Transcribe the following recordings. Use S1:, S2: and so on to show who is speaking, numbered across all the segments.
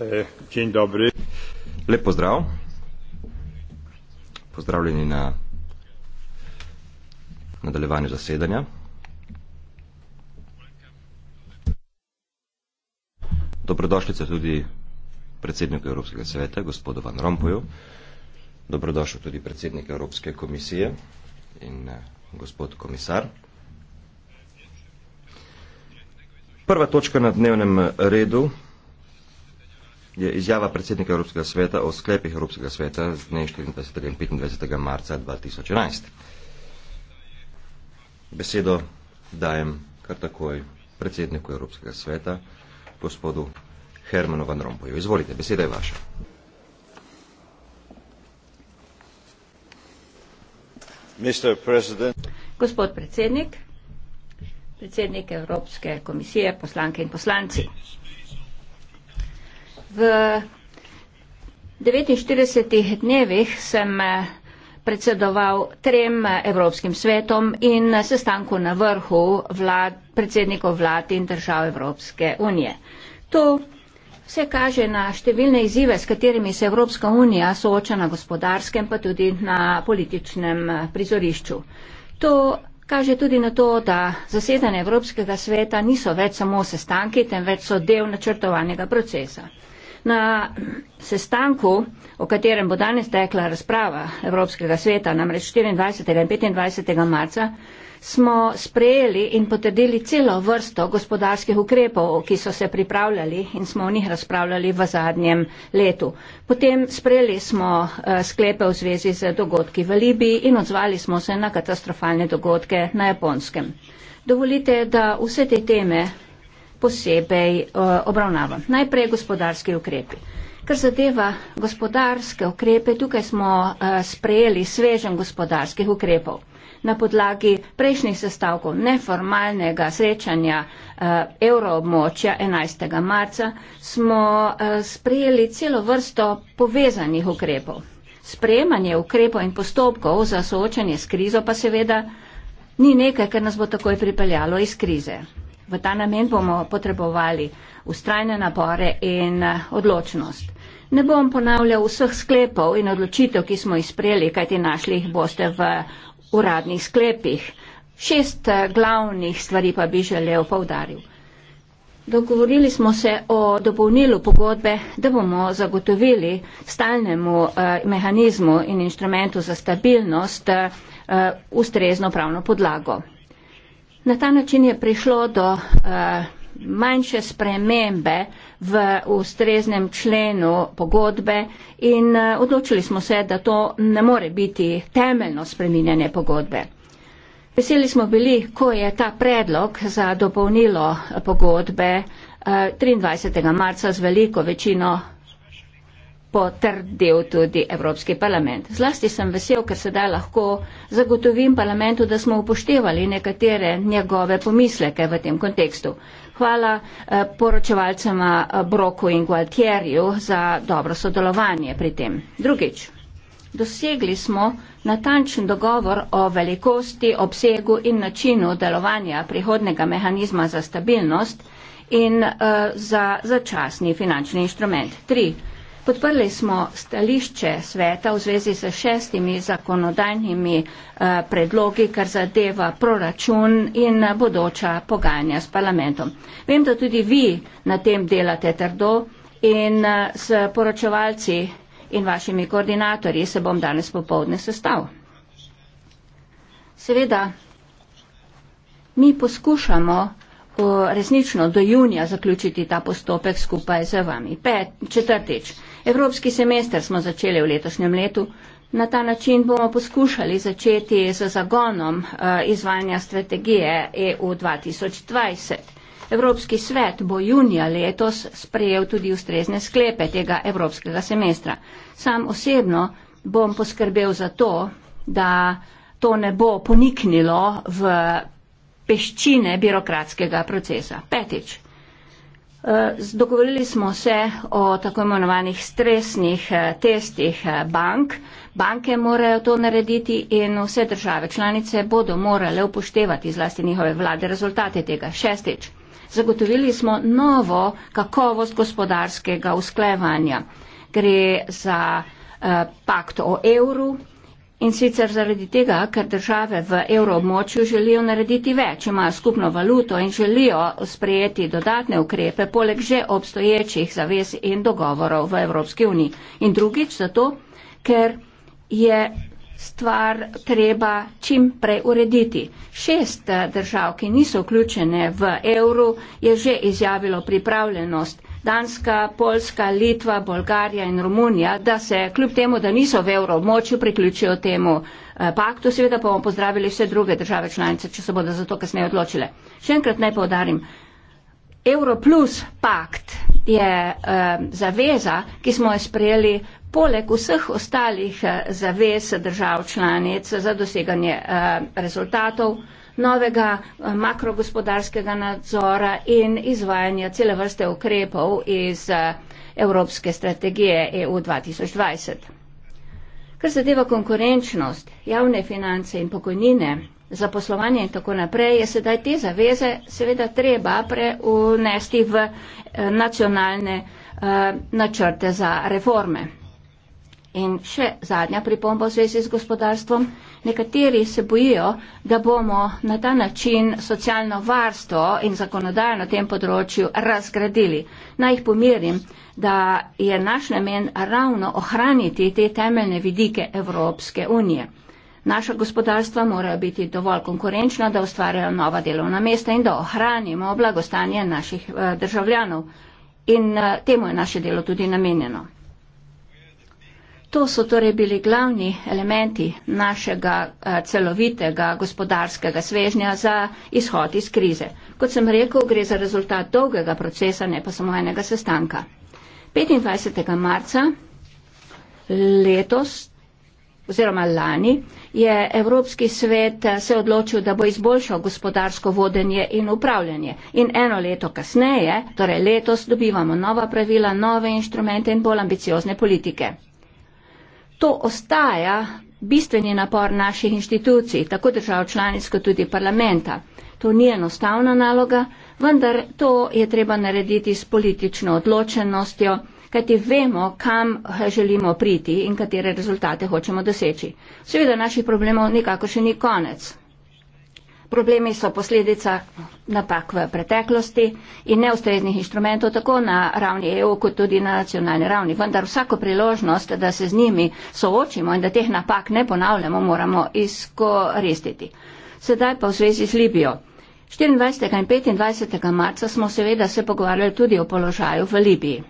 S1: Eh, dzień dobry. Lep pozdrav. Pozdravljeni na nadaljevanju zasedanja. Dobrodošlica tudi predsedniku Evropskega sveta, gospodu Van Rompuju. Dobrodošel tudi predsednik Evropske komisije in eh, gospod komisar. Prva točka na dnevnem eh, redu je izjava predsednika Evropskega sveta o sklepih Evropskega sveta z dne 24. in 25. marca 2011. Besedo dajem kar takoj predsedniku Evropskega sveta, gospodu Hermanu Van Rompuyu. Izvolite, beseda je vaša. Mr. President.
S2: Gospod predsednik predsednik Evropske komisije, poslanke in poslanci. V 49 dnevih sem eh, predsedoval trem eh, Evropskim svetom in sestanku na vrhu vlad, predsednikov vlad in držav Evropske unije. Tu Vse kaže na številne izzive, s katerimi se Evropska unija sooča na gospodarskem, pa tudi na političnem eh, prizorišču. To Kaže tudi na to, da zasedanje Evropskega sveta niso več samo sestanki, temveč so del načrtovanega procesa. Na sestanku, o katerem bo danes tekla razprava Evropskega sveta, namreč 24. in 25. marca, smo sprejeli in potrdili celo vrsto gospodarskih ukrepov, ki so se pripravljali in smo o njih razpravljali v zadnjem letu. Potem sprejeli smo eh, sklepe v zvezi z dogodki v Libiji in odzvali smo se na katastrofalne dogodke na Japonskem. Dovolite, da vse te teme posebej eh, obravnavam. Najprej gospodarski ukrepi. Kar zadeva gospodarske ukrepe, tukaj smo uh, sprejeli svežen gospodarskih ukrepov na podlagi prejšnjih sestavkov neformalnega srečanja eh, evroobmočja 11. marca smo eh, sprejeli celo vrsto povezanih ukrepov. Spremanje ukrepov in postopkov za soočanje s krizo pa seveda ni nekaj, kar nas bo takoj pripeljalo iz krize. V ta namen bomo potrebovali ustrajne napore in eh, odločnost. Ne bom ponavljal vseh sklepov in odločitev, ki smo jih sprejeli, kajti našli jih boste v uradnih sklepih. Šest eh, glavnih stvari pa bi želel povdaril. Dogovorili smo se o dopolnilu pogodbe, da bomo zagotovili stalnemu eh, mehanizmu in inštrumentu za stabilnost eh, ustrezno pravno podlago. Na ta način je prišlo do manjše spremembe v ustreznem členu pogodbe in eh, odločili smo se, da to ne more biti temeljno spreminjanje pogodbe. Veseli smo bili, ko je ta predlog za dopolnilo pogodbe 23. Eh, marca z veliko večino potrdil tudi Evropski parlament. Zlasti sem vesel, ker sedaj lahko zagotovim parlamentu, da smo upoštevali nekatere njegove pomisleke v tem kontekstu. Hvala eh, poročevalcema eh, Broku in Gualtjerju za dobro sodelovanje pri tem. Drugič, dosegli smo natančen dogovor o velikosti, obsegu in načinu delovanja prihodnega mehanizma za stabilnost in eh, za začasni finančni inštrument. Tri. Podprli smo stališče sveta v zvezi s šestimi zakonodajnimi eh, predlogi, kar zadeva proračun in bodoča pogajanja s parlamentom. Vem, da tudi vi na tem delate trdo in eh, s poročevalci in vašimi koordinatorji se bom danes popovdne sestav. Seveda, mi poskušamo eh, resnično do junija zaključiti ta postopek skupaj z vami. Pet, četrtič. Evropski semester smo začeli v letošnjem letu. Na ta način bomo poskušali začeti z zagonom eh, izvajanja strategije EU 2020. Evropski svet bo junija letos sprejel tudi ustrezne sklepe tega evropskega semestra. Sam osebno bom poskrbel za to, da to ne bo poniknilo v peščine birokratskega procesa. Petič. Eh, dogovorili smo se o tako imenovanih stresnih eh, testih eh, bank. Banke morajo to narediti in vse države članice bodo morale upoštevati zlasti njihove vlade rezultate tega. Šestič. Zagotovili smo novo kakovost gospodarskega usklevanja. Gre za uh, pakt o evru, In sicer zaradi tega, ker države v evroobmočju želijo narediti več, imajo skupno valuto in želijo sprejeti dodatne ukrepe poleg že obstoječih zavez in dogovorov v Evropski uniji. In drugič zato, ker je stvar treba čim prej urediti. Šest eh, držav, ki niso vključene v evro, je že izjavilo pripravljenost Danska, Poljska, Litva, Bolgarija in Romunija, da se kljub temu, da niso v evromočju, priključijo temu eh, paktu. Seveda pa bomo pozdravili vse druge države članice, če se bodo za to kasneje odločile. Še enkrat naj povdarim. Euro plus pakt je eh, zaveza, ki smo jo sprejeli poleg vseh ostalih eh, zavez držav članic za doseganje eh, rezultatov, eh, novega eh, makrogospodarskega nadzora in izvajanja cele vrste ukrepov iz eh, Evropske strategije EU 2020. Kar zadeva konkurenčnost, javne finance in pokojnine, zaposlovanje in tako naprej, je sedaj te zaveze seveda treba preunesti v eh, nacionalne načrte za reforme. In še zadnja pripomba v zvezi z gospodarstvom. Nekateri se bojijo, da bomo na ta način socialno varstvo in zakonodajo na tem področju razgradili. Naj jih pomirim, da je naš namen ravno ohraniti te temeljne vidike Evropske unije. Naša gospodarstva morajo biti dovolj konkurenčna, da ustvarjajo nova delovna mesta in da ohranimo blagostanje naših eh, državljanov. In eh, temu je naše delo tudi namenjeno. To so torej bili glavni elementi našega eh, celovitega gospodarskega svežnja za izhod iz krize. Kot sem rekel, gre za rezultat dolgega procesa, ne pa samo enega sestanka. 25. marca letos oziroma lani je Evropski svet eh, se odločil, da bo izboljšal gospodarsko vodenje in upravljanje. In eno leto kasneje, torej letos, dobivamo nova pravila, nove inštrumente in bolj ambiciozne politike. To ostaja bistveni napor naših inštitucij, tako držav članic, kot tudi parlamenta. To ni enostavna naloga, vendar to je treba narediti s politično odločenostjo, kajti vemo, kam želimo priti in katere rezultate hočemo doseči. Seveda naših problemov nikako še ni konec. Problemi so posledica napak v preteklosti in neustreznih inštrumentov tako na ravni EU kot tudi na nacionalni ravni. Vendar vsako priložnost, da se z njimi soočimo in da teh napak ne ponavljamo, moramo izkoristiti. Sedaj pa v zvezi z Libijo. 24. in 25. marca smo seveda se pogovarjali tudi o položaju v Libiji.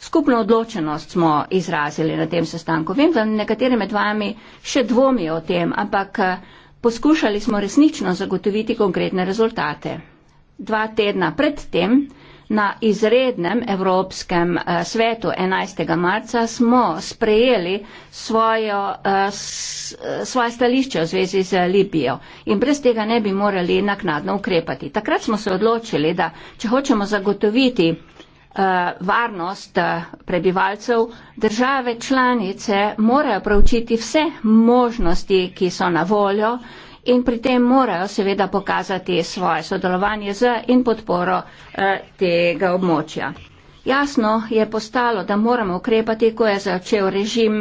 S2: Skupno odločenost smo izrazili na tem sestanku. Vem, da nekateri med vami še dvomijo o tem, ampak Poskušali smo resnično zagotoviti konkretne rezultate. Dva tedna predtem, na izrednem Evropskem eh, svetu 11. marca, smo sprejeli svojo, eh, svoje stališče v zvezi z Libijo in brez tega ne bi morali naknadno ukrepati. Takrat smo se odločili, da če hočemo zagotoviti Eh, varnost eh, prebivalcev, države članice morajo pravčiti vse možnosti, ki so na voljo in pri tem morajo seveda pokazati svoje sodelovanje z in podporo eh, tega območja. Jasno je postalo, da moramo ukrepati, ko je začel režim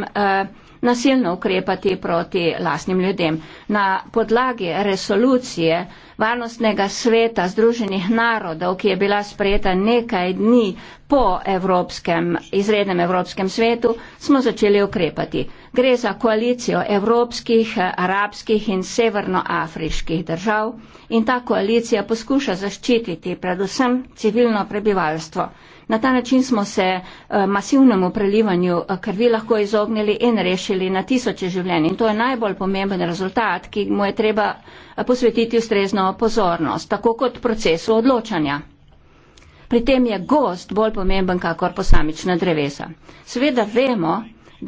S2: nasilno ukrepati proti lasnim ljudem. Na podlagi resolucije varnostnega sveta Združenih narodov, ki je bila sprejeta nekaj dni po evropskem, izrednem evropskem svetu, smo začeli ukrepati. Gre za koalicijo evropskih, arabskih in severnoafriških držav in ta koalicija poskuša zaščititi predvsem civilno prebivalstvo. Na ta način smo se eh, masivnemu prelivanju eh, krvi lahko izognili in rešili na tisoče življenj. In to je najbolj pomemben rezultat, ki mu je treba eh, posvetiti ustrezno pozornost, tako kot procesu odločanja. Pri tem je gost bolj pomemben kakor posamična drevesa. Sveda vemo,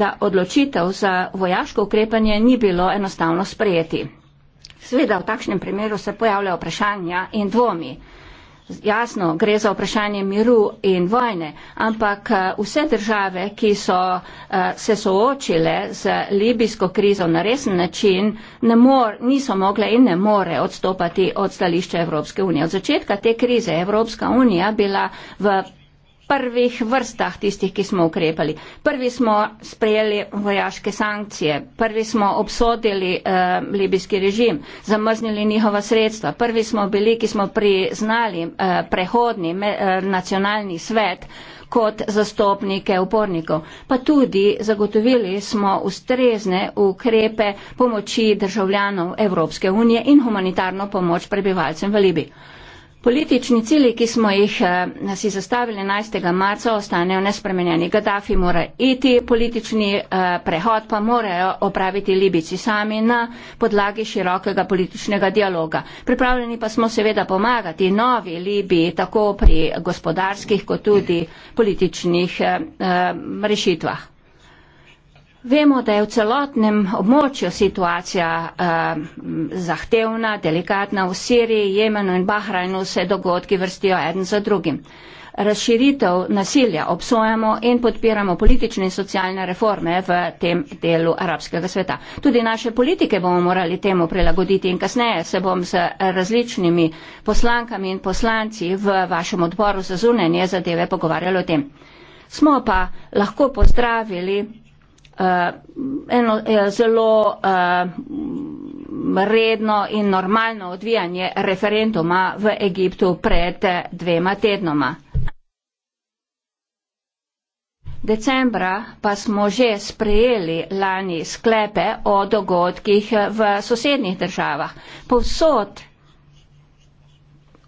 S2: da odločitev za vojaško ukrepanje ni bilo enostavno sprejeti. Sveda v takšnem primeru se pojavljajo vprašanja in dvomi. Jasno, gre za vprašanje miru in vojne, ampak eh, vse države, ki so eh, se soočile z libijsko krizo na resen način, ne mor, niso mogle in ne more odstopati od stališča Evropske unije. Od začetka te krize Evropska unija bila v prvih vrstah tistih, ki smo ukrepali. Prvi smo sprejeli vojaške sankcije, prvi smo obsodili eh, libijski režim, zamrznili njihova sredstva, prvi smo bili, ki smo priznali eh, prehodni me, eh, nacionalni svet kot zastopnike upornikov. Pa tudi zagotovili smo ustrezne ukrepe pomoči državljanov Evropske unije in humanitarno pomoč prebivalcem v Libiji. Politični cilji, ki smo jih eh, si zastavili 11. marca, ostanejo nespremenjeni. Gaddafi mora iti, politični eh, prehod pa morajo opraviti Libici sami na podlagi širokega političnega dialoga. Pripravljeni pa smo seveda pomagati novi Libiji tako pri gospodarskih kot tudi političnih eh, eh rešitvah. Vemo, da je v celotnem območju situacija eh, zahtevna, delikatna. V Siriji, Jemenu in Bahrajnu se dogodki vrstijo eden za drugim. Razširitev nasilja obsojamo in podpiramo politične in socialne reforme v tem delu arabskega sveta. Tudi naše politike bomo morali temu prilagoditi in kasneje se bom z različnimi poslankami in poslanci v vašem odboru za zunanje zadeve pogovarjali o tem. Smo pa lahko pozdravili Eh, eno eh, zelo eh, redno in normalno odvijanje referenduma v Egiptu pred dvema tednoma. Decembra pa smo že sprejeli lani sklepe o dogodkih v sosednjih državah. Povsod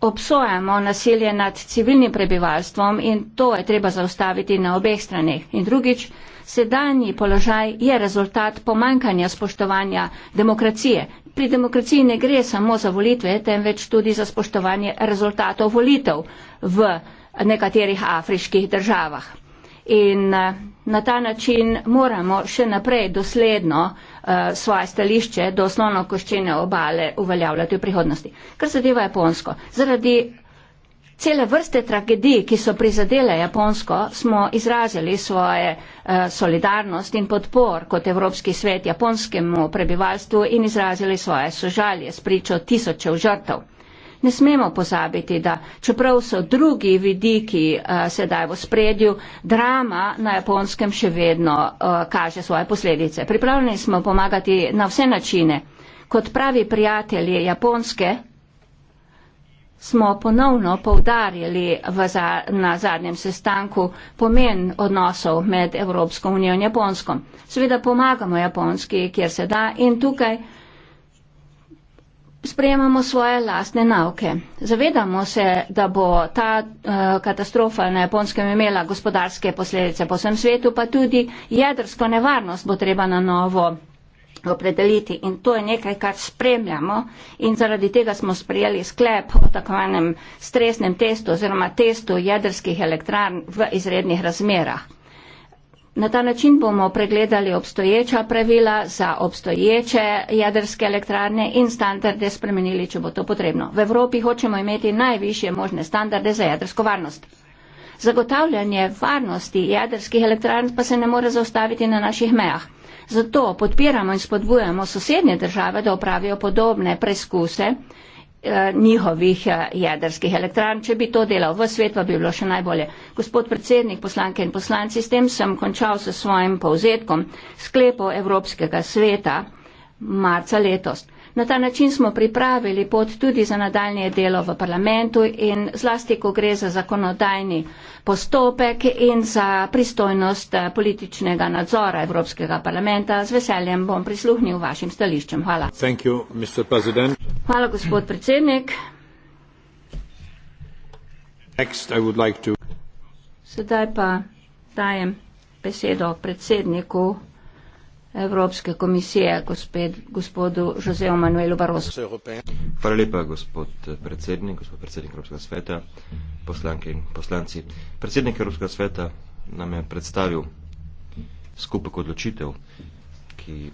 S2: Obsojamo nasilje nad civilnim prebivalstvom in to je treba zaustaviti na obeh straneh. In drugič, sedanji položaj je rezultat pomankanja spoštovanja demokracije. Pri demokraciji ne gre samo za volitve, temveč tudi za spoštovanje rezultatov volitev v nekaterih afriških državah. In eh, na ta način moramo še naprej dosledno uh, Eh, svoje stališče do osnovno koščene obale uveljavljati v prihodnosti. Kar zadeva Japonsko. Zaradi cele vrste tragedij, ki so prizadele Japonsko, smo izrazili svoje uh, solidarnost in podpor kot Evropski svet japonskemu prebivalstvu in izrazili svoje sožalje s pričo tisočev žrtev. Ne smemo pozabiti, da čeprav so drugi vidiki uh, sedaj v spredju, drama na japonskem še vedno uh, kaže svoje posledice. Pripravljeni smo pomagati na vse načine. Kot pravi prijatelji japonske smo ponovno povdarjali za, na zadnjem sestanku pomen odnosov med Evropsko unijo in Japonsko. Seveda pomagamo Japonski, kjer se da in tukaj sprejemamo svoje lastne nauke. Zavedamo se, da bo ta uh, katastrofa na japonskem imela gospodarske posledice po vsem svetu, pa tudi jedrsko nevarnost bo treba na novo opredeliti. In to je nekaj, kar spremljamo in zaradi tega smo sprejeli sklep o takovanem stresnem testu oziroma testu jedrskih elektrarn v izrednih razmerah. Na ta način bomo pregledali obstoječa pravila za obstoječe jedrske elektrarne in standarde spremenili, če bo to potrebno. V Evropi hočemo imeti najvišje možne standarde za jedrsko varnost. Zagotavljanje varnosti jedrskih elektrarn pa se ne more zaustaviti na naših mejah. Zato podpiramo in spodbujamo sosednje države, da opravijo podobne preskuse Eh, njihovih eh, jedrskih elektrarn. Če bi to delal v svet, pa bi bilo še najbolje. Gospod predsednik, poslanke in poslanci, s tem sem končal s svojim povzetkom sklepov Evropskega sveta marca letos. Na ta način smo pripravili pot tudi za nadaljnje delo v parlamentu in zlasti, ko gre za zakonodajni postopek in za pristojnost eh, političnega nadzora Evropskega parlamenta. Z veseljem bom prisluhnil vašim stališčem. Hvala. You, Hvala, gospod predsednik. Like to... Sedaj pa dajem besedo predsedniku Evropske komisije, gospod, gospodu Joseu Manuelu Barosu.
S1: Hvala lepa, gospod predsednik, gospod predsednik Evropskega sveta, poslanke in poslanci. Predsednik Evropskega sveta nam je predstavil skupek odločitev, ki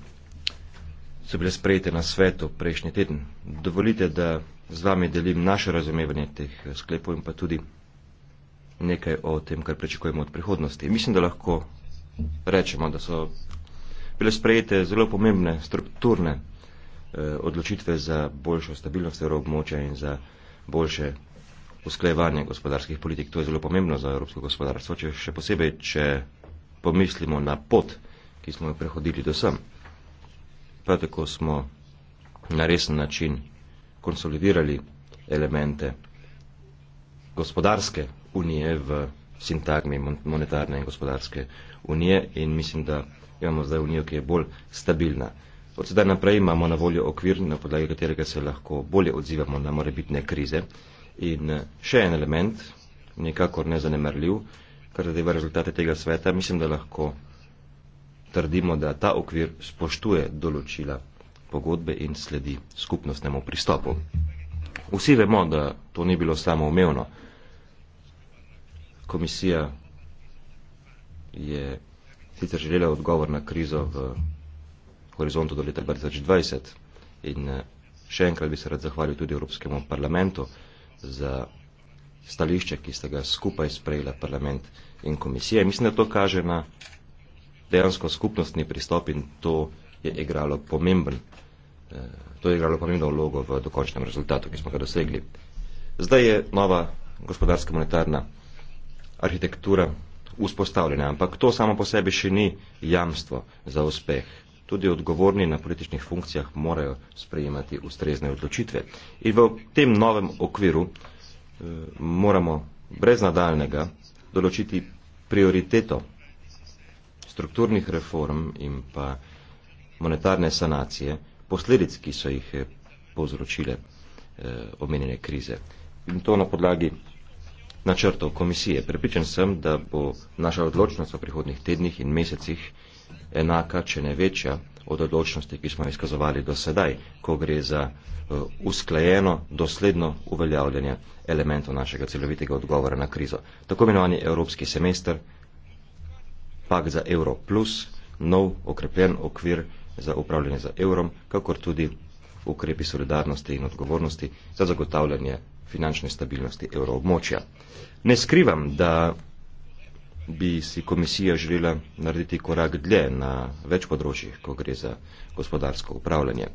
S1: so bile sprejete na svetu prejšnji teden. Dovolite, da z vami delim naše razumevanje teh sklepov in pa tudi nekaj o tem, kar pričakujemo od prihodnosti. Mislim, da lahko rečemo, da so bile sprejete zelo pomembne strukturne eh, odločitve za boljšo stabilnost evroobmočja in za boljše usklajevanje gospodarskih politik. To je zelo pomembno za evropsko gospodarstvo, če še posebej, če pomislimo na pot, ki smo jo prehodili do sem. Prav tako smo na resen način konsolidirali elemente gospodarske unije v sintagmi monetarne in gospodarske unije in mislim, da imamo zdaj unijo, ki je bolj stabilna. Od sedaj naprej imamo na voljo okvir, na podlagi katerega se lahko bolje odzivamo na morebitne krize. In eh, še en element, nekakor nezanemrljiv, kar zadeva rezultate tega sveta, mislim, da lahko trdimo, da ta okvir spoštuje določila pogodbe in sledi skupnostnemu pristopu. Vsi vemo, da to ni bilo samo umevno. Komisija je sicer želela odgovor na krizo v horizontu do leta 2020 in eh, še enkrat bi se rad zahvalil tudi Evropskemu parlamentu za stališče, ki ste ga skupaj sprejela parlament in komisija. Mislim, da to kaže na dejansko skupnostni pristop in to je igralo pomemben, eh, to je igralo pomembno vlogo v dokončnem rezultatu, ki smo ga dosegli. Zdaj je nova gospodarska monetarna arhitektura vzpostavljene. Ampak to samo po sebi še ni jamstvo za uspeh. Tudi odgovorni na političnih funkcijah morajo sprejemati ustrezne odločitve. In v tem novem okviru e, moramo brez nadaljnega določiti prioriteto strukturnih reform in pa monetarne sanacije, posledic, ki so jih eh, povzročile e, omenjene krize. In to na podlagi načrtov komisije. Prepričan sem, da bo naša odločnost v prihodnih tednih in mesecih enaka, če ne večja, od odločnosti, ki smo izkazovali do sedaj, ko gre za uh, usklajeno, dosledno uveljavljanje elementov našega celovitega odgovora na krizo. Tako imenovani Evropski semester, pak za Euro plus, nov okrepljen okvir za upravljanje za evrom, kakor tudi ukrepi solidarnosti in odgovornosti za zagotavljanje finančne stabilnosti evroobmočja. Ne skrivam, da bi si komisija želela narediti korak dlje na več področjih, ko gre za gospodarsko upravljanje.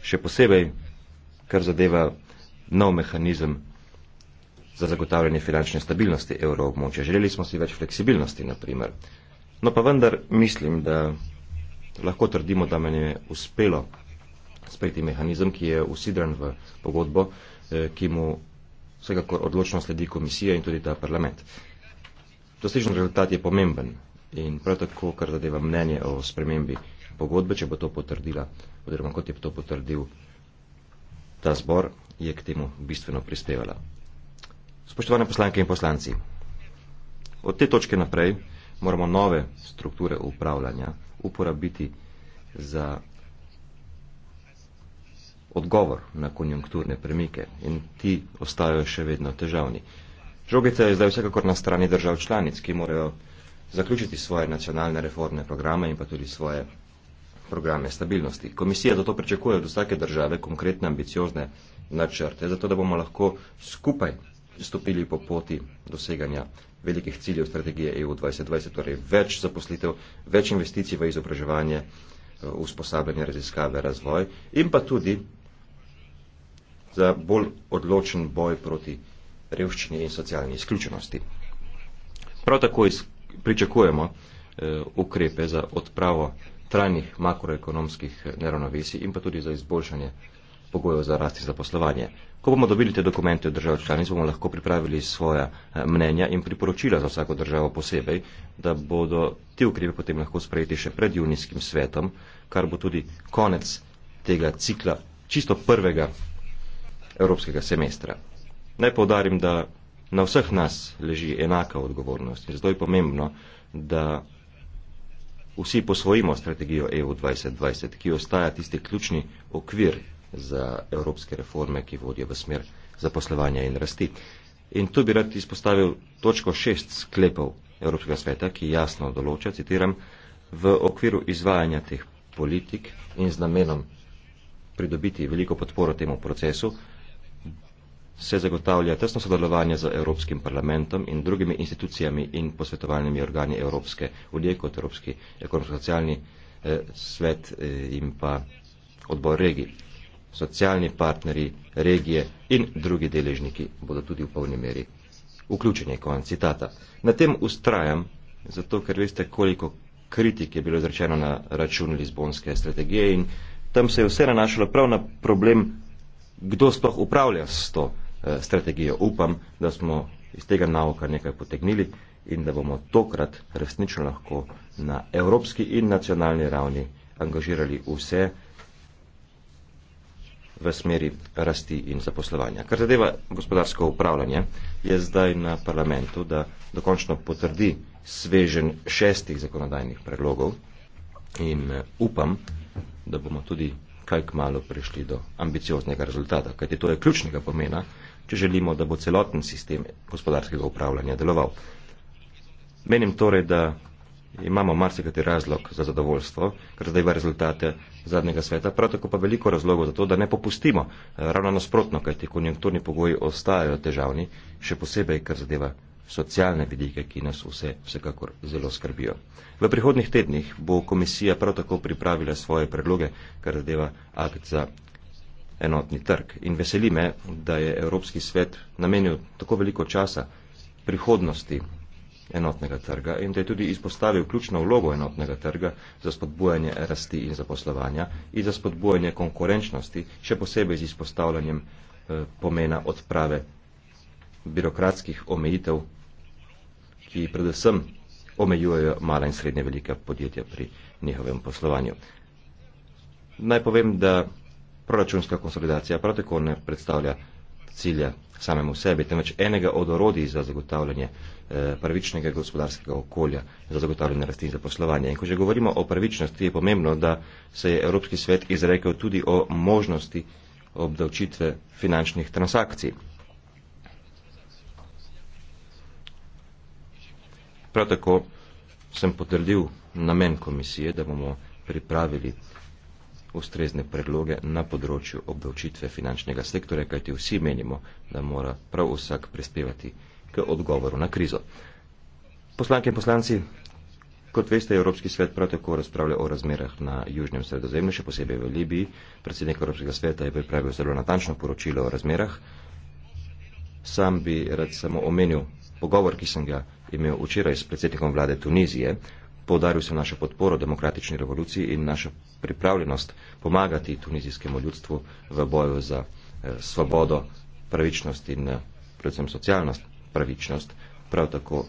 S1: Še posebej, kar zadeva nov mehanizem za zagotavljanje finančne stabilnosti evroobmočja. Želeli smo si več fleksibilnosti, naprimer. No pa vendar mislim, da lahko trdimo, da meni je uspelo sprejeti mehanizem, ki je usidran v pogodbo, eh, ki mu vsekakor odločno sledi komisija in tudi ta parlament. Dosežen rezultat je pomemben in prav tako, kar zadeva mnenje o spremembi pogodbe, če bo to potrdila, oziroma kot je to potrdil ta zbor, je k temu bistveno prispevala. Spoštovane poslanke in poslanci, od te točke naprej moramo nove strukture upravljanja uporabiti za odgovor na konjunkturne premike in ti ostajajo še vedno težavni. Žogica je zdaj vsekakor na strani držav članic, ki morajo zaključiti svoje nacionalne reformne programe in pa tudi svoje programe stabilnosti. Komisija zato pričakuje od vsake države konkretne ambiciozne načrte, zato da bomo lahko skupaj stopili po poti doseganja velikih ciljev strategije EU 2020, torej več zaposlitev, več investicij v izobraževanje, usposabljanje, raziskave, razvoj in pa tudi za bolj odločen boj proti revščini in socialni izključenosti. Prav tako pričakujemo eh, ukrepe za odpravo trajnih makroekonomskih neravnovesij in pa tudi za izboljšanje pogojev za rast in zaposlovanje. Ko bomo dobili te dokumente od držav članic, bomo lahko pripravili svoja eh, mnenja in priporočila za vsako državo posebej, da bodo ti ukrepe potem lahko sprejeti še pred junijskim svetom, kar bo tudi konec tega cikla čisto prvega evropskega semestra. Naj povdarim, da na vseh nas leži enaka odgovornost in zato je pomembno, da vsi posvojimo strategijo EU 2020, ki ostaja tisti ključni okvir za evropske reforme, ki vodijo v smer zaposlovanja in rasti. In tu bi rad izpostavil točko šest sklepov Evropskega sveta, ki jasno določa, citiram, v okviru izvajanja teh politik in z namenom pridobiti veliko podporo temu procesu, se zagotavlja tesno sodelovanje z Evropskim parlamentom in drugimi institucijami in posvetovalnimi organi Evropske unije kot Evropski ekonomsko-socialni eh, svet eh, in pa odbor regij. Socialni partneri, regije in drugi deležniki bodo tudi v polni meri vključeni. Konec citata. Na tem ustrajam, zato ker veste, koliko kritik je bilo izrečeno na račun Lizbonske strategije in tam se je vse nanašalo prav na problem, kdo sploh upravlja s to Eh, strategijo. Upam, da smo iz tega nauka nekaj potegnili in da bomo tokrat resnično lahko na evropski in nacionalni ravni angažirali vse v smeri rasti in zaposlovanja. Kar zadeva gospodarsko upravljanje, je zdaj na parlamentu, da dokončno potrdi svežen šestih zakonodajnih predlogov in eh, upam, da bomo tudi kajk malo prišli do ambicioznega rezultata, kajti to je ključnega pomena, če želimo, da bo celoten sistem gospodarskega upravljanja deloval. Menim torej, da imamo marsikati razlog za zadovoljstvo, ker zdaj ima rezultate zadnjega sveta, prav tako pa veliko razlogov za to, da ne popustimo, eh, ravno nasprotno, kajti konjunkturni pogoji ostajajo težavni, še posebej, kar zadeva socialne vidike, ki nas vse vsekakor zelo skrbijo. V prihodnih tednih bo komisija prav tako pripravila svoje predloge, kar zadeva akt za enotni trg. In veseli me, da je Evropski svet namenil tako veliko časa prihodnosti enotnega trga in da je tudi izpostavil ključno vlogo enotnega trga za spodbujanje rasti in zaposlovanja in za spodbujanje konkurenčnosti, še posebej z izpostavljanjem eh, pomena odprave birokratskih omejitev, ki predvsem omejujejo mala in srednje velika podjetja pri njihovem poslovanju. Naj povem, da proračunska konsolidacija prav tako ne predstavlja cilja samemu sebi, temveč enega od orodij za zagotavljanje eh, pravičnega gospodarskega okolja, za zagotavljanje rasti in zaposlovanja. In ko že govorimo o pravičnosti, je pomembno, da se je Evropski svet izrekel tudi o možnosti obdavčitve finančnih transakcij. Prav tako sem potrdil namen komisije, da bomo pripravili ustrezne predloge na področju obdavčitve finančnega sektorja, kajti vsi menimo, da mora prav vsak prispevati k odgovoru na krizo. Poslanke in poslanci, kot veste, Evropski svet prav tako razpravlja o razmerah na južnem sredozemlju, še posebej v Libiji. Predsednik Evropskega sveta je pripravil zelo natančno poročilo o razmerah. Sam bi rad samo omenil pogovor, ki sem ga imel včeraj s predsednikom vlade Tunizije, Poudaril sem našo podporo demokratični revoluciji in našo pripravljenost pomagati tunizijskemu ljudstvu v boju za eh, svobodo, pravičnost in eh, predvsem socialnost, pravičnost. Prav tako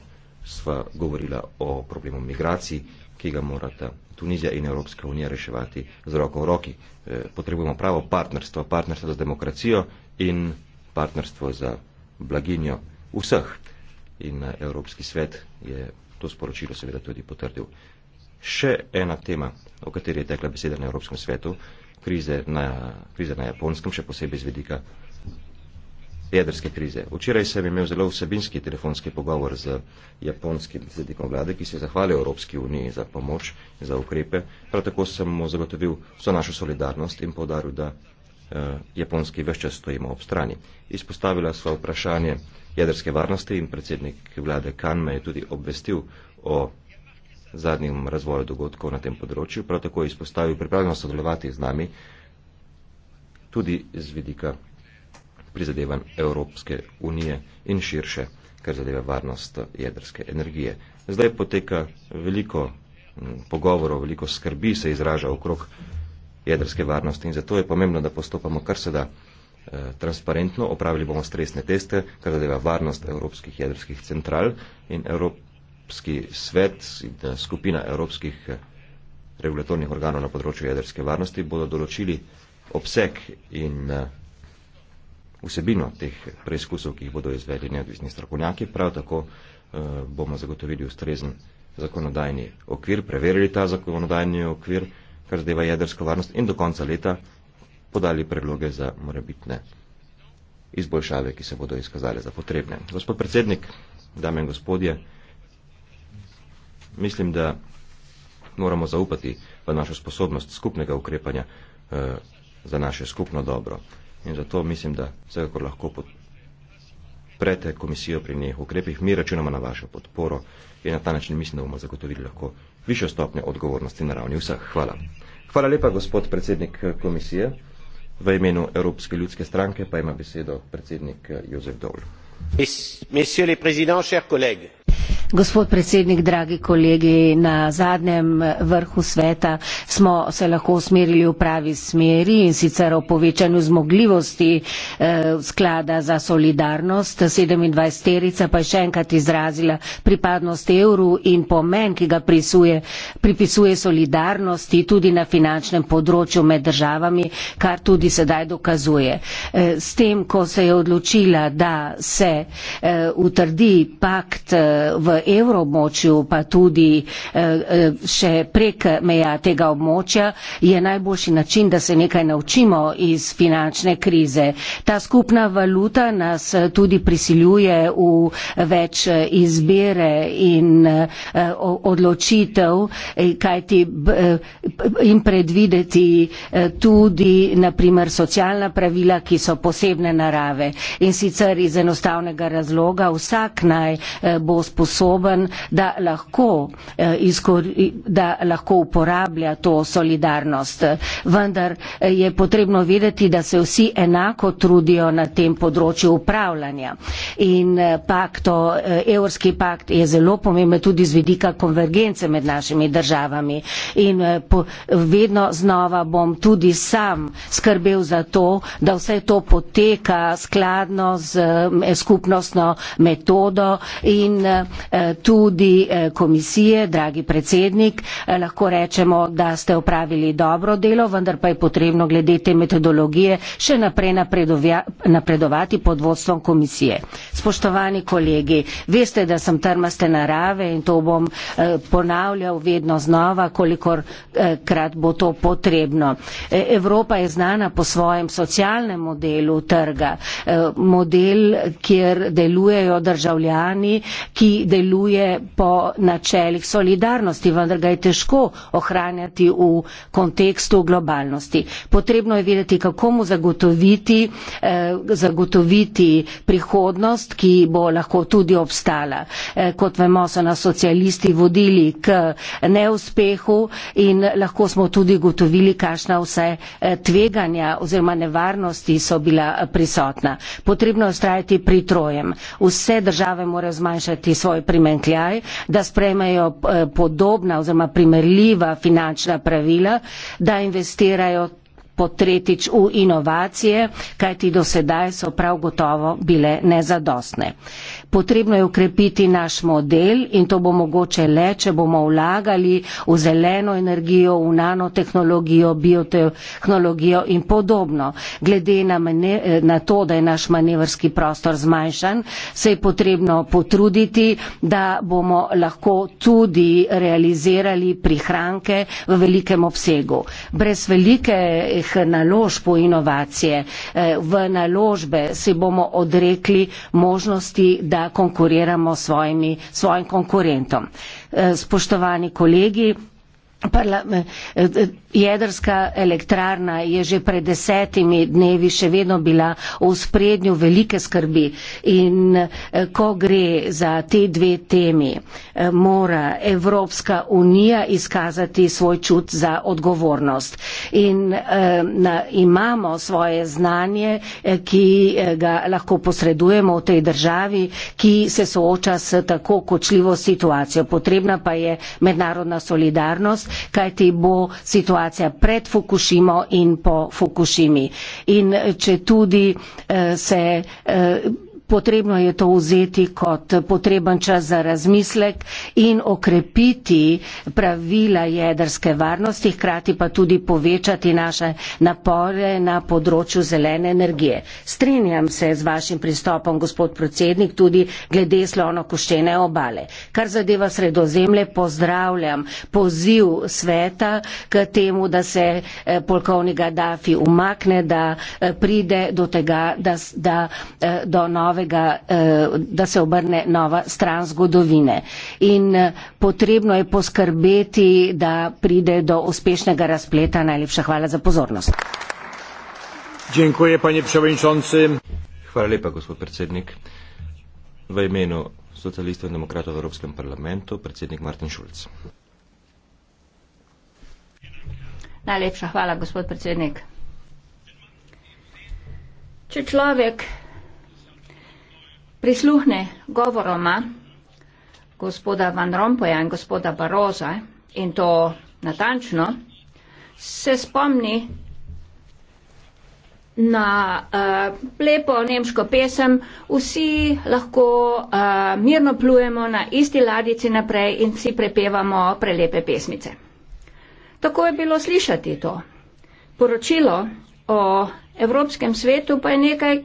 S1: sva govorila o problemu migracij, ki ga morata Tunizija in Evropska unija reševati z roko v roki. Eh, potrebujemo pravo partnerstvo, partnerstvo za demokracijo in partnerstvo za blaginjo vseh. In Evropski svet je to sporočilo seveda tudi potrdil. Še ena tema, o kateri je tekla beseda na Evropskem svetu, krize na, krize na Japonskem, še posebej z vedika jedrske krize. Včeraj sem imel zelo vsebinski telefonski pogovor z japonskim predsednikom vlade, ki se je zahvalil Evropski uniji za pomoč, za ukrepe. Prav tako sem mu zagotovil vso našo solidarnost in povdaril, da eh, Japonski veščas stojimo ob strani. Izpostavila sva vprašanje eh, jedrske varnosti in predsednik vlade Kan me je tudi obvestil o zadnjem razvoju dogodkov na tem področju. Prav tako je izpostavil pripravljenost sodelovati z nami tudi z vidika prizadevanj Evropske unije in širše, kar zadeva varnost jedrske energije. Zdaj poteka veliko pogovorov, veliko skrbi se izraža okrog jedrske varnosti in zato je pomembno, da postopamo kar se da Eh, transparentno, opravili bomo stresne teste, kar zadeva varnost evropskih jedrskih central in Evropski svet in skupina evropskih eh, regulatornih organov na področju jedrske varnosti bodo določili obseg in eh, vsebino teh preizkusov, ki jih bodo izvedli neodvisni strokovnjaki. Prav tako bomo zagotovili ustrezen zakonodajni okvir, preverili ta zakonodajni okvir, kar zadeva jedrsko varnost in do konca leta podali predloge za morebitne izboljšave, ki se bodo izkazale za potrebne. Gospod predsednik, dame in gospodje, mislim, da moramo zaupati v našo sposobnost skupnega ukrepanja eh, za naše skupno dobro. In zato mislim, da vsekakor lahko podprete komisijo pri njih ukrepih, mi računamo na vašo podporo in na ta način mislim, da bomo zagotovili lahko višjo stopnjo odgovornosti na ravni vseh. Hvala. Hvala lepa, gospod predsednik eh, komisije. V imenu Evropske ljudske stranke pa ima besedo predsednik eh, Jozef Dol. Messieurs les présidents, chers collègues,
S3: Gospod predsednik, dragi kolegi, na zadnjem vrhu sveta smo se lahko usmerili v pravi smeri in sicer o povečanju zmogljivosti eh, sklada za solidarnost. 27 terica pa je še enkrat izrazila pripadnost evru in pomen, ki ga prisuje, pripisuje solidarnosti tudi na finančnem področju med državami, kar tudi sedaj dokazuje. Eh, s tem, ko se je odločila, da se eh, utrdi pakt v evroobmočju, pa tudi eh, eh, še prek meja tega območja, je najboljši način, da se nekaj naučimo iz finančne krize. Ta skupna valuta nas eh, tudi prisiljuje v več izbire in odločitev, kajti in predvideti tudi naprimer socialna pravila, ki so posebne narave. In sicer iz enostavnega razloga vsak naj bo sposoben sposoben, da lahko, eh, da lahko uporablja to solidarnost. Vendar eh, je potrebno videti, da se vsi enako trudijo na tem področju upravljanja. In eh, pakto, evropski pakt je zelo pomemben tudi z vidika konvergence med našimi državami. In vedno znova bom tudi sam skrbel za to, da vse to poteka skladno z skupnostno metodo in uh, Eh, tudi eh, komisije, dragi predsednik, eh, lahko rečemo, da ste opravili dobro delo, vendar pa je potrebno glede te metodologije še naprej napredovati pod vodstvom komisije. Spoštovani kolegi, veste, da sem trmaste narave in to bom ponavljal vedno znova, kolikor krat bo to potrebno. Evropa je znana po svojem socialnem modelu trga, model, kjer delujejo državljani, ki delujejo deluje po načelih solidarnosti, vendar ga je težko ohranjati v kontekstu globalnosti. Potrebno je vedeti, kako mu zagotoviti, eh, zagotoviti prihodnost, ki bo lahko tudi obstala. Eh, kot vemo, so nas socialisti vodili k neuspehu in lahko smo tudi gotovili, kakšna vse eh, tveganja oziroma nevarnosti so bila eh, prisotna. Potrebno je ustrajati pri trojem. Vse države morajo zmanjšati svoj primenkljaj, da sprejmejo eh, podobna oziroma primerljiva finančna pravila, da investirajo po tretjič v inovacije, kajti do sedaj so prav gotovo bile nezadostne. Potrebno je ukrepiti naš model in to bo mogoče le, če bomo vlagali v zeleno energijo, v nanotehnologijo, biotehnologijo in podobno. Glede na, mene, na to, da je naš manevrski prostor zmanjšan, se je potrebno potruditi, da bomo lahko tudi realizirali prihranke v velikem obsegu. Brez velikih naložb v inovacije, eh, v naložbe si bomo odrekli možnosti, da da konkuriramo svojimi, svojim konkurentom. Eh, spoštovani kolegi, parla, eh, eh, Jedrska elektrarna je že pred desetimi dnevi še vedno bila v sprednju velike skrbi in eh, ko gre za te dve temi, eh, mora Evropska unija izkazati svoj čut za odgovornost. In eh, na, imamo svoje znanje, ki ga lahko posredujemo v tej državi, ki se sooča s tako kočljivo situacijo. Potrebna pa je mednarodna solidarnost, kaj ti bo situacija situacija pred Fukushimo in po Fukushimi. In eh, če tudi eh, se eh, potrebno je to vzeti kot potreben čas za razmislek in okrepiti pravila jedrske varnosti, hkrati pa tudi povečati naše napore na področju zelene energije. Strinjam se z vašim pristopom, gospod predsednik, tudi glede slonokoščene obale. Kar zadeva sredozemlje, pozdravljam poziv sveta k temu, da se eh, polkovnik Gaddafi umakne, da eh, pride do tega, da, da eh, do nove novega, eh, da se obrne nova stran zgodovine. In eh, potrebno je poskrbeti, da pride do uspešnega razpleta. Najlepša hvala za pozornost.
S1: Dziękuję, panie przewodniczący. Hvala lepa, gospod predsednik. V imenu socialistov in demokratov v Evropskem parlamentu, predsednik Martin Šulc.
S2: Najlepša hvala, gospod predsednik. Če človek prisluhne govoroma gospoda Van Rompoja in gospoda Baroza in to natančno, se spomni na uh, eh, lepo nemško pesem, vsi lahko uh, mirno plujemo na isti ladici naprej in si prepevamo prelepe pesmice. Tako je bilo slišati to. Poročilo o Evropskem svetu pa je nekaj,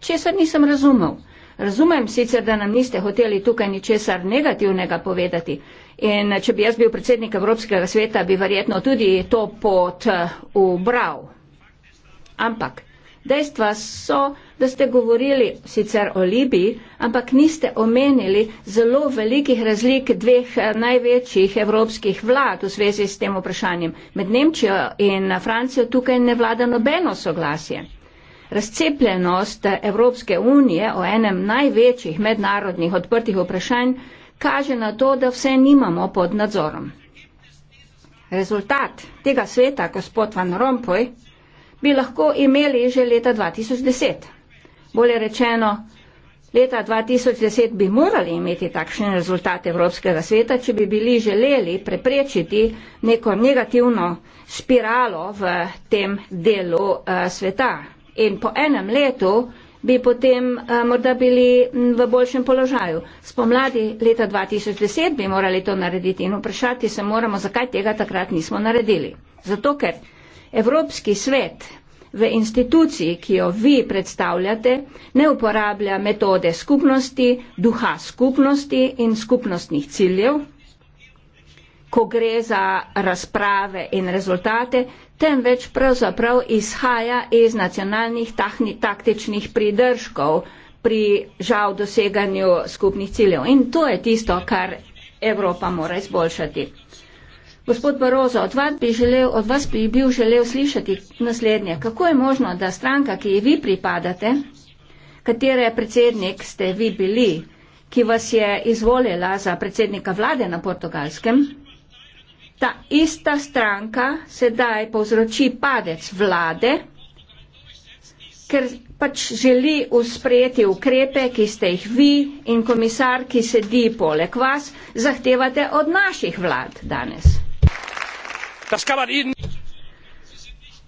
S2: česar nisem razumel. Razumem sicer, da nam niste hoteli tukaj ničesar negativnega povedati in če bi jaz bil predsednik Evropskega sveta, bi verjetno tudi to pot eh, ubral. Ampak dejstva so, da ste govorili sicer o Libiji, ampak niste omenili zelo velikih razlik dveh eh, največjih evropskih vlad v zvezi s tem vprašanjem. Med Nemčijo in Francijo tukaj ne vlada nobeno soglasje. Razcepljenost Evropske unije o enem največjih mednarodnih odprtih vprašanj kaže na to, da vse nimamo pod nadzorom. Rezultat tega sveta, gospod Van Rompuy, bi lahko imeli že leta 2010. Bolje rečeno, leta 2010 bi morali imeti takšen rezultat Evropskega sveta, če bi bili želeli preprečiti neko negativno spiralo v tem delu uh, sveta in po enem letu bi potem uh, morda bili v boljšem položaju. Spomladi leta 2010 bi morali to narediti in vprašati se moramo, zakaj tega takrat nismo naredili. Zato, ker Evropski svet v instituciji, ki jo vi predstavljate, ne uporablja metode skupnosti, duha skupnosti in skupnostnih ciljev, ko gre za razprave in rezultate, temveč pravzaprav izhaja iz nacionalnih tahni, taktičnih pridržkov pri žal doseganju skupnih ciljev. In to je tisto, kar Evropa mora izboljšati. Gospod Barozo, od vas bi, želel, od vas bi bil želel slišati naslednje. Kako je možno, da stranka, ki ji vi pripadate, katere predsednik ste vi bili, ki vas je izvolila za predsednika vlade na portugalskem, ta ista stranka sedaj povzroči padec vlade, ker pač želi usprejeti ukrepe, ki ste jih vi in komisar, ki sedi poleg vas, zahtevate od naših vlad danes.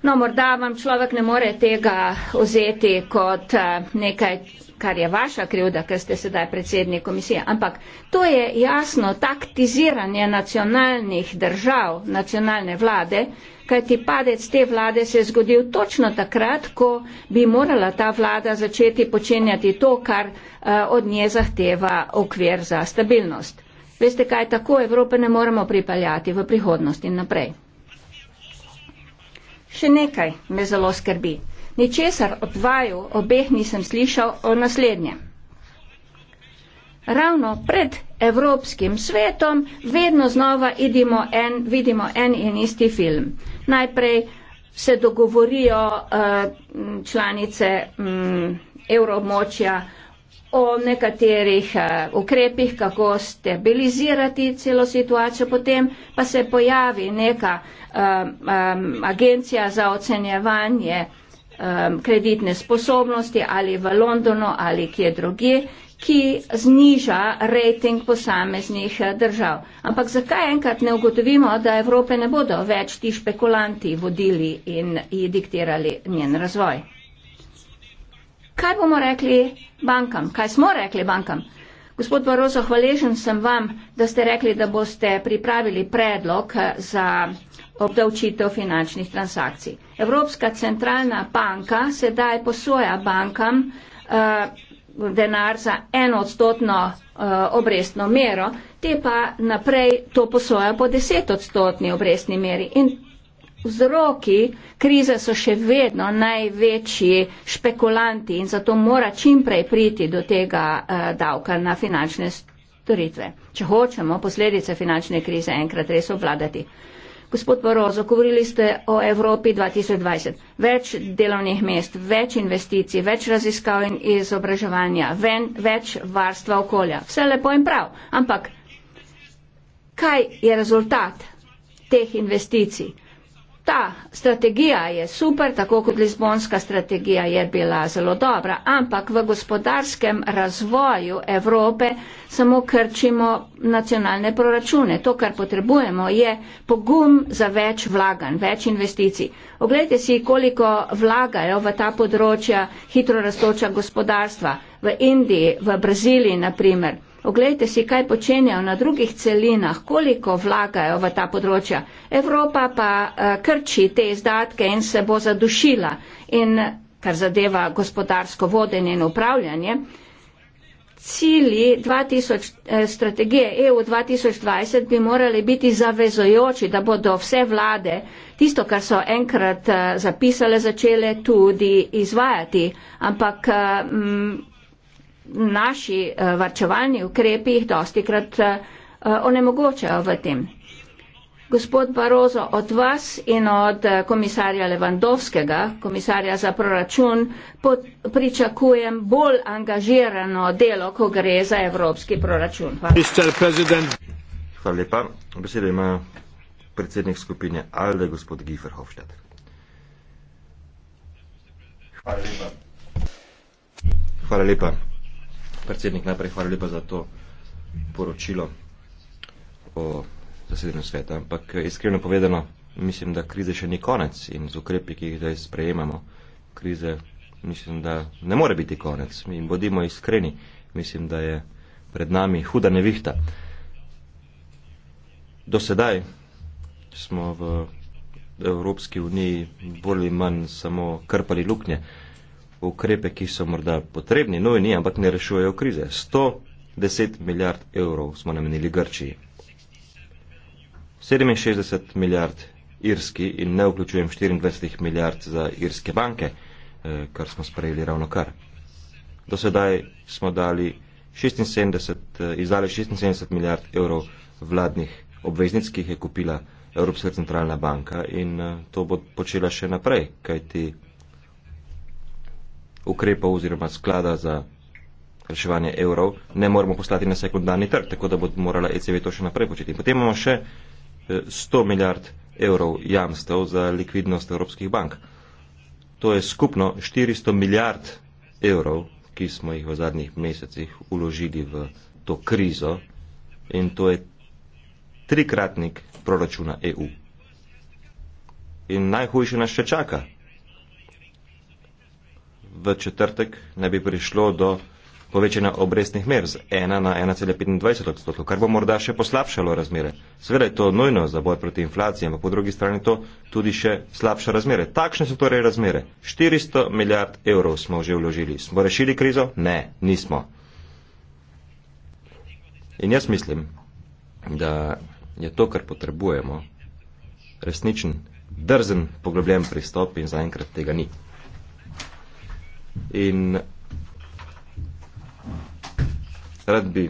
S2: No, morda vam človek ne more tega vzeti kot eh, nekaj kar je vaša krivda, ker ste sedaj predsednik komisije. Ampak to je jasno taktiziranje nacionalnih držav, nacionalne vlade, kajti padec te vlade se je zgodil točno takrat, ko bi morala ta vlada začeti počenjati to, kar uh, od nje zahteva okvir za stabilnost. Veste, kaj tako Evrope ne moremo pripeljati v prihodnost in naprej. Še nekaj me zelo skrbi. Ničesar od vaju obeh nisem slišal o naslednje. Ravno pred Evropskim svetom vedno znova vidimo en, vidimo en in isti film. Najprej se dogovorijo eh, članice mm, evroobmočja o nekaterih eh, ukrepih, kako stabilizirati celo situacijo, potem pa se pojavi neka eh, agencija za ocenjevanje um, kreditne sposobnosti ali v Londonu ali kje drugje, ki zniža rejting posameznih eh, držav. Ampak zakaj enkrat ne ugotovimo, da Evrope ne bodo več ti špekulanti vodili in ji diktirali njen razvoj? Kaj bomo rekli bankam? Kaj smo rekli bankam? Gospod Barozo, hvaležen sem vam, da ste rekli, da boste pripravili predlog eh, za obdavčitev finančnih transakcij. Evropska centralna banka sedaj posoja bankam uh, denar za eno odstotno uh, eh, obrestno mero, te pa naprej to posoja po deset odstotni obrestni meri. In vzroki krize so še vedno največji špekulanti in zato mora čimprej priti do tega uh, davka na finančne storitve. Če hočemo posledice finančne krize enkrat res obvladati. Gospod Barozo, govorili ste o Evropi 2020. Več delovnih mest, več investicij, več raziskav in izobraževanja, ven, več varstva okolja. Vse lepo in prav. Ampak kaj je rezultat teh investicij? ta strategija je super, tako kot Lizbonska strategija je bila zelo dobra, ampak v gospodarskem razvoju Evrope samo krčimo nacionalne proračune. To, kar potrebujemo, je pogum za več vlaganj, več investicij. Oglejte si, koliko vlagajo v ta področja hitro rastoča gospodarstva v Indiji, v Braziliji naprimer. Oglejte si, kaj počenjajo na drugih celinah, koliko vlagajo v ta področja. Evropa pa eh, krči te izdatke in se bo zadušila. In kar zadeva gospodarsko vodenje in upravljanje, cilji 2000, eh, strategije EU 2020 bi morali biti zavezojoči, da bodo vse vlade tisto, kar so enkrat eh, zapisale, začele tudi izvajati. Ampak. M, naši eh, varčevalni ukrepi jih dosti krat eh, eh, onemogočajo v tem. Gospod Barozo, od vas in od komisarja Levandovskega, komisarja za proračun, pot, pričakujem bolj angažirano delo, ko gre za evropski proračun.
S1: Hvala lepa. Besedo ima predsednik skupine Alde, gospod Gifer Hofstadt. Hvala lepa. Hvala lepa predsednik, najprej hvala lepa za to poročilo o zasedenju sveta, ampak eh, iskreno povedano, mislim, da krize še ni konec in z ukrepi, ki jih zdaj sprejemamo, krize, mislim, da ne more biti konec in bodimo iskreni, mislim, da je pred nami huda nevihta. Do sedaj smo v Evropski uniji bolj ali manj samo krpali luknje. Uh, ukrepe, ki so morda potrebni, nujni, no ampak ne rešujejo krize. 110 milijard evrov smo namenili Grčiji. 67 milijard irski in ne vključujem 24 milijard za irske banke, eh, kar smo sprejeli ravno kar. Do sedaj smo dali 76, eh, izdali 76 milijard evrov vladnih obveznic, ki jih je kupila Evropska centralna banka in eh, to bo počela še naprej, kajti ukrepov oziroma sklada za reševanje evrov, ne moremo poslati na sekundarni trg, tako da bo morala ECB to še naprej početi. Potem imamo še 100 eh, milijard evrov jamstev za likvidnost evropskih bank. To je skupno 400 milijard evrov, ki smo jih v zadnjih mesecih uložili v to krizo in to je trikratnik proračuna EU. In najhujše nas še čaka v četrtek ne bi prišlo do povečanja obrestnih mer z 1 na 1,25 odstotkov, kar bo morda še poslabšalo razmere. Seveda je to nujno za boj proti inflaciji, ampak po drugi strani to tudi še slabša razmere. Takšne so torej razmere. 400 milijard evrov smo že vložili. Smo rešili krizo? Ne, nismo. In jaz mislim, da je to, kar potrebujemo, resničen, drzen, poglobljen pristop in zaenkrat tega ni. In rad bi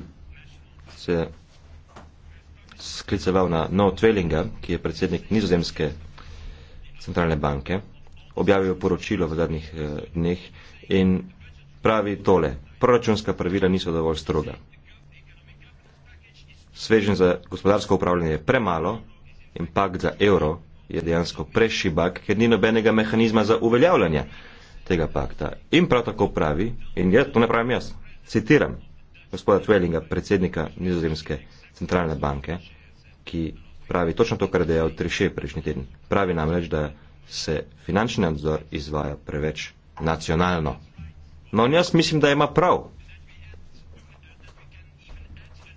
S1: se skliceval na No Twellinga, ki je predsednik nizozemske centralne banke, objavil poročilo v zadnjih eh, dneh in pravi tole, proračunska pravila niso dovolj stroga. Svežen za gospodarsko upravljanje je premalo in pakt za evro je dejansko prešibak, ker ni nobenega mehanizma za uveljavljanje tega pakta. In prav tako pravi, in jaz to ne pravim jaz, citiram gospoda Twellinga, predsednika Nizozemske centralne banke, ki pravi točno to, kar je dejal Triše prejšnji teden. Pravi namreč, da se finančni nadzor izvaja preveč nacionalno. No, in jaz mislim, da ima prav.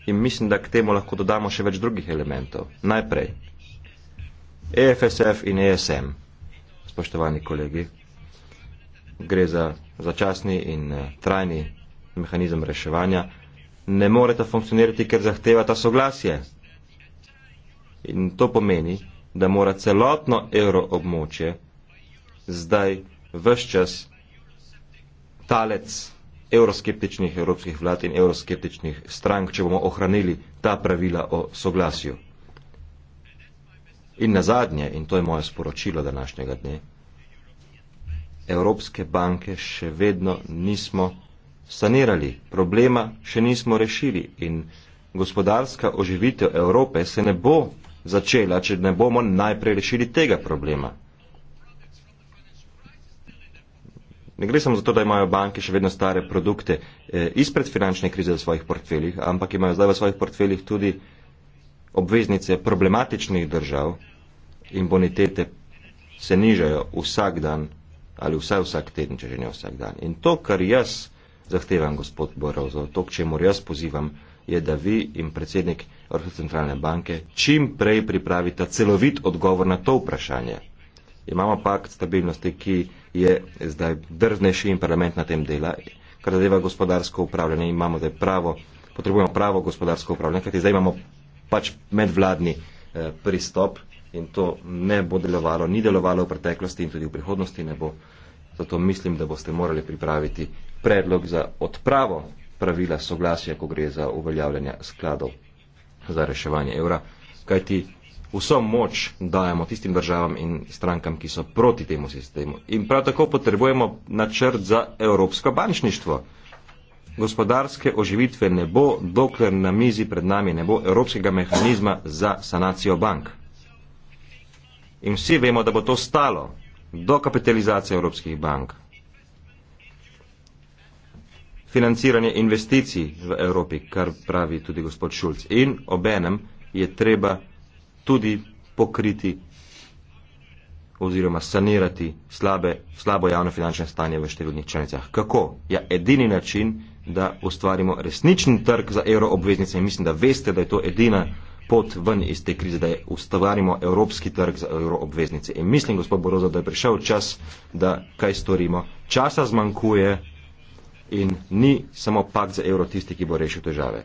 S1: In mislim, da k temu lahko dodamo še več drugih elementov. Najprej. EFSF in ESM, spoštovani kolegi, gre za začasni in eh, trajni mehanizem reševanja, ne moreta funkcionirati, ker zahtevata soglasje. In to pomeni, da mora celotno evro območje zdaj vse čas talec evroskeptičnih evropskih vlad in evroskeptičnih strank, če bomo ohranili ta pravila o soglasju. In na zadnje, in to je moje sporočilo današnjega dne, Evropske banke še vedno nismo sanirali, problema še nismo rešili in gospodarska oživitev Evrope se ne bo začela, če ne bomo najprej rešili tega problema. Ne gre samo zato, da imajo banke še vedno stare produkte eh, izpred finančne krize v svojih portfeljih, ampak imajo zdaj v svojih portfeljih tudi obveznice problematičnih držav in bonitete se nižajo vsak dan ali vsaj vsak teden, če že ne vsak dan. In to, kar jaz zahtevam, gospod Borozo, to, k čemu jaz pozivam, je, da vi in predsednik Evropske centralne banke čim prej pripravite celovit odgovor na to vprašanje. Imamo pakt stabilnosti, ki je zdaj drznejši in parlament na tem dela, kar zadeva gospodarsko upravljanje. Imamo zdaj pravo, potrebujemo pravo gospodarsko upravljanje, kajti zdaj imamo pač medvladni eh, pristop, in to ne bo delovalo, ni delovalo v preteklosti in tudi v prihodnosti ne bo. Zato mislim, da boste morali pripraviti predlog za odpravo pravila soglasja, ko gre za uveljavljanje skladov za reševanje evra, kajti vso moč dajemo tistim državam in strankam, ki so proti temu sistemu. In prav tako potrebujemo načrt za evropsko bančništvo. Gospodarske oživitve ne bo, dokler na mizi pred nami ne bo evropskega mehanizma za sanacijo bank. In vsi vemo, da bo to stalo do kapitalizacije evropskih bank. Financiranje investicij v Evropi, kar pravi tudi gospod Šulc. In obenem je treba tudi pokriti oziroma sanirati slabe, slabo javno finančno stanje v številnih članicah. Kako? Ja, edini način, da ustvarimo resničen trg za evroobveznice in mislim, da veste, da je to edina pot ven iz te krize, da ustvarimo evropski trg za euroobveznice. In mislim, gospod Borozo, da je prišel čas, da kaj storimo. Časa zmanjkuje in ni samo pakt za evro tisti, ki bo rešil težave.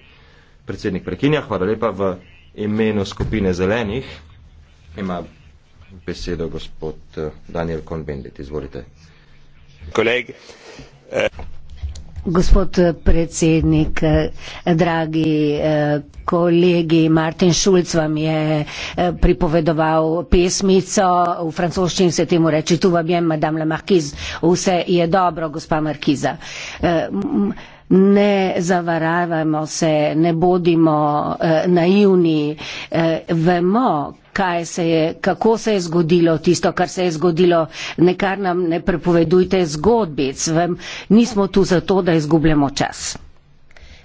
S1: Predsednik prekinja, hvala lepa v imenu skupine zelenih. Ima besedo gospod eh, Daniel Konbendit. Izvolite. Koleg, eh
S3: gospod predsednik, dragi eh, kolegi, Martin Šulc vam je eh, pripovedoval pesmico, v francoščini se temu reče, tu vam je, madame la marquise, vse je dobro, gospa markiza. Uh, ne zavarajmo se, ne bodimo eh, naivni, eh, vemo, kaj se je, kako se je zgodilo tisto, kar se je zgodilo, nekar nam ne prepovedujte zgodbic, vem, nismo tu zato, da izgubljamo čas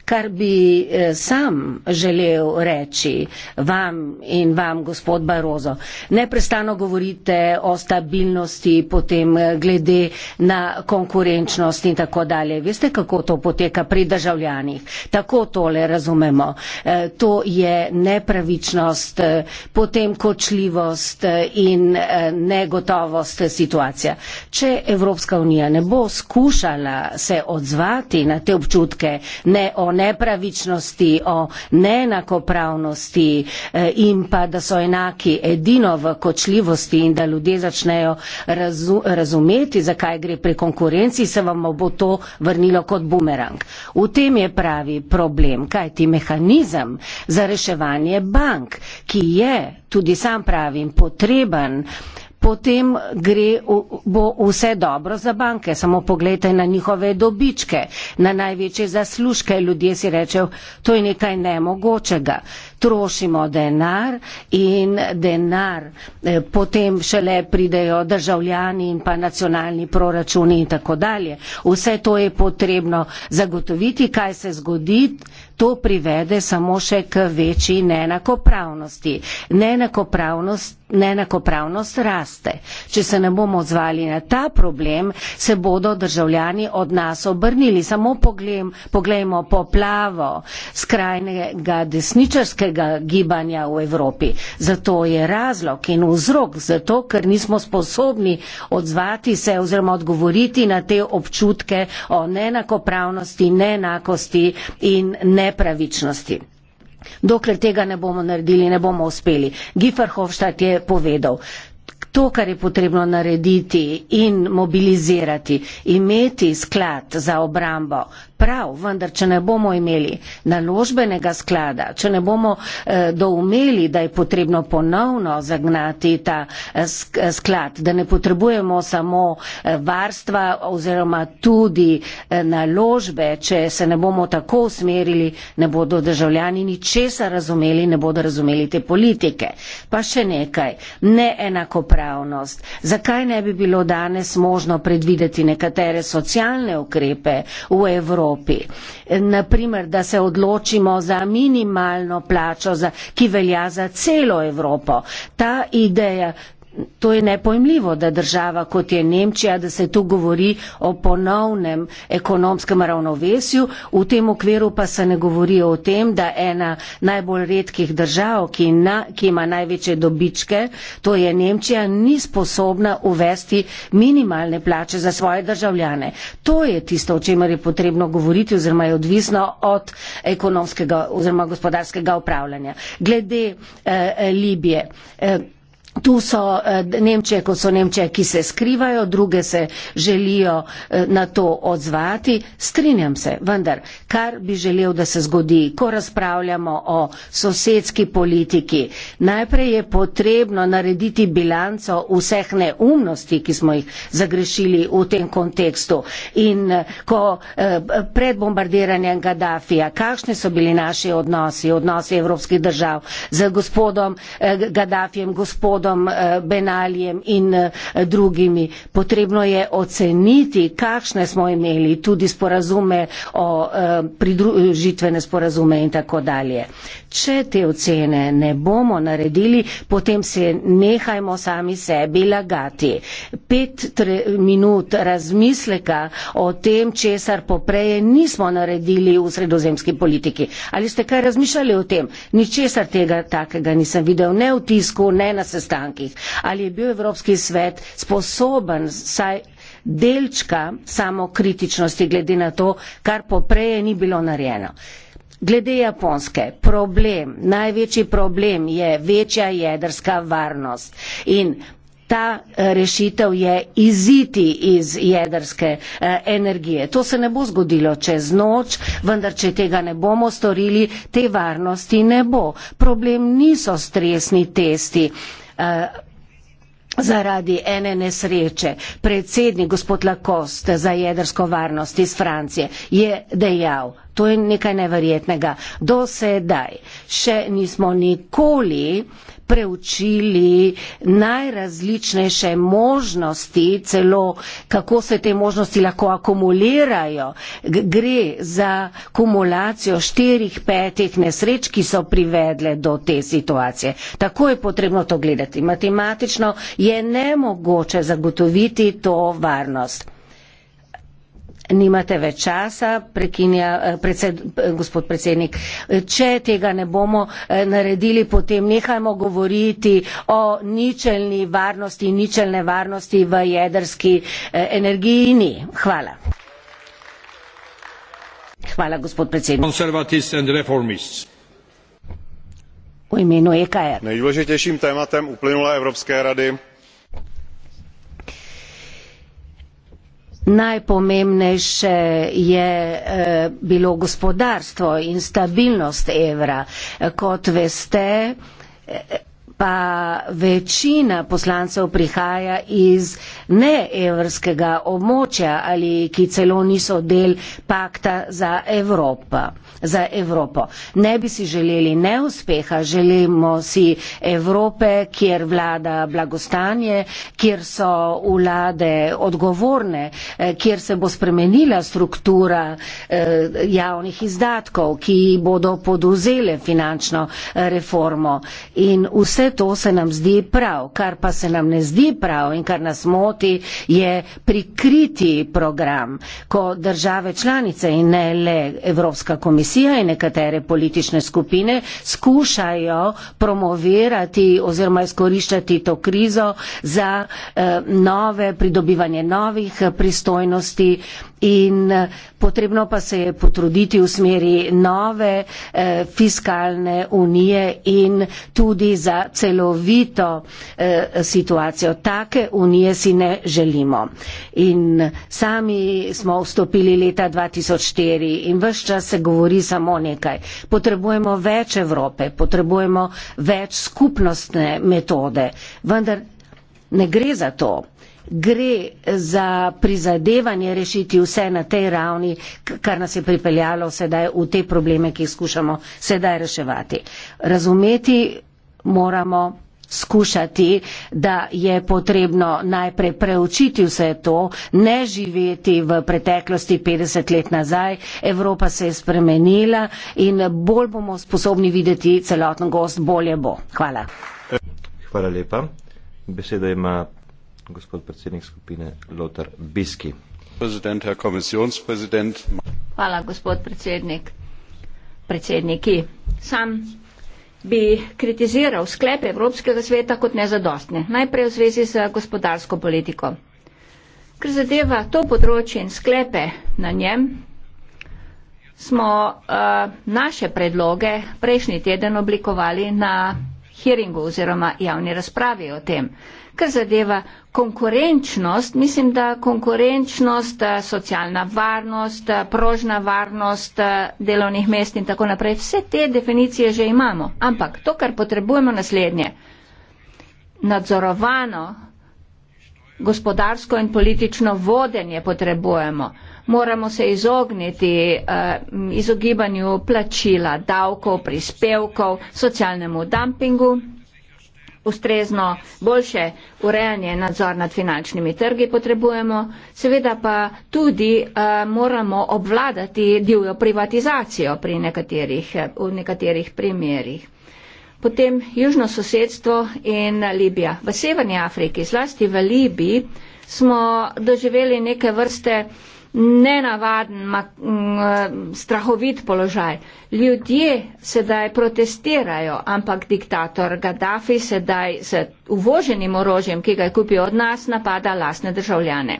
S3: kar bi eh, sam želel reči vam in vam, gospod Barozo. Neprestano govorite o stabilnosti, potem eh, glede na konkurenčnost in tako dalje. Veste, kako to poteka pri državljanih? Tako tole razumemo. Eh, to je nepravičnost, potem kočljivost in negotovost situacija. Če Evropska unija ne bo skušala se odzvati na te občutke, ne o nepravičnosti, o neenakopravnosti eh, in pa, da so enaki edino v kočljivosti in da ljudje začnejo razu, razumeti, zakaj gre pri konkurenci, se vam bo to vrnilo kot bumerang. V tem je pravi problem, kaj ti mehanizem za reševanje bank, ki je, tudi sam pravim, potreben potem gre, bo vse dobro za banke. Samo pogledajte na njihove dobičke, na največje zaslužke. Ljudje si rečejo, to je nekaj nemogočega. Trošimo denar in denar, eh, potem šele pridejo državljani in pa nacionalni proračuni in tako dalje. Vse to je potrebno zagotoviti, kaj se zgodi. To privede samo še k večji neenakopravnosti. Neenakopravnost neenakopravnost raste. Če se ne bomo odzvali na ta problem, se bodo državljani od nas obrnili. Samo poglejmo poplavo skrajnega desničarskega gibanja v Evropi. Zato je razlog in vzrok, zato ker nismo sposobni odzvati se oziroma odgovoriti na te občutke o neenakopravnosti, neenakosti in nepravičnosti dokler tega ne bomo naredili, ne bomo uspeli. Giferhofštat je povedal, to, kar je potrebno narediti in mobilizirati, imeti sklad za obrambo, prav, vendar če ne bomo imeli naložbenega sklada, če ne bomo eh, doumeli, da je potrebno ponovno zagnati ta eh, eh, sklad, da ne potrebujemo samo eh, varstva oziroma tudi eh, naložbe, če se ne bomo tako usmerili, ne bodo državljani ničesa razumeli, ne bodo razumeli te politike. Pa še nekaj, neenakopravnost. Zakaj ne bi bilo danes možno predvideti nekatere socialne ukrepe v Evropi? Evropi. Naprimer, da se odločimo za minimalno plačo, za, ki velja za celo Evropo. Ta ideja To je nepojmljivo, da država kot je Nemčija, da se tu govori o ponovnem ekonomskem ravnovesju, v tem okviru pa se ne govori o tem, da ena najbolj redkih držav, ki, na, ki ima največje dobičke, to je Nemčija, ni sposobna uvesti minimalne plače za svoje državljane. To je tisto, o čemer je potrebno govoriti oziroma je odvisno od ekonomskega oziroma gospodarskega upravljanja. Glede eh, Libije. Eh, Tu so eh, Nemčije, kot so Nemčije, ki se skrivajo, druge se želijo eh, na to odzvati. Strinjam se, vendar, kar bi želel, da se zgodi, ko razpravljamo o sosedski politiki, najprej je potrebno narediti bilanco vseh neumnosti, ki smo jih zagrešili v tem kontekstu. In eh, ko pred bombardiranjem Gaddafija, kakšni so bili naši odnosi, odnosi evropskih držav z gospodom Gaddafijem, gospodom Zahodom, eh, Benalijem in eh, drugimi. Potrebno je oceniti, kakšne smo imeli tudi sporazume o eh, pridružitvene sporazume in tako dalje. Če te ocene ne bomo naredili, potem se nehajmo sami sebi lagati. Pet tre, minut razmisleka o tem, česar popreje nismo naredili v sredozemski politiki. Ali ste kaj razmišljali o tem? Ničesar tega takega nisem videl, ne v tisku, ne na sestankih. Ali je bil Evropski svet sposoben saj delčka samokritičnosti glede na to, kar popreje ni bilo narejeno? Glede Japonske, problem, največji problem je večja jedrska varnost in ta eh, rešitev je iziti iz jedrske eh, energije. To se ne bo zgodilo čez noč, vendar če tega ne bomo storili, te varnosti ne bo. Problem niso stresni testi. Eh, zaradi ene nesreče predsednik gospod Lacoste za jedrsko varnost iz Francije je dejal, to je nekaj neverjetnega, do sedaj še nismo nikoli preučili najrazličnejše možnosti, celo kako se te možnosti lahko akumulirajo. Gre za akumulacijo štirih, petih nesreč, ki so privedle do te situacije. Tako je potrebno to gledati. Matematično je nemogoče zagotoviti to varnost nimate več časa, prekinja eh, predsed, eh, gospod predsednik. Če tega ne bomo eh, naredili, potem nehajmo govoriti o ničelni varnosti, ničelne varnosti v jedrski energiji. Hvala. Hvala, gospod predsednik. U imenu EKR.
S1: Nejdůležitějším tématem uplynulé Evropské rady
S3: najpomembnejše je eh, bilo gospodarstvo in stabilnost evra. Kot veste, eh, pa večina poslancev prihaja iz neevrskega območja ali ki celo niso del pakta za Evropo za Evropo. Ne bi si želeli neuspeha, želimo si Evrope, kjer vlada blagostanje, kjer so vlade odgovorne, eh, kjer se bo spremenila struktura eh, javnih izdatkov, ki bodo poduzele finančno eh, reformo. In vse to se nam zdi prav. Kar pa se nam ne zdi prav in kar nas moti, je prikriti program, ko države članice in ne le Evropska komisija komisija in nekatere politične skupine skušajo promovirati oziroma izkoriščati to krizo za eh, nove, pridobivanje novih eh, pristojnosti in eh, potrebno pa se je potruditi v smeri nove fiskalne unije in tudi za celovito situacijo. Take unije si ne želimo. In sami smo vstopili leta 2004 in vse čas se govori samo nekaj. Potrebujemo več Evrope, potrebujemo več skupnostne metode, vendar ne gre za to. Gre za prizadevanje rešiti vse na tej ravni, kar nas je pripeljalo sedaj v te probleme, ki jih skušamo sedaj reševati. Razumeti moramo skušati, da je potrebno najprej preučiti vse to, ne živeti v preteklosti 50 let nazaj. Evropa se je spremenila in bolj bomo sposobni videti celotno gost, bolje bo. Hvala.
S1: Hvala lepa. Besedo ima gospod predsednik skupine Lotar Biski.
S2: Hvala, gospod predsednik. Predsedniki, sam bi kritiziral sklepe Evropskega sveta kot nezadostne, najprej v zvezi z gospodarsko politiko. Ker zadeva to področje in sklepe na njem, smo uh, naše predloge prejšnji teden oblikovali na hearingu oziroma javni razpravi o tem. Kar zadeva konkurenčnost, mislim, da konkurenčnost, eh, socialna varnost, eh, prožna varnost eh, delovnih mest in tako naprej, vse te definicije že imamo. Ampak to, kar potrebujemo naslednje, nadzorovano gospodarsko in politično vodenje potrebujemo moramo se izogniti eh, izogibanju plačila davkov, prispevkov, socialnemu dumpingu, ustrezno boljše urejanje nadzor nad finančnimi trgi potrebujemo, seveda pa tudi eh, moramo obvladati divjo privatizacijo pri nekaterih, v nekaterih primerjih. Potem južno sosedstvo in Libija. V severni Afriki, zlasti v Libiji, smo doživeli neke vrste eh, nenavaden, eh, strahovit položaj. Ljudje sedaj protestirajo, ampak diktator Gaddafi sedaj z uvoženim orožjem, ki ga je kupil od nas, napada lasne državljane.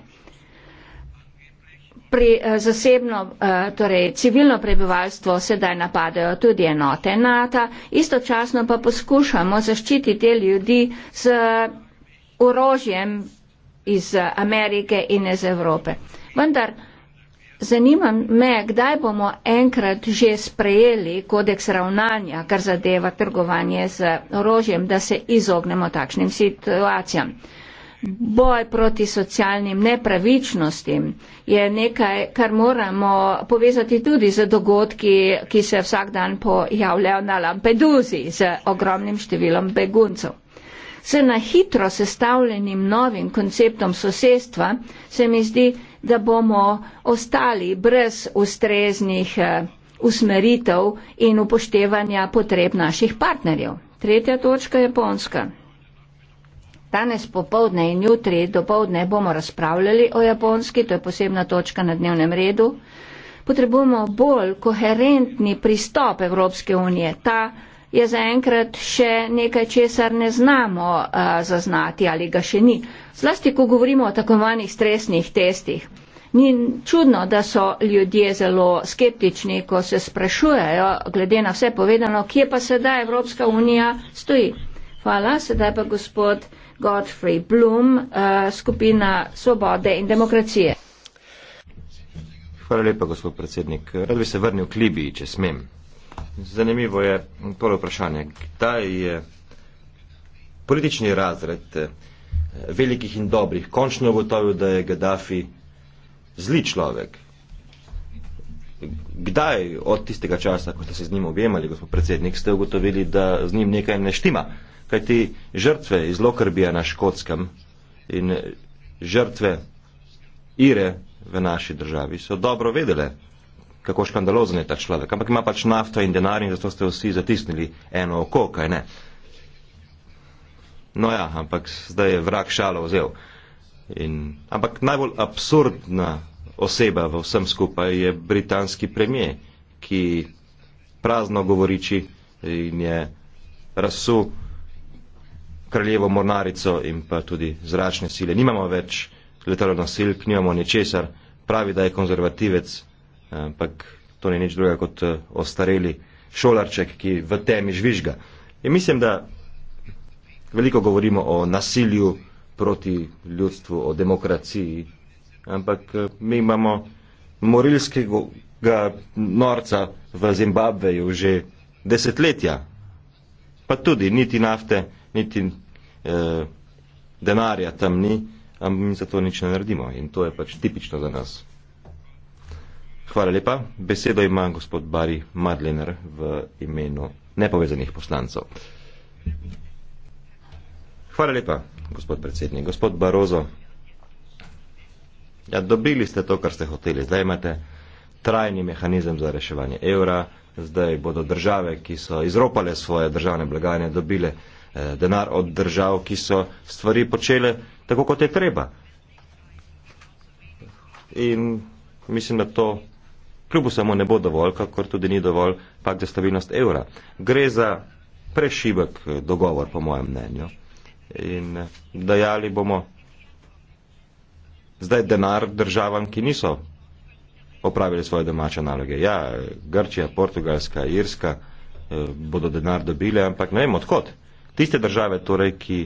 S2: Pri eh, zasebno, eh, torej civilno prebivalstvo sedaj napadajo tudi enote NATO, istočasno pa poskušamo zaščititi ljudi z orožjem iz Amerike in iz Evrope. Vendar zanima me, kdaj bomo enkrat že sprejeli kodeks ravnanja, kar zadeva trgovanje z orožjem, da se izognemo takšnim situacijam. Boj proti socialnim nepravičnostim je nekaj, kar moramo povezati tudi z dogodki, ki se vsak dan pojavljajo na Lampeduzi z ogromnim številom beguncev. Z na hitro sestavljenim novim konceptom sosedstva se mi zdi, da bomo ostali brez ustreznih eh, usmeritev in upoštevanja potreb naših partnerjev. Tretja točka je Japonska. Danes popovdne in jutri dopovdne bomo razpravljali o Japonski, to je posebna točka na dnevnem redu. Potrebujemo bolj koherentni pristop Evropske unije. Ta je zaenkrat še nekaj, česar ne znamo a, eh, zaznati ali ga še ni. Zlasti, ko govorimo o takovanih stresnih testih. Ni čudno, da so ljudje zelo skeptični, ko se sprašujejo, glede na vse povedano, kje pa sedaj Evropska unija stoji. Hvala, sedaj pa gospod Godfrey Bloom, uh, eh, skupina Svobode in demokracije.
S1: Hvala lepa, gospod predsednik. Rad bi se vrnil k Libiji, če smem. Zanimivo je prvo vprašanje. Kdaj je politični razred eh, velikih in dobrih končno ugotovil, da je Gaddafi zli človek? Kdaj od tistega časa, ko ste se z njim objemali, gospod predsednik, ste ugotovili, da z njim nekaj ne štima? Kaj ti žrtve iz Lokrbija na Škotskem in žrtve Ire v naši državi so dobro vedele, kako škandalozen je ta človek. Ampak ima pač nafto in denar in zato ste vsi zatisnili eno oko, kaj ne. No ja, ampak zdaj je vrak šalo vzel. In, ampak najbolj absurdna oseba v vsem skupaj je britanski premije, ki prazno govoriči in je razsu kraljevo mornarico in pa tudi zračne sile. Nimamo več letalonosilk, nimamo ničesar. Pravi, da je konzervativec, ampak to ni nič druga kot eh, ostareli šolarček, ki v temi žvižga. In mislim, da veliko govorimo o nasilju proti ljudstvu, o demokraciji, ampak eh, mi imamo morilskega norca v Zimbabveju že desetletja, pa tudi niti nafte, niti eh, denarja tam ni, ampak mi za to nič ne naredimo in to je pač tipično za nas. Hvala lepa. Besedo ima gospod Bari Madlener v imenu nepovezanih poslancev. Hvala lepa, gospod predsednik. Gospod Barozo, ja, dobili ste to, kar ste hoteli. Zdaj imate trajni mehanizem za reševanje evra, zdaj bodo države, ki so izropale svoje državne blagajne, dobile eh, denar od držav, ki so stvari počele tako, kot je treba. In mislim, da to kljub vsemu ne bo dovolj, kakor tudi ni dovolj pak za stabilnost evra. Gre za prešibek eh, dogovor, po mojem mnenju. In eh, dajali bomo zdaj denar državam, ki niso opravili svoje domače naloge. Ja, Grčija, Portugalska, Irska eh, bodo denar dobile, ampak ne vem odkot. Tiste države, torej, ki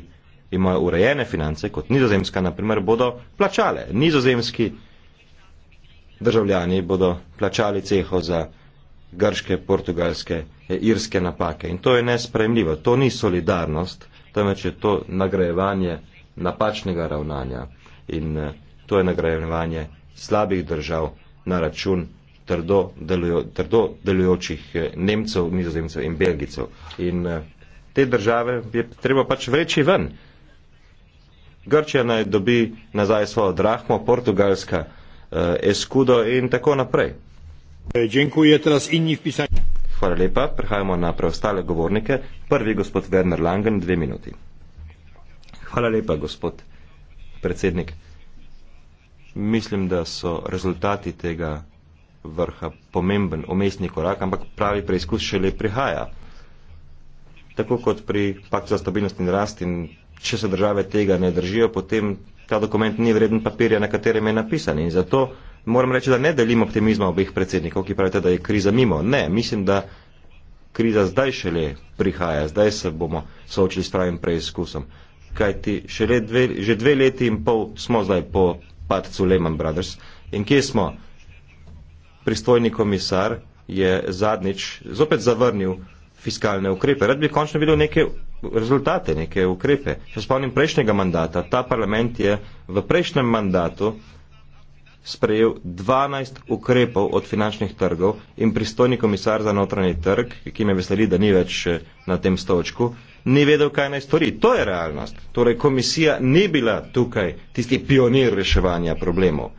S1: imajo urejene finance, kot nizozemska, naprimer, bodo plačale. Nizozemski državljani bodo plačali ceho za grške, portugalske, e, irske napake. In to je nespremljivo. To ni solidarnost, temveč je to nagrajevanje napačnega ravnanja. In e, to je nagrajevanje slabih držav na račun trdo, delujo, trdo delujočih e, Nemcev, Nizozemcev in Belgicev. In te države je treba pač vreči ven. Grčija naj dobi nazaj svojo drahmo, Portugalska Eh, Escudo in tako naprej. Hvala lepa. Prehajamo na preostale govornike. Prvi gospod Werner Langen, dve minuti. Hvala lepa, gospod predsednik. Mislim, da so rezultati tega vrha pomemben omestni korak, ampak pravi preizkus šele prihaja. Tako kot pri paktu za stabilnost in rast in če se države tega ne držijo, potem ta dokument ni vreden papirja, na katerem je napisan. In zato moram reči, da ne delim optimizma obih predsednikov, ki pravite, da je kriza mimo. Ne, mislim, da kriza zdaj šele prihaja, zdaj se bomo soočili s pravim preizkusom. Kaj ti, šele dve, že dve leti in pol smo zdaj po padcu Lehman Brothers. In kje smo? Pristojni komisar je zadnjič zopet zavrnil fiskalne ukrepe. Rad bi končno videl neke rezultate, neke ukrepe. Še spomnim prejšnjega mandata, ta parlament je v prejšnjem mandatu sprejel 12 ukrepov od finančnih trgov in pristojni komisar za notranji trg, ki me veseli, da ni več eh, na tem stočku, ni vedel, kaj naj stori. To je realnost. Torej, komisija ni bila tukaj tisti pionir reševanja problemov.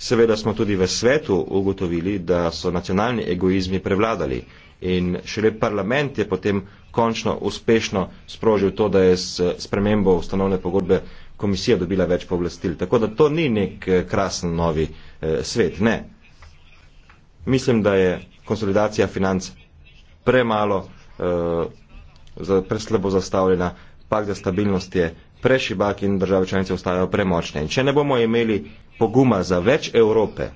S1: Seveda smo tudi v svetu ugotovili, da so nacionalni egoizmi prevladali In šele parlament je potem končno uspešno sprožil to, da je s spremembo ustanovne pogodbe komisija dobila več povlastil. Tako da to ni nek eh, krasen novi eh, svet. Ne. Mislim, da je konsolidacija financ premalo, eh, za, preslabo zastavljena, pak za stabilnost je prešibak in države članice ostajajo premočne. In če ne bomo imeli poguma za več Evrope,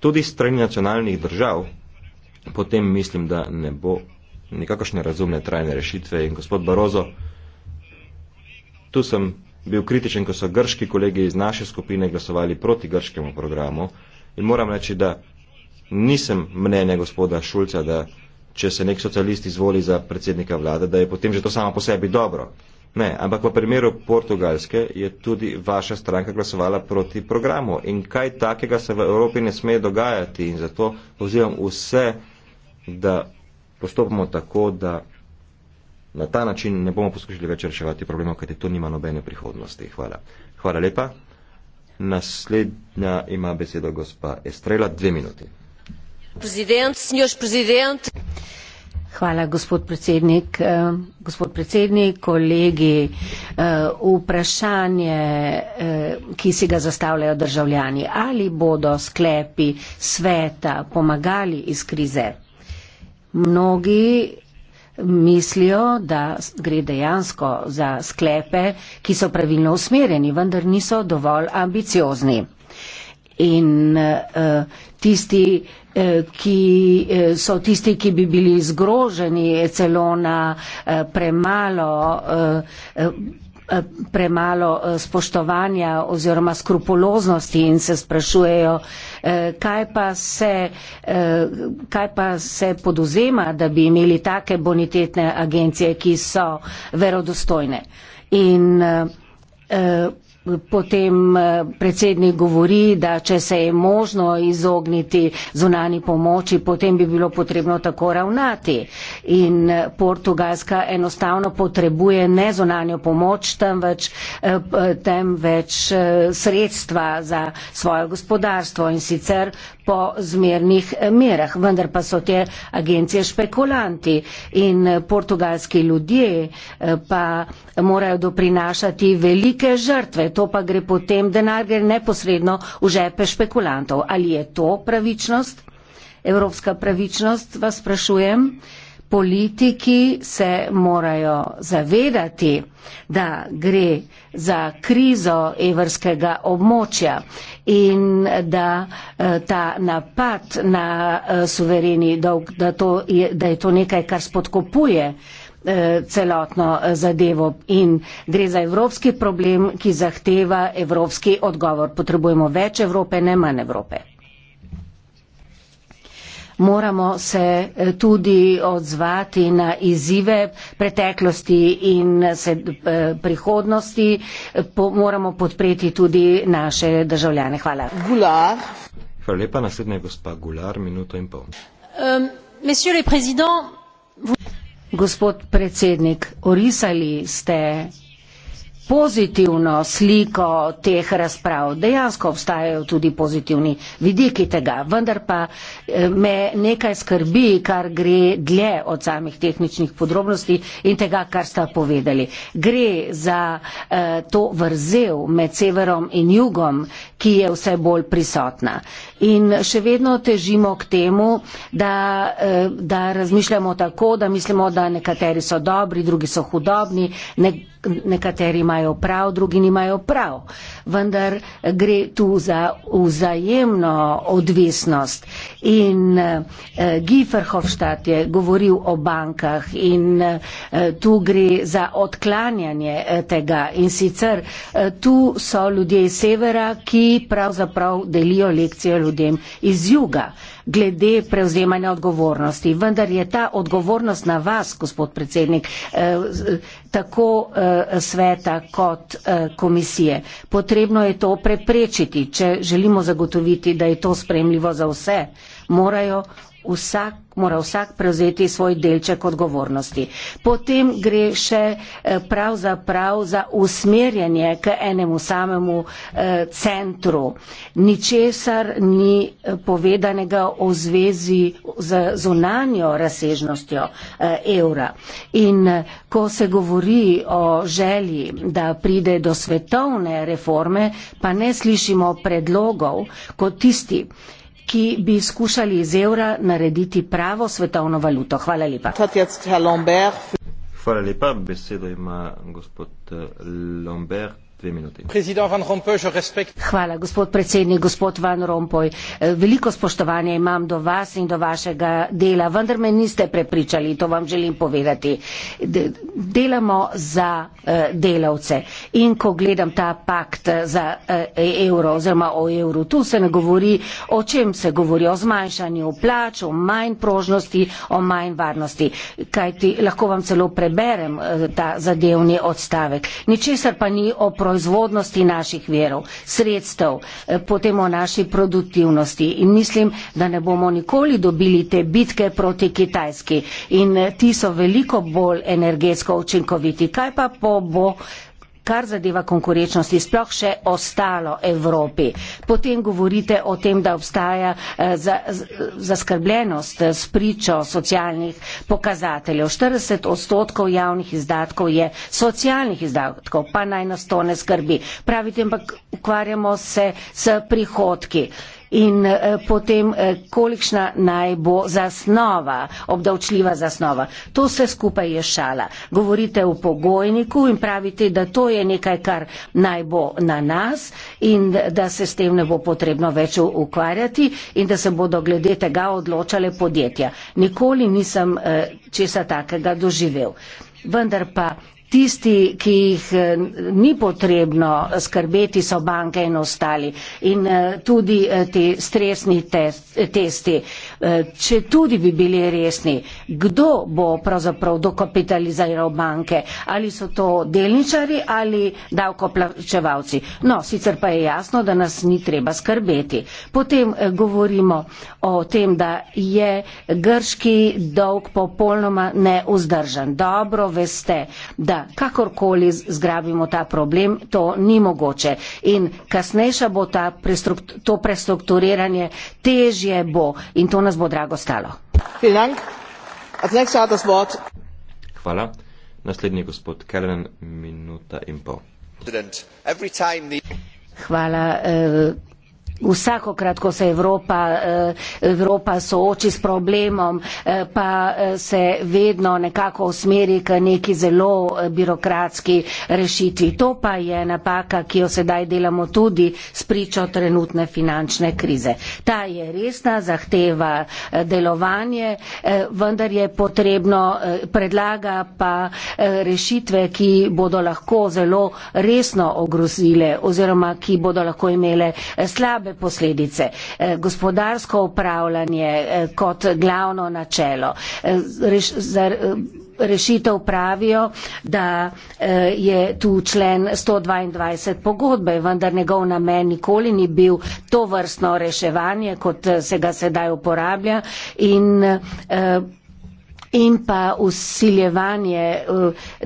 S1: tudi strani nacionalnih držav, potem mislim, da ne bo nikakošne razumne trajne rešitve. In gospod Barozo, tu sem bil kritičen, ko so grški kolegi iz naše skupine glasovali proti grškemu programu in moram reči, da nisem mnenja gospoda Šulca, da če se nek socialist izvoli za predsednika vlade, da je potem že to samo po sebi dobro. Ne, ampak v primeru Portugalske je tudi vaša stranka glasovala proti programu. In kaj takega se v Evropi ne sme dogajati in zato pozivam vse da postopamo tako, da na ta način ne bomo poskušali več reševati problemov, kajti to nima nobene prihodnosti. Hvala. Hvala lepa. Naslednja ima besedo gospa Estrela, dve minuti.
S3: Prezident, snjož prezident. Hvala, gospod predsednik. Eh, gospod predsednik, kolegi, eh, vprašanje, eh, ki si ga zastavljajo državljani, ali bodo sklepi sveta pomagali iz krize? mnogi mislijo, da gre dejansko za sklepe, ki so pravilno usmerjeni, vendar niso dovolj ambiciozni. In uh, tisti, uh, ki uh, so tisti, ki bi bili zgroženi celo na uh, premalo. Uh, uh, Eh, premalo eh, spoštovanja oziroma skrupuloznosti in se sprašujejo, eh, kaj pa se, kaj pa se poduzema, da bi imeli take bonitetne agencije, ki so verodostojne. In potem eh, predsednik govori, da če se je možno izogniti zunani pomoči, potem bi bilo potrebno tako ravnati. In eh, Portugalska enostavno potrebuje ne zunanjo pomoč, temveč, eh, temveč sredstva za svojo gospodarstvo. In sicer po zmernih merah, vendar pa so te agencije špekulanti in portugalski ljudje eh, pa morajo doprinašati velike žrtve. To pa gre potem denar gre neposredno v žepe špekulantov. Ali je to pravičnost? Evropska pravičnost vas sprašujem politiki se morajo zavedati, da gre za krizo evrskega območja in da eh, ta napad na eh, suvereni dolg, da, to je, da je to nekaj, kar spodkopuje eh, celotno zadevo in gre za evropski problem, ki zahteva evropski odgovor. Potrebujemo več Evrope, ne manj Evrope moramo se eh, tudi odzvati na izzive preteklosti in se, eh, prihodnosti, po, moramo podpreti tudi naše državljane. Hvala. Gular.
S1: Hvala lepa, naslednja je gospa Gular, minuto in pol.
S3: Um, le vous... Gospod predsednik, orisali ste pozitivno sliko teh razprav. Dejansko obstajajo tudi pozitivni vidiki tega, vendar pa eh, me nekaj skrbi, kar gre dlje od samih tehničnih podrobnosti in tega, kar sta povedali. Gre za eh, to vrzel med severom in jugom, ki je vse bolj prisotna. In še vedno težimo k temu, da, eh, da razmišljamo tako, da mislimo, da nekateri so dobri, drugi so hudobni. Nek nekateri imajo prav, drugi nimajo prav. Vendar gre tu za vzajemno odvisnost. In eh, Gieferhofstadt je govoril o bankah in eh, tu gre za odklanjanje eh, tega. In sicer eh, tu so ljudje iz severa, ki pravzaprav delijo lekcije ljudem iz juga glede prevzemanja odgovornosti. Vendar je ta odgovornost na vas, gospod predsednik, eh, tako eh, sveta kot eh, komisije. Potrebno je to preprečiti, če želimo zagotoviti, da je to spremljivo za vse. Morajo vsak, mora vsak prevzeti svoj delček odgovornosti. Potem gre še eh, pravzaprav za usmerjanje k enemu samemu eh, centru. Ničesar ni eh, povedanega o zvezi z zunanjo razsežnostjo evra. In ko se govori o želji, da pride do svetovne reforme, pa ne slišimo predlogov kot tisti, ki bi skušali iz evra narediti pravo svetovno valuto. Hvala lepa.
S1: Hvala lepa. Besedo ima gospod eh, Lombert.
S3: Hvala, gospod predsednik, gospod Van Rompuy. Eh, veliko spoštovanja imam do vas in do vašega dela, vendar me niste prepričali, to vam želim povedati. Delamo za eh, delavce in ko gledam ta pakt eh, za evro oziroma o evru, tu se ne govori o čem se govori, o zmanjšanju plač, o manj prožnosti, o manj varnosti. Kajti lahko vam celo preberem ta zadevni odstavek. Ničesar pa ni o prožnosti proizvodnosti naših verov, sredstev, eh, potem o naši produktivnosti. In mislim, da ne bomo nikoli dobili te bitke proti Kitajski. In eh, ti so veliko bolj energetsko učinkoviti. Kaj pa bo kar zadeva konkurenčnosti, sploh še ostalo Evropi. Potem govorite o tem, da obstaja eh, zaskrbljenost z pričo socialnih pokazateljev. 40 odstotkov javnih izdatkov je socialnih izdatkov, pa naj nas to ne skrbi. Pravite, ampak ukvarjamo se s prihodki. Uh, in eh, potem eh, kolikšna naj bo zasnova, obdavčljiva zasnova. To vse skupaj je šala. Govorite v pogojniku in pravite, da to je nekaj, kar naj bo na nas in da se s tem ne bo potrebno več ukvarjati in da se bodo glede tega odločale podjetja. Nikoli nisem eh, česa takega doživel. Vendar pa tisti, ki jih eh, ni potrebno skrbeti, so banke in ostali. In eh, tudi eh, ti stresni test, testi. Eh, če tudi bi bili resni, kdo bo pravzaprav dokapitaliziral banke, ali so to delničari ali davkoplačevalci. No, sicer pa je jasno, da nas ni treba skrbeti. Potem eh, govorimo o tem, da je grški dolg popolnoma neuzdržan. Dobro veste, da kakorkoli zgrabimo ta problem, to ni mogoče. In kasnejša bo ta prestrukt, to prestrukturiranje, težje bo. In to nas nas bo drago stalo.
S1: Hvala. Naslednji gospod Kellen, minuta in pol.
S3: Hvala. Eh, Vsakokrat, ko se Evropa, eh, Evropa sooči s problemom, eh, pa eh, se vedno nekako usmeri k neki zelo birokratski rešitvi. To pa je napaka, ki jo sedaj delamo tudi s pričo trenutne finančne krize. Ta je resna, zahteva delovanje, vendar je potrebno predlaga pa rešitve, ki bodo lahko zelo resno ogrozile oziroma ki bodo lahko imele slab slabe posledice, eh, gospodarsko upravljanje eh, kot glavno načelo. Eh, rešitev pravijo, da je tu člen 122 pogodbe, vendar njegov namen nikoli ni bil to vrstno reševanje, kot se ga sedaj uporablja. In, in pa usiljevanje, eh,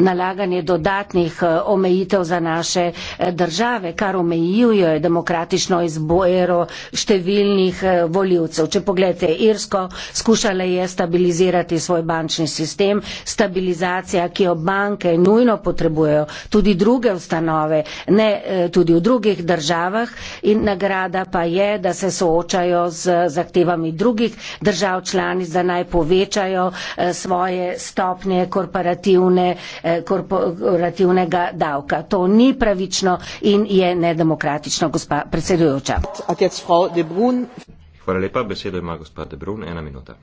S3: nalaganje dodatnih eh, omejitev za naše eh, države, kar omejijo demokratično izbojero številnih voljivcev. Če pogledate Irsko, skušala je stabilizirati svoj bančni sistem, stabilizacija, ki jo banke nujno potrebujejo, tudi druge ustanove, ne tudi v drugih državah in nagrada pa je, da se soočajo z zahtevami drugih držav članic, da naj povečajo svoje stopnje korporativne, eh, korporativnega davka. To ni pravično in je nedemokratično, gospa predsedujoča.
S1: Hvala lepa, besedo ima gospa De Brun, ena minuta.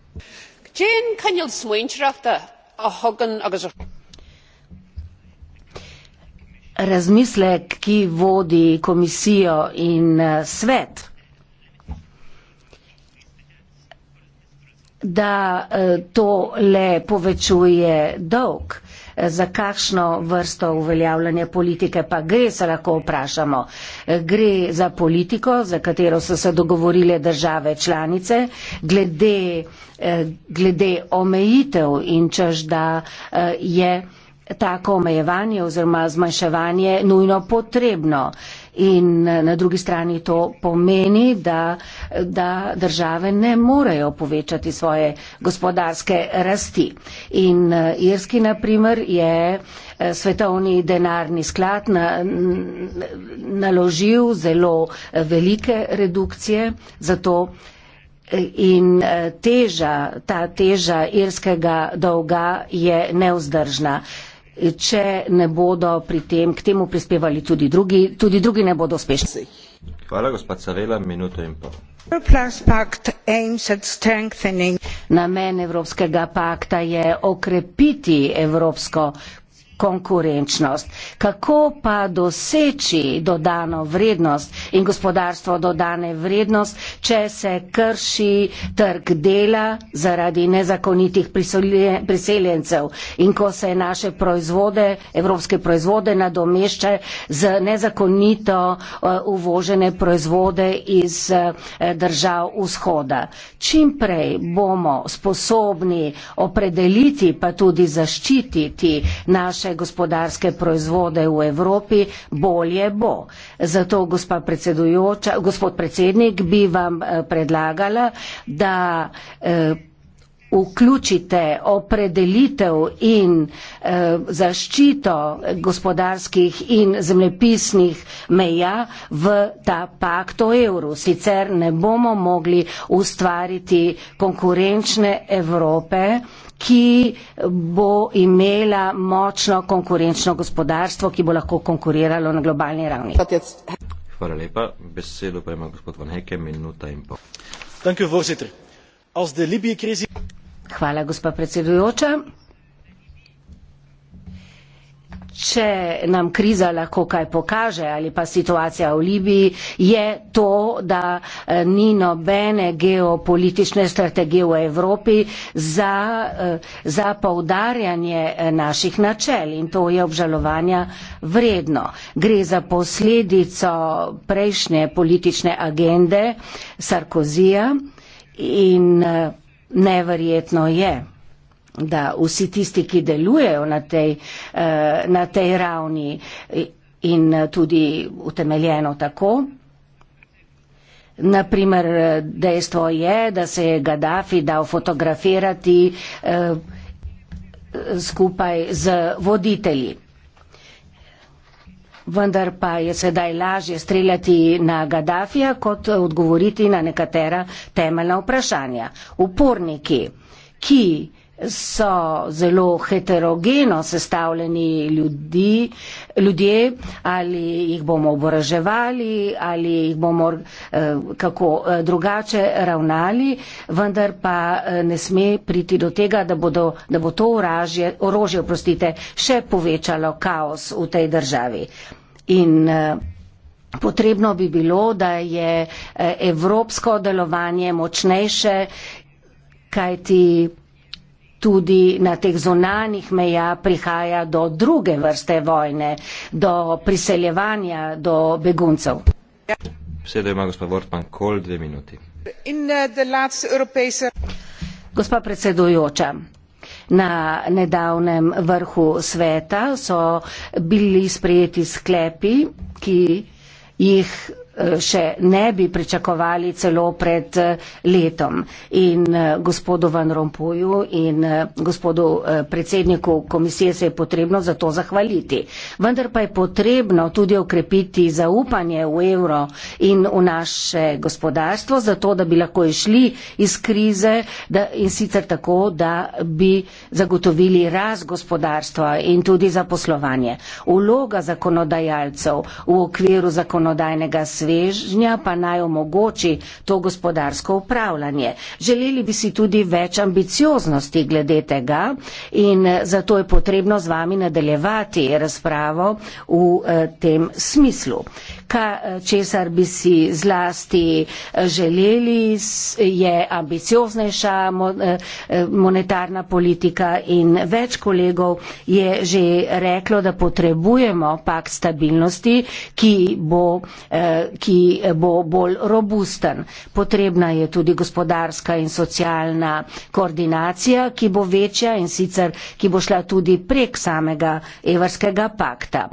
S3: Razmislek, ki vodi komisijo in eh, svet da e, to le povečuje dolg. E, za kakšno vrsto uveljavljanja politike pa gre, se lahko vprašamo. E, gre za politiko, za katero so se dogovorile države članice, glede, glede omejitev in čež, da je tako omejevanje oziroma zmanjševanje nujno potrebno in eh, na drugi strani to pomeni, da, da države ne morejo povečati svoje gospodarske rasti. In eh, Irski, na primer, je eh, svetovni denarni sklad na, naložil zelo velike redukcije za to, In teža, ta teža irskega dolga je neuzdržna če ne bodo pri tem k temu prispevali tudi drugi, tudi drugi ne bodo uspešni.
S1: Hvala, gospod Cavela, minuto in pol.
S3: Namen Evropskega pakta je okrepiti evropsko konkurenčnost. Kako pa doseči dodano vrednost in gospodarstvo dodane vrednost, če se krši trg dela zaradi nezakonitih priseljencev in ko se naše proizvode, evropske proizvode nadomešče z nezakonito eh, uvožene proizvode iz eh, držav vzhoda. Čim prej bomo sposobni opredeliti pa tudi zaščititi naše naše gospodarske proizvode v Evropi, bolje bo. Zato, gospod predsednik, bi vam eh, predlagala, da. Eh, vključite opredelitev in eh, zaščito gospodarskih in zemljepisnih meja v ta pakt o evru. Sicer ne bomo mogli ustvariti konkurenčne Evrope, ki bo imela močno konkurenčno gospodarstvo, ki bo lahko konkuriralo na globalni ravni.
S1: Hvala lepa. Besedo pa ima gospod Van Heke, minuta in pol. Dank u voorzitter. Als de Libië-crisis...
S3: Hvala, gospa predsedujoča. Če nam kriza lahko kaj pokaže ali pa situacija v Libiji, je to, da eh, ni nobene geopolitične strategije v Evropi za, eh, za povdarjanje eh, naših načel in to je obžalovanja vredno. Gre za posledico prejšnje politične agende Sarkozija in Neverjetno je, da vsi tisti, ki delujejo na tej, eh, na tej ravni in tudi utemeljeno tako, naprimer dejstvo je, da se je Gaddafi dal fotografirati eh, skupaj z voditelji vendar pa je sedaj lažje streljati na Gaddafija, kot odgovoriti na nekatera temeljna vprašanja. Uporniki, ki so zelo heterogeno sestavljeni ljudi, ljudje, ali jih bomo oboraževali, ali jih bomo eh, kako eh, drugače ravnali, vendar pa eh, ne sme priti do tega, da, bodo, da bo to orožje, orožje oprostite, še povečalo kaos v tej državi. In, Potrebno bi bilo, da je evropsko delovanje močnejše, kajti tudi na teh zonanih meja prihaja do druge vrste vojne, do priseljevanja, do beguncev.
S1: Sedaj ima gospod Vortman kol dve minuti.
S3: Eh, eh, gospa predsedujoča, na nedavnem vrhu sveta so bili sprejeti sklepi, ki jih Eh, še ne bi pričakovali celo pred eh, letom. In eh, gospodu Van Rompuju in gospodu predsedniku komisije se je potrebno za to zahvaliti. Vendar pa je potrebno tudi okrepiti zaupanje v evro in v naše gospodarstvo, zato da bi lahko išli iz krize da, in sicer tako, da bi zagotovili raz gospodarstva in tudi zaposlovanje. Uloga zakonodajalcev v okviru zakonodajnega sveta svežnja pa naj omogoči to gospodarsko upravljanje. Želeli bi si tudi več ambicioznosti glede tega in zato je potrebno z vami nadaljevati razpravo v eh, tem smislu. Ka eh, česar bi si zlasti eh, želeli, je ambicioznejša monetarna politika in več kolegov je že reklo, da potrebujemo pak stabilnosti, ki bo ki eh, bo bolj robusten. Potrebna je tudi gospodarska in socialna koordinacija, ki bo večja in sicer, ki bo šla tudi prek samega evrskega pakta.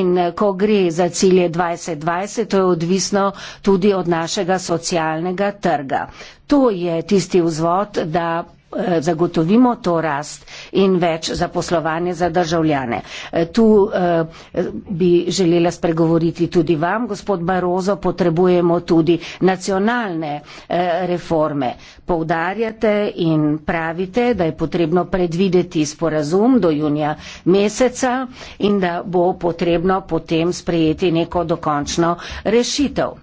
S3: In eh, ko gre za cilje 2020, to je odvisno tudi od našega socialnega trga. To je tisti vzvod, da Eh, zagotovimo to rast in več zaposlovanja za državljane. Eh, tu eh, bi želela spregovoriti tudi vam, gospod Barozo, potrebujemo tudi nacionalne reforme. Poudarjate in pravite, da je potrebno predvideti sporazum do junija meseca in da bo potrebno potem sprejeti neko dokončno rešitev.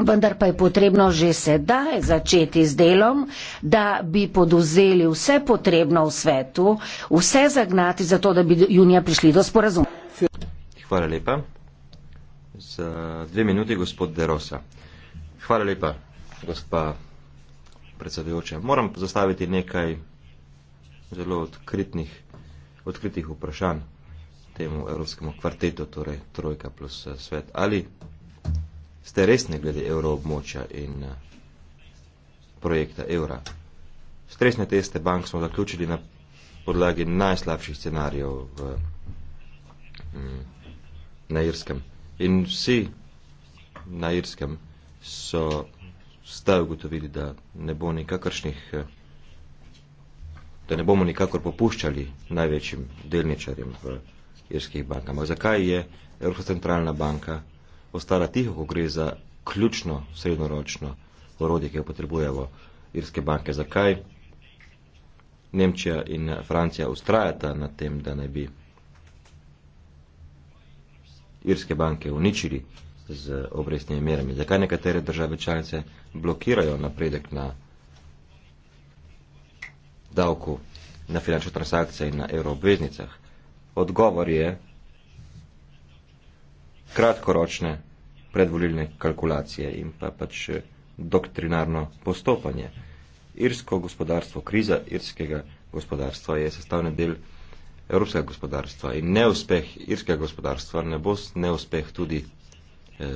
S3: Vendar pa je potrebno že sedaj začeti z delom, da bi poduzeli vse potrebno v svetu, vse zagnati za to, da bi junija prišli do sporazuma.
S1: Hvala lepa. Za dve minuti, gospod Derosa. Hvala lepa, gospa predsedujoča. Moram zastaviti nekaj zelo odkritnih, odkritih vprašanj temu evropskemu kvartetu, torej trojka plus eh, svet. Ali ste resni glede evroobmočja in eh, projekta evra. Stresne teste bank smo zaključili na podlagi najslabših scenarijev v, mm, na Irskem. In vsi na Irskem so zdaj ugotovili, da ne bo nikakršnih eh, da ne bomo nikakor popuščali največjim delničarjem v irskih bankama. Zakaj je Evropska centralna banka ostala tiho, ko gre za ključno srednjeročno orodje, ki jo potrebujejo irske banke. Zakaj Nemčija in Francija ustrajata na tem, da ne bi irske banke uničili z obrestnimi merami? Zakaj nekatere države članice blokirajo napredek na davku na finančne transakcije in na euroobveznicah? Odgovor je, kratkoročne predvolilne kalkulacije in pa pač eh, doktrinarno postopanje. Irsko gospodarstvo, kriza irskega gospodarstva je sestavni del evropskega gospodarstva in neuspeh irskega gospodarstva ne bo neuspeh tudi eh,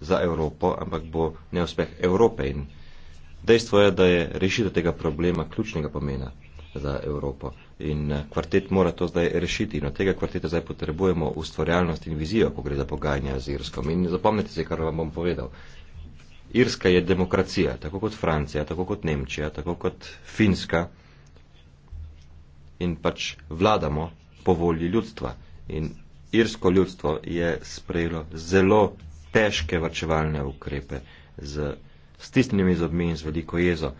S1: za Evropo, ampak bo neuspeh Evrope in dejstvo je, da je rešitev tega problema ključnega pomena za Evropo. In eh, kvartet mora to zdaj rešiti. In od tega kvarteta zdaj potrebujemo ustvarjalnost in vizijo, ko gre za pogajanja z Irsko. In zapomnite se, kar vam bom povedal. Irska je demokracija, tako kot Francija, tako kot Nemčija, tako kot Finska. In pač vladamo po volji ljudstva. In irsko ljudstvo je sprejelo zelo težke vrčevalne ukrepe z stisnjenimi zobmi in z veliko jezo.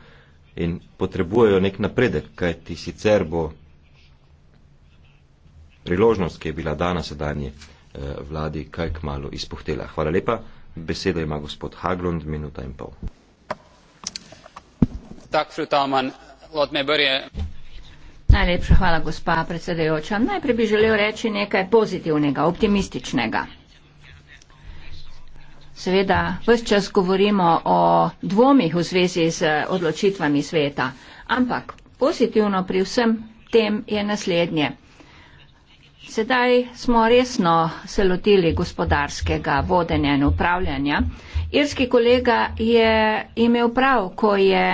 S1: In potrebujejo nek napredek, kajti sicer bo priložnost, ki je bila dana sedanji eh, vladi, kaj k malu izpuhtela. Hvala lepa. Besedo ima gospod Haglund, minuta in pol.
S4: Tak, fru Talman, od me brje.
S2: Najlepša hvala, gospa predsedajoča. Najprej bi želel reči nekaj pozitivnega, optimističnega. Seveda, vse čas govorimo o dvomih v zvezi z odločitvami sveta, ampak pozitivno pri vsem tem je naslednje. Sedaj smo resno se lotili gospodarskega vodenja in upravljanja. Irski kolega je imel prav, ko je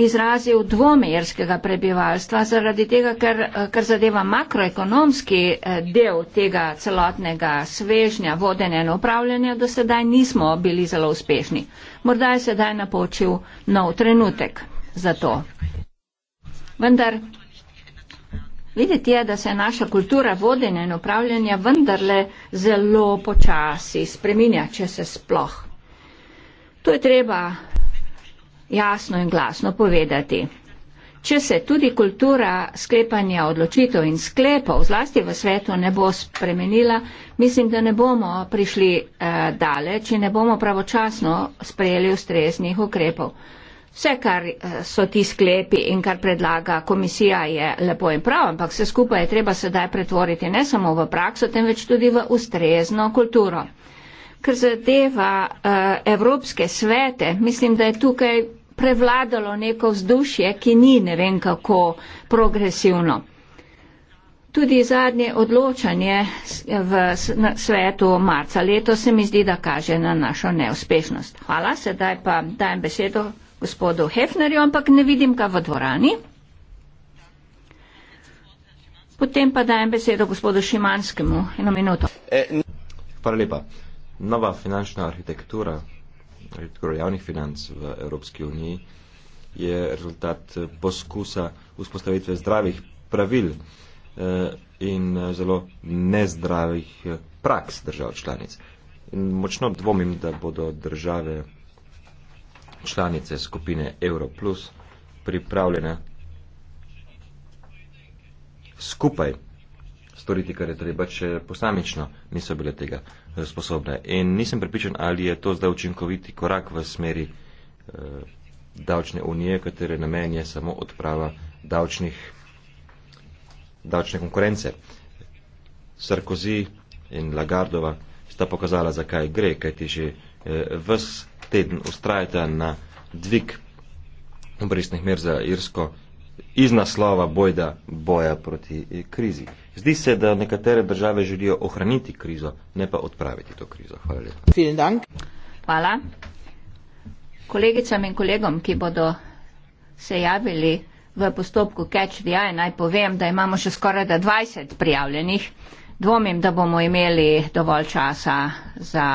S2: izrazil dvome irskega prebivalstva zaradi tega, ker, ker zadeva makroekonomski eh, del tega celotnega svežnja vodenja in upravljanja, do sedaj nismo bili zelo uspešni. Morda je sedaj napočil nov trenutek za to. Vendar Videti je, da se je naša kultura vodenja in upravljanja vendarle zelo počasi spreminja, če se sploh. To je treba jasno in glasno povedati. Če se tudi kultura sklepanja odločitev in sklepov zlasti v svetu ne bo spremenila, mislim, da ne bomo prišli eh, daleč, če ne bomo pravočasno sprejeli ustreznih ukrepov. Vse, kar eh, so ti sklepi in kar predlaga komisija, je lepo in prav, ampak vse skupaj je treba sedaj pretvoriti ne samo v prakso, temveč tudi v ustrezno kulturo. Ker zadeva uh, Evropske svete, mislim, da je tukaj prevladalo neko vzdušje, ki ni ne vem kako progresivno. Tudi zadnje odločanje v svetu marca leto se mi zdi, da kaže na našo neuspešnost. Hvala, sedaj pa dajem besedo gospodu Hefnerju, ampak ne vidim ga v dvorani. Potem pa dajem besedo gospodu Šimanskemu. Eno minuto.
S1: E, Hvala lepa. Nova finančna arhitektura, arhitektura javnih financ v Evropski uniji je rezultat poskusa vzpostavitve zdravih pravil e, in e, zelo nezdravih praks držav članic. In močno dvomim, da bodo države članice skupine Europlus pripravljene skupaj storiti, kar je treba, če posamično niso bile tega eh, sposobne. In nisem pripričan, ali je to zdaj učinkoviti korak v smeri eh, davčne unije, katere namen je samo odprava davčnih, davčne konkurence. Sarkozy in Lagardova sta pokazala, zakaj gre, kajti že eh, vse teden ustrajata na dvig obrestnih mer za Irsko iz naslova bojda boja proti eh, krizi. Zdi se, da nekatere države želijo ohraniti krizo, ne pa odpraviti to krizo. Hvala
S2: lepa. Hvala. Kolegicam in kolegom, ki bodo se javili v postopku Catch the Eye, naj povem, da imamo še skoraj da 20 prijavljenih. Dvomim, da bomo imeli dovolj časa za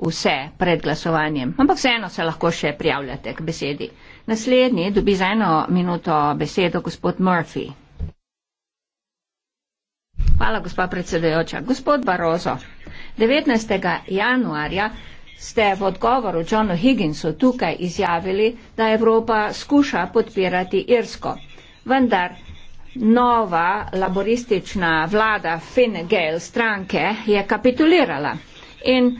S2: vse pred glasovanjem, ampak vseeno se lahko še prijavljate k besedi. Naslednji dobi za eno minuto besedo gospod Murphy. Hvala, gospod predsedujoča. Gospod Barozo, 19. januarja ste v odgovoru Johnu Higginsu tukaj izjavili, da Evropa skuša podpirati Irsko. Vendar nova laboristična vlada Finn Gale stranke je kapitulirala. In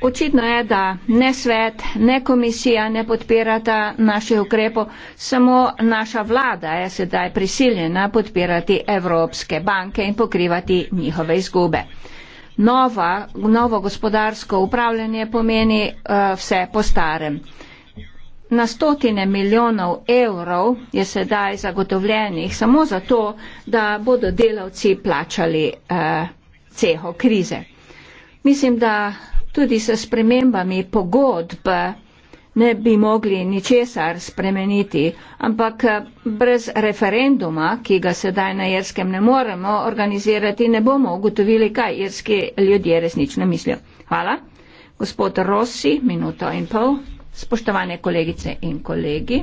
S2: Očitno je, da ne svet, ne komisija ne podpirata naših ukrepov, samo naša vlada je sedaj prisiljena podpirati evropske banke in pokrivati njihove izgube. Nova, novo gospodarsko upravljanje pomeni uh, vse po starem. Na stotine milijonov evrov je sedaj zagotovljenih samo zato, da bodo delavci plačali uh, ceho krize. Mislim, da tudi s spremembami pogodb ne bi mogli ničesar spremeniti, ampak eh, brez referenduma, ki ga sedaj na Jerskem ne moremo organizirati, ne bomo ugotovili, kaj jerski ljudje resnično mislijo. Hvala. Gospod Rossi, minuto in pol. Spoštovane kolegice in kolegi.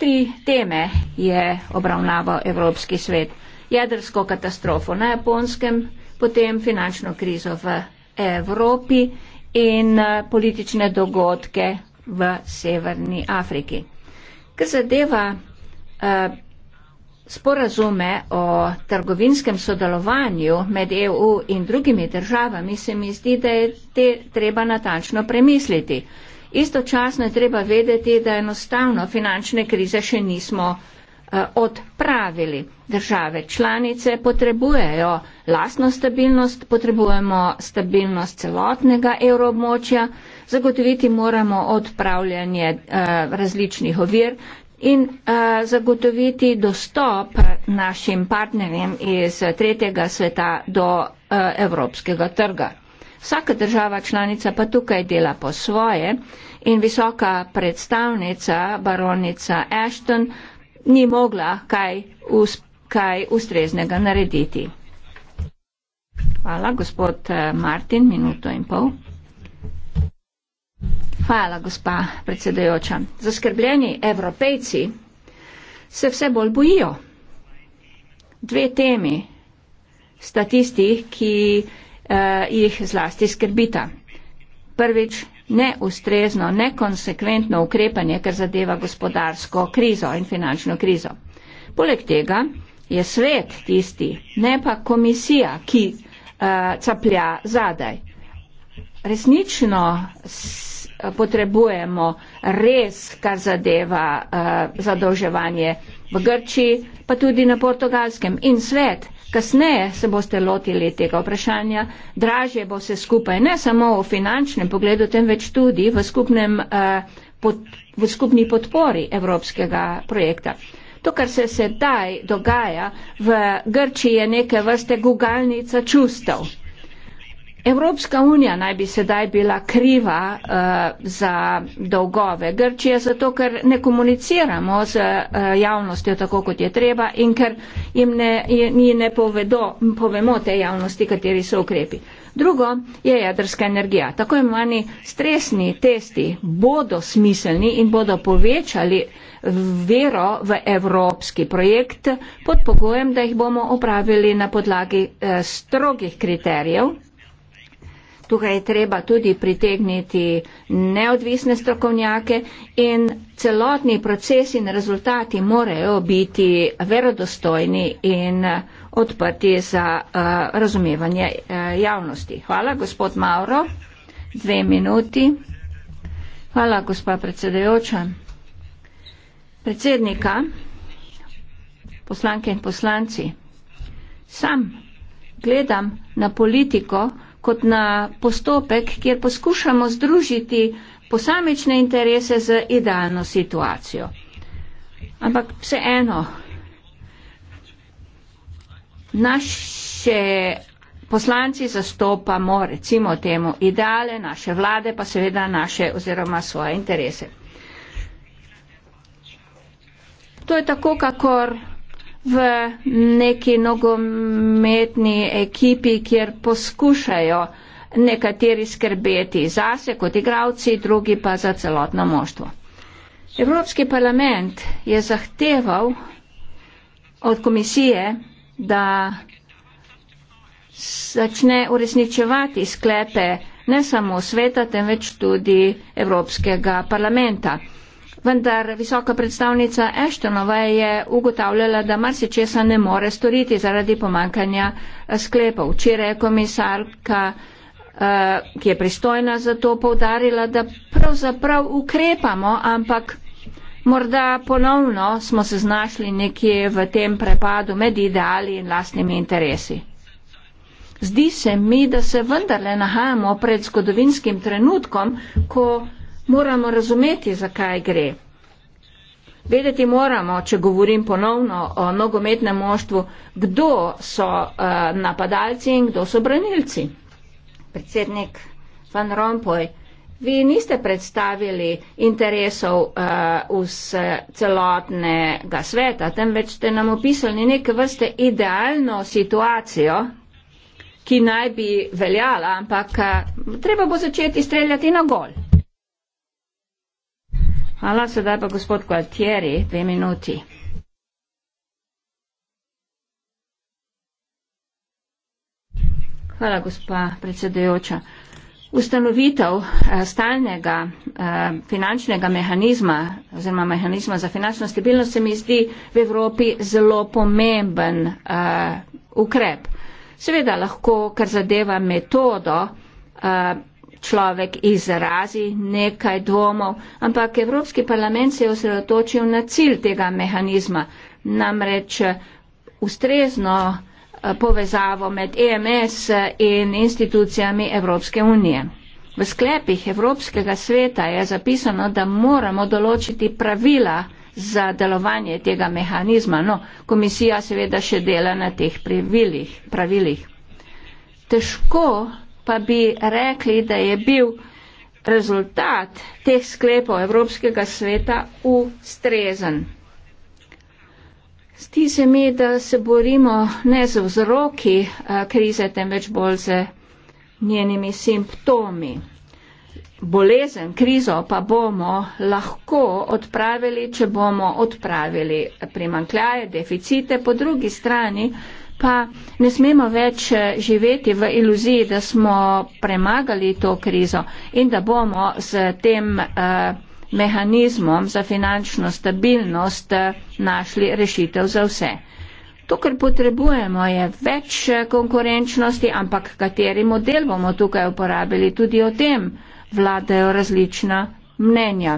S2: Tri teme je obravnaval Evropski svet. Jedrsko katastrofo na japonskem, potem finančno krizo v Evropi in eh, politične dogodke v Severni Afriki. Kar zadeva eh, sporazume o trgovinskem sodelovanju med EU in drugimi državami, se mi zdi, da je te treba natančno premisliti. Istočasno je treba vedeti, da enostavno finančne krize še nismo Eh, odpravili. Države članice potrebujejo lastno stabilnost, potrebujemo stabilnost celotnega evroobmočja, zagotoviti moramo odpravljanje eh, različnih ovir in eh, zagotoviti dostop našim partnerjem iz tretjega sveta do evropskega trga. Vsaka država članica pa tukaj dela po svoje in visoka predstavnica, baronica Ashton, ni mogla kaj, us, kaj ustreznega narediti. Hvala, gospod eh, Martin, minuto in pol. Hvala, gospa predsedajoča. Zaskrbljeni evropejci se vse bolj bojijo. Dve temi statistih, ki eh, jih zlasti skrbita. Prvič, neustrezno, nekonsekventno ukrepanje, kar zadeva gospodarsko krizo in finančno krizo. Poleg tega je svet tisti, ne pa komisija, ki uh, caplja zadaj. Resnično eh, potrebujemo res, kar zadeva uh, zadolževanje v Grčiji, pa tudi na portugalskem in svet. Kasneje se boste lotili tega vprašanja, draže bo se skupaj, ne samo v finančnem pogledu, temveč tudi v, skupnem, eh, v skupni podpori evropskega projekta. To, kar se sedaj dogaja v Grčiji, je neke vrste gugalnica čustev. Evropska unija naj bi sedaj bila kriva uh, za dolgove Grčije, zato ker ne komuniciramo z uh, javnostjo tako, kot je treba in ker jim ne, ni ne povedo, povemo te javnosti, kateri so ukrepi. Drugo je jedrska energija. Tako imani stresni testi bodo smiselni in bodo povečali vero v evropski projekt pod pogojem, da jih bomo opravili na podlagi eh, strogih kriterijev Tukaj je treba tudi pritegniti neodvisne strokovnjake in celotni proces in rezultati morajo biti verodostojni in odprti za uh, razumevanje uh, javnosti. Hvala, gospod Mauro. Dve minuti. Hvala, gospa predsedajoča. Predsednika, poslanke in poslanci, sam gledam na politiko, kot na postopek, kjer poskušamo združiti posamične interese z idealno situacijo. Ampak vseeno, naše poslanci zastopamo recimo temu ideale, naše vlade pa seveda naše oziroma svoje interese. To je tako, kakor v neki nogometni ekipi, kjer poskušajo nekateri skrbeti zase kot igravci, drugi pa za celotno moštvo. Evropski parlament je zahteval od komisije, da začne uresničevati sklepe ne samo sveta, temveč tudi Evropskega parlamenta vendar visoka predstavnica Eštonova je ugotavljala, da marsičesa ne more storiti zaradi pomankanja eh, sklepov. Včeraj je komisarka, eh, ki je pristojna za to, povdarila, da pravzaprav ukrepamo, ampak. Morda ponovno smo se znašli nekje v tem prepadu med ideali in lastnimi interesi. Zdi se mi, da se vendarle nahajamo pred zgodovinskim trenutkom, ko moramo razumeti, zakaj gre. Vedeti moramo, če govorim ponovno o nogometnem moštvu, kdo so uh, napadalci in kdo so branilci. Predsednik Van Rompuy, vi niste predstavili interesov uh, celotnega sveta, temveč ste nam opisali neke vrste idealno situacijo, ki naj bi veljala, ampak uh, treba bo začeti streljati na gol. Hvala, sedaj pa gospod Kvaltieri, dve minuti. Hvala, gospa predsedujoča. Ustanovitev eh, stalnega eh, finančnega mehanizma oziroma mehanizma za finančno stabilnost se mi zdi v Evropi zelo pomemben eh, ukrep. Seveda lahko, kar zadeva metodo, človek izrazi nekaj dvomov, ampak Evropski parlament se je osredotočil na cilj tega mehanizma, namreč eh, ustrezno eh, povezavo med EMS eh, in institucijami Evropske unije. V sklepih Evropskega sveta je zapisano, da moramo določiti pravila za delovanje tega mehanizma. No, komisija seveda še dela na teh pravilih. Težko pa bi rekli, da je bil rezultat teh sklepov Evropskega sveta ustrezen. Sti se mi, da se borimo ne z vzroki eh, krize, temveč bolj z njenimi simptomi. Bolezen, krizo pa bomo lahko odpravili, če bomo odpravili primankljaje, deficite, po drugi strani pa ne smemo več eh, živeti v iluziji, da smo premagali to krizo in da bomo z tem eh, mehanizmom za finančno stabilnost eh, našli rešitev za vse. To, kar potrebujemo, je več konkurenčnosti, ampak kateri model bomo tukaj uporabili, tudi o tem vladajo različna mnenja.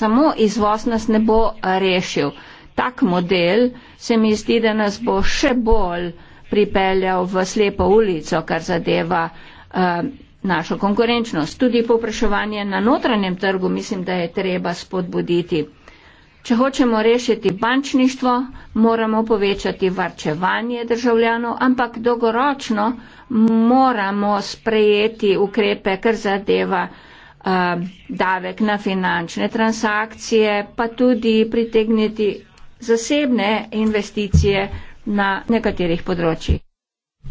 S2: Samo izvoz nas ne bo rešil tak model se mi zdi, da nas bo še bolj pripeljal v slepo ulico, kar zadeva uh, našo konkurenčnost. Tudi popraševanje na notranjem trgu mislim, da je treba spodbuditi. Če hočemo rešiti bančništvo, moramo povečati varčevanje državljanov, ampak dolgoročno moramo sprejeti ukrepe, kar zadeva uh, davek na finančne transakcije, pa tudi pritegniti zasebne investicije na nekaterih področjih.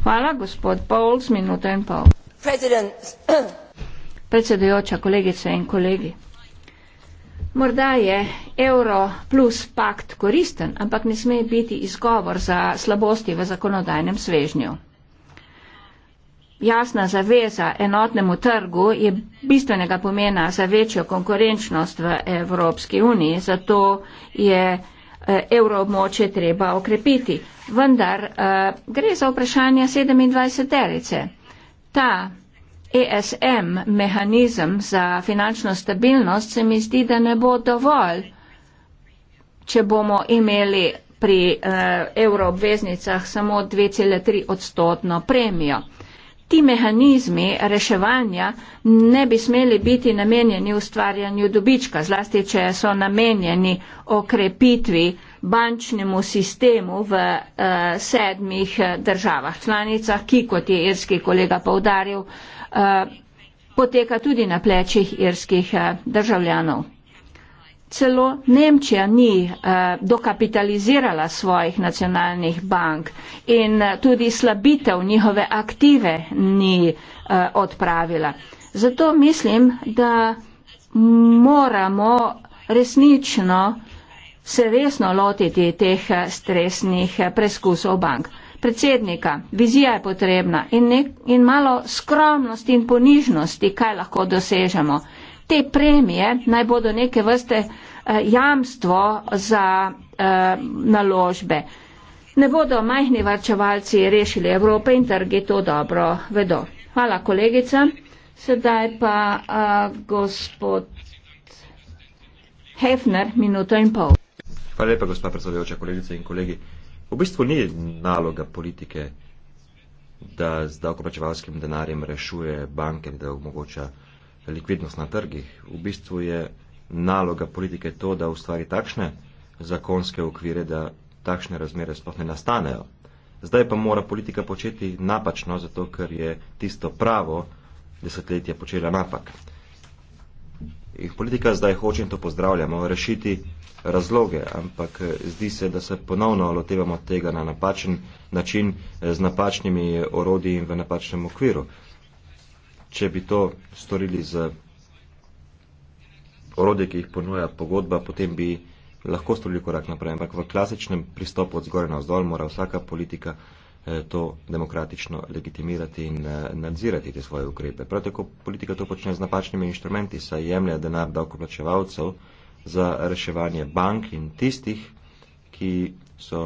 S2: Hvala, gospod Paul, z minuto in pol. Predsedujoča, kolegice in kolegi. Morda je evro plus pakt koristen, ampak ne sme biti izgovor za slabosti v zakonodajnem svežnju. Jasna zaveza enotnemu trgu je bistvenega pomena za večjo konkurenčnost v Evropski uniji, zato je Eh, evroobmoče treba okrepiti. Vendar eh, gre za vprašanje 27. terice. Ta ESM, mehanizem za finančno stabilnost, se mi zdi, da ne bo dovolj, če bomo imeli pri eh, evroobveznicah samo 2,3 odstotno premijo. Ti mehanizmi reševanja ne bi smeli biti namenjeni ustvarjanju dobička, zlasti če so namenjeni okrepitvi bančnemu sistemu v uh, sedmih eh, državah članicah, ki, kot je irski kolega povdaril, uh, eh, poteka tudi na plečih irskih uh, državljanov celo Nemčija ni eh, dokapitalizirala svojih nacionalnih bank in eh, tudi slabitev njihove aktive ni eh, odpravila. Zato mislim, da moramo resnično se resno lotiti teh eh, stresnih eh, preskusov bank. Predsednika, vizija je potrebna in, nek, in malo skromnosti in ponižnosti, kaj lahko dosežemo te premije naj bodo neke vrste eh, jamstvo za eh, naložbe. Ne bodo majhni varčevalci rešili Evrope in trgi to dobro vedo. Hvala, kolegica. Sedaj pa a, eh, gospod Hefner, minuto in pol.
S1: Hvala lepa, gospod predsedujoča, kolegice in kolegi. V bistvu ni naloga politike, da z davkoplačevalskim denarjem rešuje banke, da omogoča likvidnost na trgih. V bistvu je naloga politike to, da ustvari takšne zakonske okvire, da takšne razmere sploh ne nastanejo. Zdaj pa mora politika početi napačno, zato ker je tisto pravo desetletje počela napak. In politika zdaj hoče, in to pozdravljamo, rešiti razloge, ampak eh, zdi se, da se ponovno lotevamo tega na napačen način, eh, z napačnimi eh, orodji in v napačnem okviru če bi to storili z orodje, ki jih ponuja pogodba, potem bi lahko storili korak naprej. Ampak v klasičnem pristopu od zgore na vzdolj mora vsaka politika eh, to demokratično legitimirati in eh, nadzirati te svoje ukrepe. Prav tako politika to počne z napačnimi inštrumenti, saj jemlja denar davkoplačevalcev za reševanje bank in tistih, ki so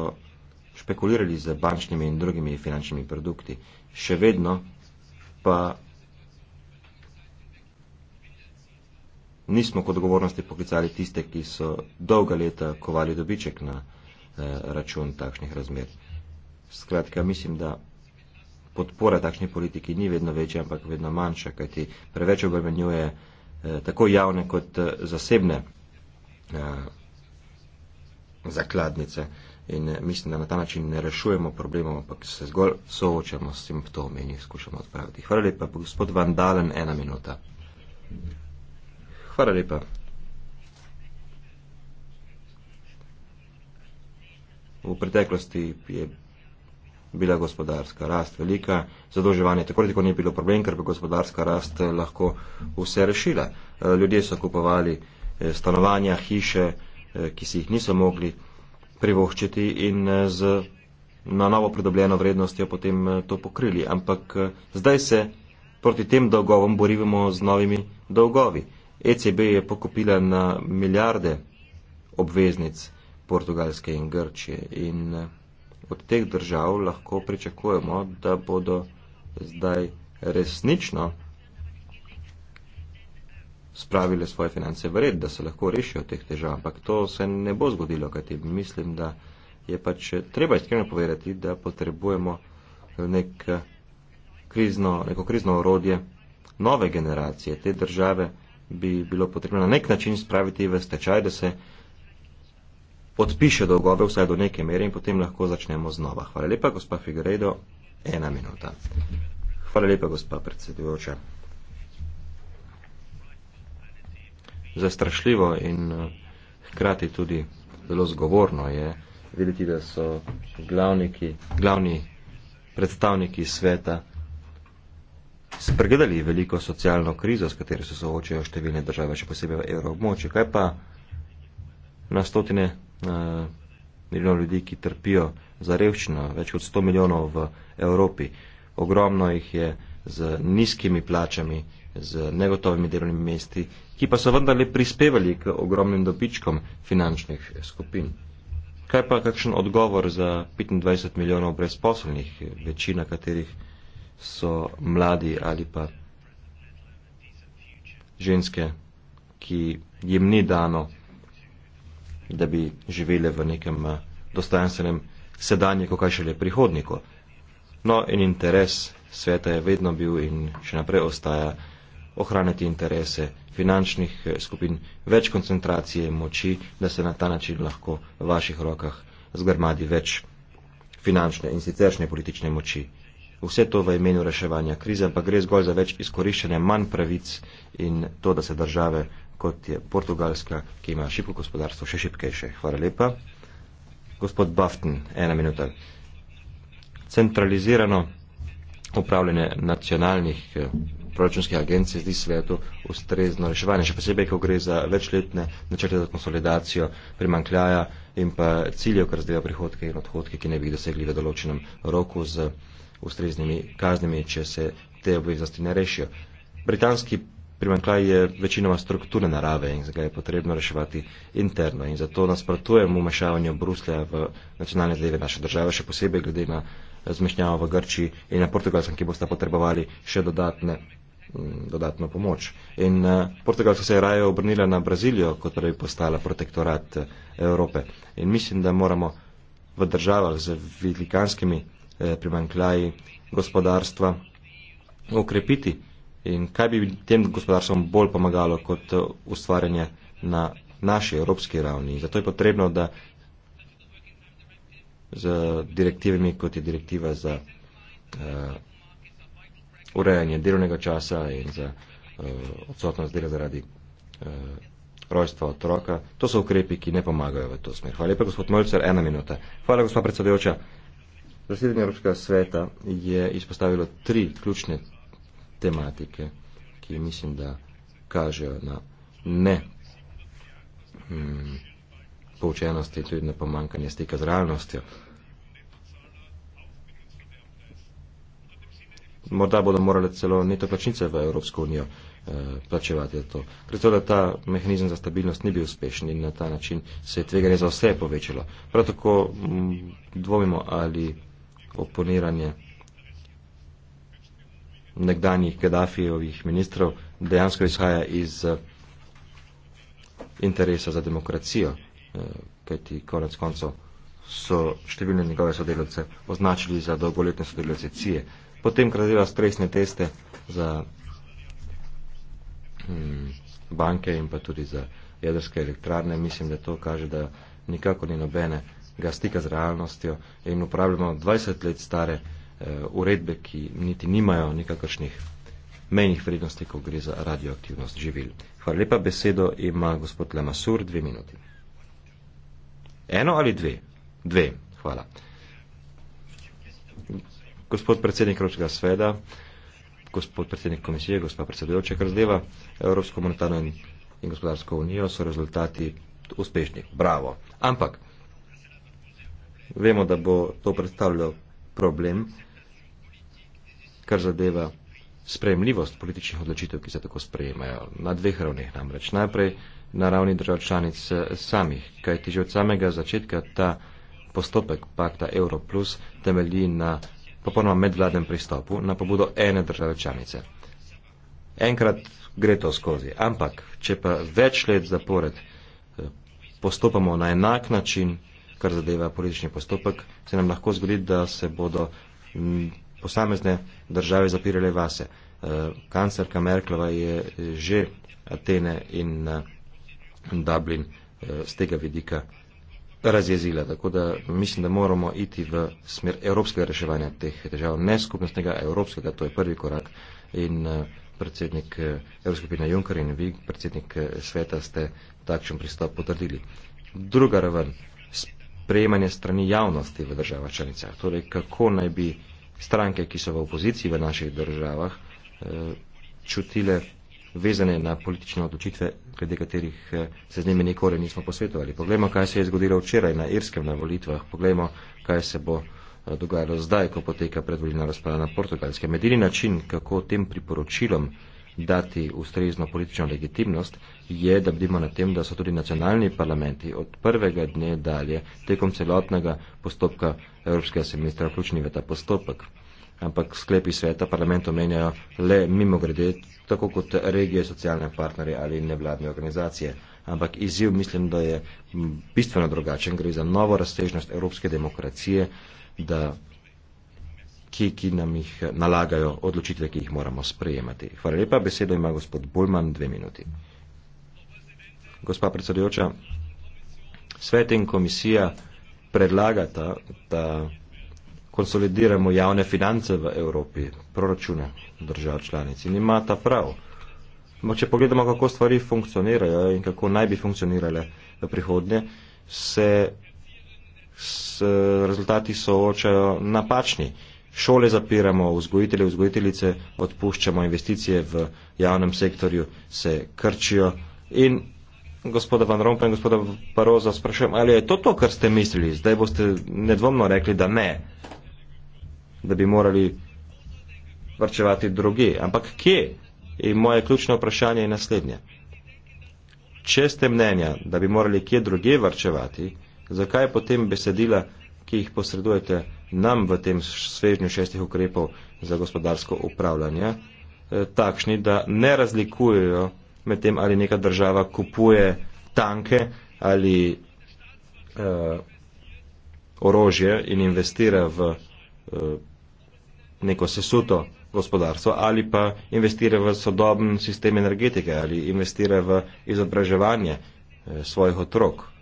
S1: špekulirali z bančnimi in drugimi finančnimi produkti. Še vedno pa nismo kot odgovornosti poklicali tiste, ki so dolga leta kovali dobiček na eh, račun takšnih razmer. Skratka, mislim, da podpora takšni politiki ni vedno večja, ampak vedno manjša, kajti preveč obremenjuje eh, tako javne kot eh, zasebne eh, zakladnice. In eh, mislim, da na ta način ne rešujemo problemov, ampak se zgolj soočamo s simptomi in jih skušamo odpraviti. Hvala lepa, gospod Vandalen, ena minuta. Hvala lepa. V preteklosti je bila gospodarska rast velika, zadolževanje tako tako ni bilo problem, ker bi gospodarska rast eh, lahko vse rešila. Eh, ljudje so kupovali eh, stanovanja, hiše, ki si jih niso mogli privoščiti in z na novo pridobljeno vrednostjo potem to pokrili. Ampak zdaj se proti tem dolgovom borivamo z novimi dolgovi. ECB je pokupila na milijarde obveznic Portugalske in Grčije in eh, od teh držav lahko pričakujemo, da bodo zdaj resnično spravile svoje finance v red, da se lahko rešijo teh težav, ampak to se ne bo zgodilo, kajti mislim, da je pač treba iskreno povedati, da potrebujemo nek eh, krizno, neko krizno orodje nove generacije. Te države bi bilo potrebno na nek način spraviti v stečaj, da se odpiše dolgove vsaj do neke mere in potem lahko začnemo znova. Hvala lepa, gospa Figueredo. Ena minuta. Hvala lepa, gospa predsedujoča. Zastrašljivo in hkrati tudi zelo zgovorno je videti, da so glavniki, glavni predstavniki sveta spregledali veliko socialno krizo, s katero se soočajo številne države, še posebej v evroobmočju. Kaj pa na stotine uh, milijonov ljudi, ki trpijo za revščino, več kot 100 milijonov v Evropi. Ogromno jih je z nizkimi plačami, z negotovimi delovnimi mesti, ki pa so vendarle prispevali k ogromnim dobičkom finančnih skupin. Kaj pa kakšen odgovor za 25 milijonov brezposobnih, večina katerih so mladi ali pa ženske, ki jim ni dano, da bi živele v nekem eh, dostojanstvenem sedanjiku, kaj šele prihodniku. No in interes sveta je vedno bil in še naprej ostaja ohraniti interese finančnih eh, skupin, več koncentracije moči, da se na ta način lahko v vaših rokah zgrmadi več finančne in siceršnje politične moči vse to v imenu reševanja krize, ampak gre zgolj za več izkoriščanja manj pravic in to, da se države, kot je Portugalska, ki ima šipko gospodarstvo, še šipkejše. Hvala lepa. Gospod Bafton, ena minuta. Centralizirano upravljanje nacionalnih eh, proračunskih agencij zdi se to ustrezno reševanje, še posebej, ko gre za večletne načrte za konsolidacijo primankljaja in pa ciljev, kar zdaj prihodke in odhodke, ki ne bi jih dosegli v določenem roku z ustreznimi kaznimi, če se te obveznosti ne rešijo. Britanski primankljaj je večinoma strukturne narave in ga je potrebno reševati interno in zato nasprotujem umešavanju Bruslja v nacionalne zadeve naše države, še posebej glede na eh, zmešnjavo v Grčiji in na Portugalskem, ki boste potrebovali še dodatne, mm, dodatno pomoč. In eh, Portugalska se je raje obrnila na Brazilijo, kot da bi postala protektorat eh, Evrope. In mislim, da moramo v državah z velikanskimi Eh, primankljaji gospodarstva okrepiti. In kaj bi tem gospodarstvom bolj pomagalo kot eh, ustvarjanje na naši evropski ravni. Zato je potrebno, da z direktivami, kot je direktiva za uh, urejanje delovnega časa in za uh, odsotnost dela zaradi uh, rojstva otroka, to so ukrepi, ki ne pomagajo v to smer. Hvala lepa, gospod Mojcer, ena minuta. Hvala, gospod predsedujoča. Zasedanje Evropskega sveta je izpostavilo tri ključne tematike, ki mislim, da kažejo na ne hmm, poučenosti, tudi na pomankanje stika z realnostjo. Morda bodo morali celo neto plačnice v Evropsko unijo eh, plačevati za to. Preto, da ta mehanizem za stabilnost ni bil uspešen in na ta način se je tveganje za vse povečalo. Prav tako hm, dvomimo, ali oponiranje nekdanjih Gaddafijevih ministrov dejansko izhaja iz eh, interesa za demokracijo, eh, kajti konec koncev so številne njegove sodelavce označili za dolgoletne sodelavce CIE. Potem kradeva stresne teste za hm, banke in pa tudi za jedrske elektrarne. Mislim, da to kaže, da nikako ni nobene eh, ga stika z realnostjo in uporabljamo 20 let stare eh, uredbe, ki niti nimajo nekakršnih menjih vrednosti, ko gre za radioaktivnost živil. Hvala lepa, besedo ima gospod Lemasur, dve minuti. Eno ali dve? Dve, hvala. Gospod predsednik Evropskega sveda, gospod predsednik komisije, gospod predsedujoče, kar zdeva Evropsko monetarno in, in gospodarsko unijo, so rezultati uspešni. Bravo. Ampak, Vemo, da bo to predstavljalo problem, kar zadeva sprejemljivost političnih odločitev, ki se tako sprejemajo na dveh ravneh namreč. Najprej na ravni držav članic eh, samih, kajti že od samega začetka ta postopek pakta Euro plus temelji na popolnoma medvladnem pristopu na pobudo ene države članice. Enkrat gre to skozi, ampak če pa več let zapored eh, postopamo na enak način, kar zadeva politični postopek, se nam lahko zgodi, da se bodo posamezne države zapirale vase. E, Kancerka Merklova je že Atene in e, Dublin z e, tega vidika razjezila. Tako da mislim, da moramo iti v smer evropskega reševanja teh težav, ne skupnostnega evropskega, to je prvi korak. In predsednik Evropske skupine Juncker in vi, predsednik sveta, ste takšen pristop potrdili. Druga raven sprejemanje strani javnosti v državah članicah. Torej, kako naj bi stranke, ki so v opoziciji v naših državah, eh, čutile vezane na politične odločitve, glede katerih eh, se z njimi nikoli nismo posvetovali. Poglejmo, kaj se je zgodilo včeraj na Irskem na volitvah, poglejmo, kaj se bo eh, dogajalo zdaj, ko poteka predvoljena razprava na portugalskem. Medini način, kako tem priporočilom dati ustrezno politično legitimnost, je, da bdimo na tem, da so tudi nacionalni parlamenti od prvega dne dalje tekom celotnega postopka Evropskega semestra vključeni v ta postopek. Ampak sklepi sveta parlamentu menjajo le mimo grede, tako kot regije, socialne partnerje ali nevladne organizacije. Ampak izziv mislim, da je bistveno drugačen. Gre za novo razsežnost evropske demokracije, da ki, ki nam jih nalagajo odločitve, ki jih moramo sprejemati. Hvala lepa, besedo ima gospod Bulman, dve minuti. Gospa predsedujoča, svet in komisija predlagata, da konsolidiramo javne finance v Evropi, proračune držav članic in imata prav. Ampak če pogledamo, kako stvari funkcionirajo in kako naj bi funkcionirale v prihodnje, se s rezultati soočajo napačni šole zapiramo, vzgojitelje, vzgojiteljice odpuščamo, investicije v javnem sektorju se krčijo in gospoda Van Rompen in gospoda Paroza sprašujem, ali je to to, kar ste mislili? Zdaj boste nedvomno rekli, da ne, da bi morali vrčevati drugi. Ampak kje? In moje ključno vprašanje je naslednje. Če ste mnenja, da bi morali kje druge vrčevati, zakaj potem besedila, ki jih posredujete, nam v tem svežnju šestih ukrepov za gospodarsko upravljanje eh, takšni, da ne razlikujejo med tem, ali neka država kupuje tanke ali eh, orožje in investira v eh, neko sesuto gospodarstvo ali pa investira v sodoben sistem energetike ali investira v izobraževanje eh, svojih otrok. Eh,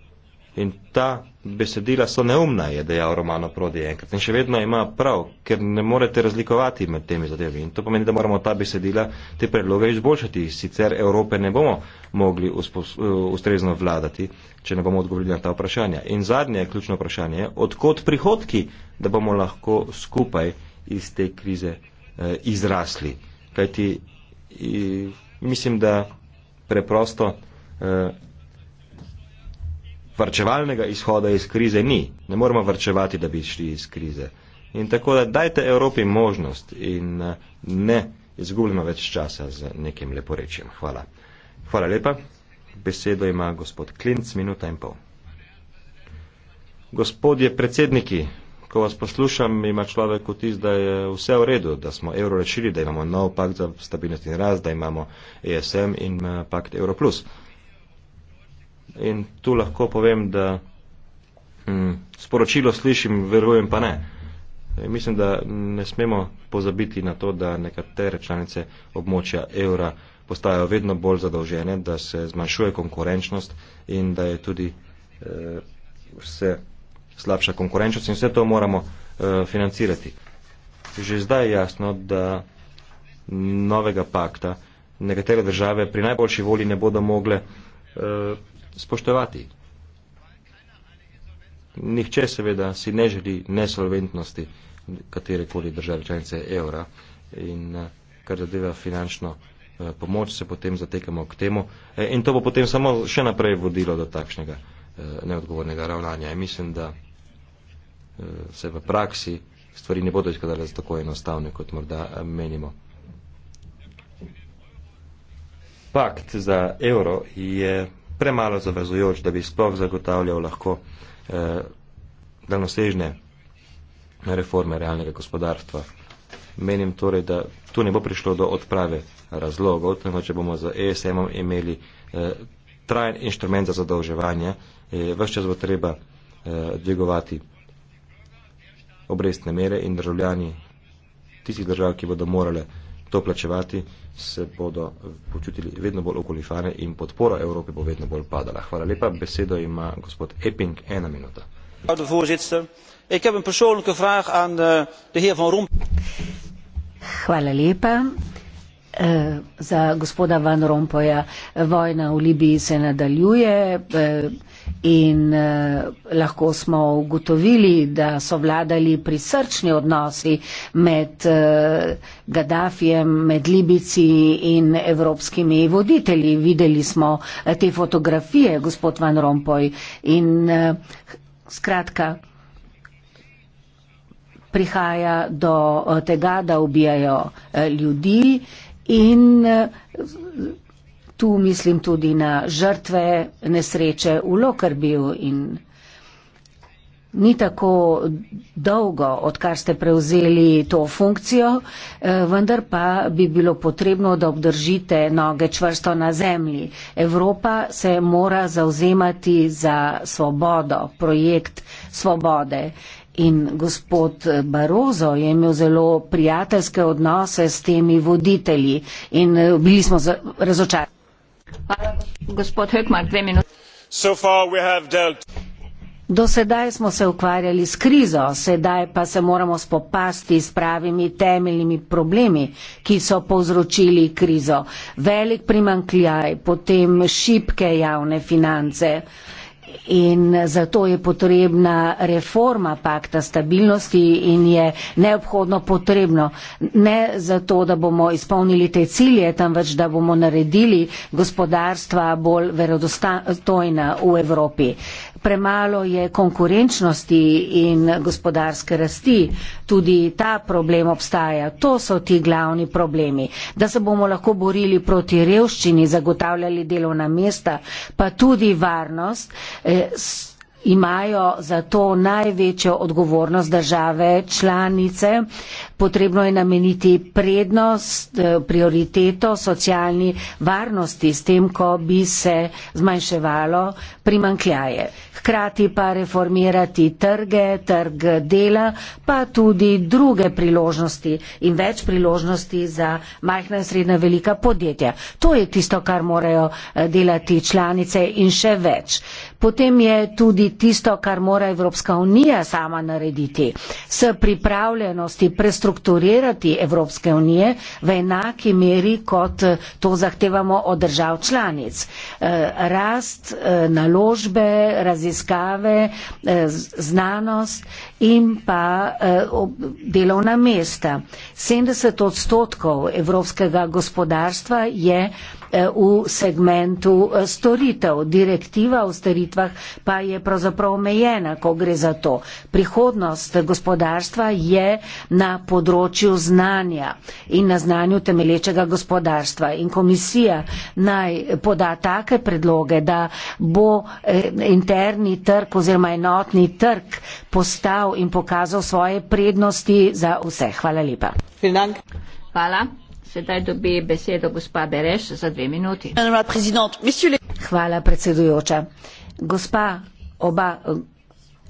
S1: In ta besedila so neumna, je dejal Romano Prodi enkrat. In še vedno ima prav, ker ne morete razlikovati med temi zadevami. In to pomeni, da moramo ta besedila, te predloge izboljšati. Sicer Evrope ne bomo mogli eh, ustrezno vladati, če ne bomo odgovorili na ta vprašanja. In zadnje ključno vprašanje je, odkot prihodki, da bomo lahko skupaj iz te krize eh, izrasli. Kajti mislim, da preprosto. Eh, varčevalnega izhoda iz krize ni. Ne moramo varčevati, da bi šli iz krize. In tako da dajte Evropi možnost in eh, ne izgubljamo več časa z nekim leporečjem. Hvala. Hvala lepa. Besedo ima gospod Klinc, minuta in pol. Gospodje predsedniki, ko vas poslušam, ima človek vtis, da je vse v redu, da smo evro rešili, da imamo nov pakt za stabilnost in rast, da imamo ESM in eh, pakt Euro. Plus in tu lahko povem, da mm, sporočilo slišim, verujem pa ne. In mislim, da ne smemo pozabiti na to, da nekatere članice območja evra postajajo vedno bolj zadolžene, da se zmanjšuje konkurenčnost in da je tudi eh, vse slabša konkurenčnost in vse to moramo eh, financirati. Že zdaj je jasno, da novega pakta nekatere države pri najboljši volji ne bodo mogle eh, spoštovati. Nihče seveda si ne želi nesolventnosti katerekoli države članice evra in eh, kar zadeva finančno eh, pomoč, se potem zatekamo k temu eh, in to bo potem samo še naprej vodilo do takšnega neodgovornega ravnanja. In mislim, da se v praksi stvari ne bodo izkazale za tako enostavne, kot morda menimo. Pakt za evro je premalo zavezujoč, da bi sploh zagotavljal lahko eh, daljnosežne reforme realnega gospodarstva. Menim torej, da tu ne bo prišlo do odprave razlogov, temveč če bomo z ESM-om imeli eh, trajen inštrument za zadolževanje, eh, vse čas bo treba eh, dvigovati obrestne mere in državljani tistih držav, ki bodo morale eh, to plačevati, se bodo počutili vedno bolj okolifane in podpora Evropi bo vedno bolj padala. Hvala lepa. Besedo ima gospod Epping. Ena minuta. Eh,
S3: Hvala lepa. Eh, za gospoda Van Rompoja. Vojna v Libiji se nadaljuje eh, in eh, lahko smo ugotovili, da so vladali prisrčni odnosi med Gaddafijem, med Libici in evropskimi voditelji. Videli smo te fotografije, gospod Van Rompoj. In skratka, prihaja do tega, da ubijajo ljudi in eh, tu mislim tudi na žrtve nesreče v Lokrbiju in ni tako dolgo, odkar ste prevzeli to funkcijo, eh, vendar pa bi bilo potrebno, da obdržite noge čvrsto na zemlji. Evropa se mora zauzemati za svobodo, projekt svobode. In gospod Barozo je imel zelo prijateljske odnose s temi voditelji in eh, bili smo razočarani.
S2: Hvala, gospod Hökmar, dve minuti.
S3: Do sedaj smo se ukvarjali s krizo, sedaj pa se moramo spopasti s pravimi temeljnimi problemi, ki so povzročili krizo. Velik primankljaj, potem šipke javne finance. In zato je potrebna reforma pakta stabilnosti in je neobhodno potrebno. Ne zato, da bomo izpolnili te cilje, temveč da bomo naredili gospodarstva bolj verodostojna v Evropi. Uh, premalo je konkurenčnosti in gospodarske rasti. Tudi ta problem obstaja. To so ti glavni problemi. Da se bomo lahko borili proti revščini, zagotavljali delovna mesta, pa tudi varnost. Eh, imajo za to največjo odgovornost države članice. Potrebno je nameniti prednost, eh, prioriteto socialni varnosti s tem, ko bi se zmanjševalo primankljaje. Hkrati pa reformirati trge, trg dela, pa tudi druge priložnosti in več priložnosti za majhna in srednja velika podjetja. To je tisto, kar morajo eh, delati članice in še več. Potem je tudi tisto, kar mora Evropska unija sama narediti, s pripravljenosti prestrukturirati Evropske unije v enaki meri, kot to zahtevamo od držav članic. Eh, rast, eh, naložbe, raziskave, eh, znanost in pa delovna mesta. 70 odstotkov evropskega gospodarstva je Eh, v segmentu eh, storitev. Direktiva o storitvah pa je pravzaprav omejena, ko gre za to. Prihodnost gospodarstva je na področju znanja in na znanju temelječega gospodarstva. In komisija naj poda take predloge, da bo eh, interni trg oziroma enotni trg postal in pokazal svoje prednosti za vse. Hvala lepa.
S2: Hvala. Sedaj dobi besedo gospa Bereš za dve minuti.
S3: Hvala, predsedujoča. Gospa, oba, eh,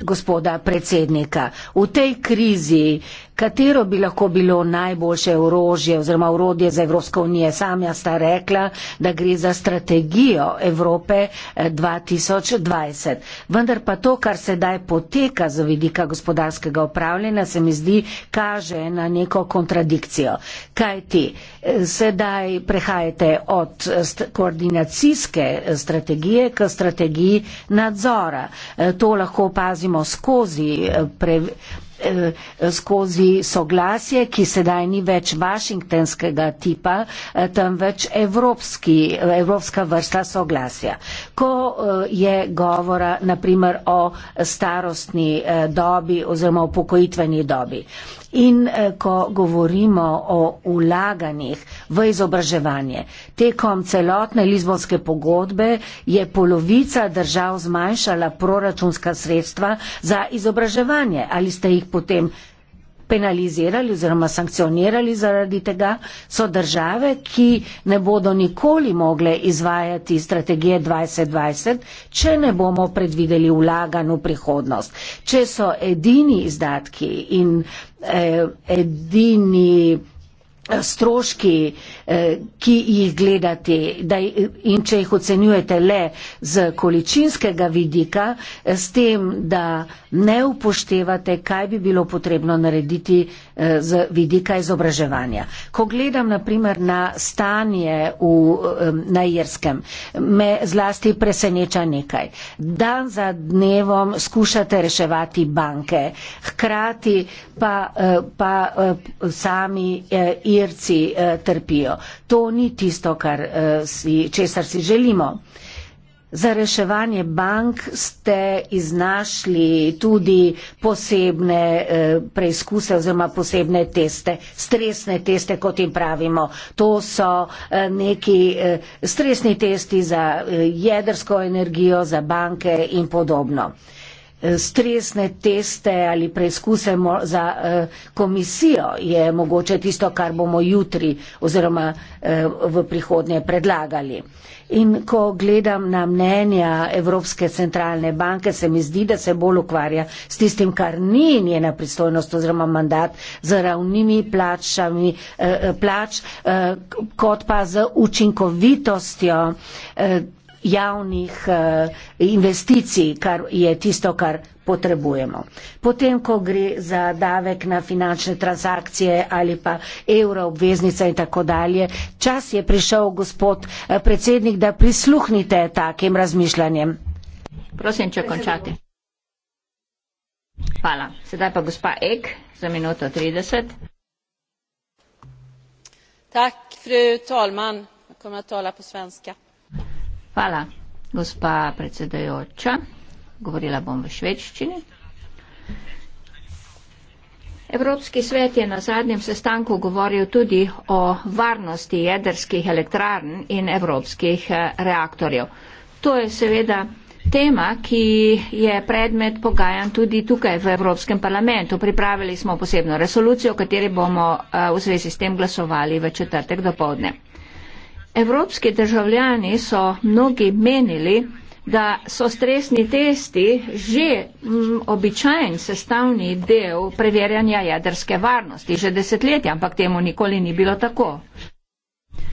S3: gospoda predsednika, v tej krizi Katero bi lahko bilo najboljše orožje oziroma orodje za Evropsko unijo? Samja sta rekla, da gre za strategijo Evrope 2020. Eh, Vendar pa to, kar sedaj poteka za vidika gospodarskega upravljanja, se mi zdi, kaže na neko kontradikcijo. Kaj ti? Eh, sedaj prehajate od eh, st koordinacijske strategije k strategiji nadzora. To lahko opazimo skozi. Eh, skozi soglasje, ki sedaj ni več vašingtonskega tipa, eh, temveč evropski, evropska vrsta soglasja. Ko eh, je govora naprimer o starostni dobi oziroma upokojitveni dobi. In eh, ko govorimo o ulaganjih v izobraževanje, tekom celotne Lizbonske pogodbe je polovica držav zmanjšala proračunska sredstva za izobraževanje. Ali ste jih potem penalizirali oziroma sankcionirali zaradi tega, so države, ki ne bodo nikoli mogle izvajati strategije 2020, če ne bomo predvideli vlaganj v prihodnost. Če so edini izdatki in eh, edini stroški, eh, ki jih gledate in če jih ocenjujete le z količinskega vidika, eh, s tem, da ne upoštevate, kaj bi bilo potrebno narediti eh, z vidika izobraževanja. Ko gledam naprimer na stanje v, na Irskem, me zlasti preseneča nekaj. Dan za dnevom skušate reševati banke, hkrati pa, pa sami Irske Irci eh, trpijo. To ni tisto, kar, eh, si, česar si želimo. Za reševanje bank ste iznašli tudi posebne eh, preizkuse oziroma posebne teste, stresne teste, kot jim pravimo. To so eh, neki eh, stresni testi za eh, jedrsko energijo, za banke in podobno. Eh, stresne teste ali preizkuse za eh, komisijo je mogoče tisto, kar bomo jutri oziroma eh, v prihodnje predlagali. In ko gledam na mnenja Evropske centralne banke, se mi zdi, da se bolj ukvarja s tistim, kar ni njena pristojnost oziroma mandat z ravnimi plačami, eh, plač, kot pa z učinkovitostjo javnih eh, investicij, kar je tisto, kar potrebujemo. Potem, ko gre za davek na finančne transakcije ali pa evro, obveznica in tako dalje, čas je prišel, gospod eh, predsednik, da prisluhnite takim razmišljanjem. Prosim, če končate.
S2: Hvala. Sedaj pa gospa Ek za minuto 30. Tak, fru Talman. Jag kommer att tala på svenska. Hvala, gospa predsedajoča. Govorila bom v švedščini. Evropski svet je na zadnjem sestanku govoril tudi o varnosti jedrskih elektrarn in evropskih eh, reaktorjev. To je seveda tema, ki je predmet pogajan tudi tukaj v Evropskem parlamentu. Pripravili smo posebno resolucijo, o kateri bomo eh, v zvezi s tem glasovali v četrtek do povdne. Evropski državljani so mnogi menili, da so stresni testi že m, mm, običajen sestavni del preverjanja jedrske varnosti, že desetletja, ampak temu nikoli ni bilo tako.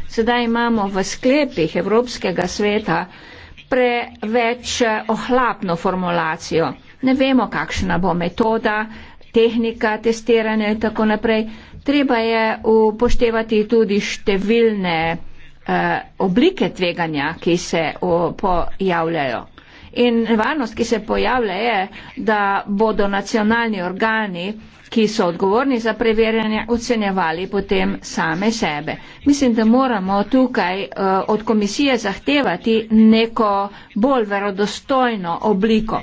S2: Sedaj imamo v sklepih Evropskega sveta preveč eh, ohlapno formulacijo. Ne vemo, kakšna bo metoda, tehnika testiranja in tako naprej. Treba je upoštevati tudi številne Eh, oblike tveganja, ki se pojavljajo. In nevarnost, ki se pojavlja, je, da bodo nacionalni organi, ki so odgovorni za preverjanje, ocenjevali potem same sebe. Mislim, da moramo tukaj uh, od komisije zahtevati neko bolj verodostojno obliko.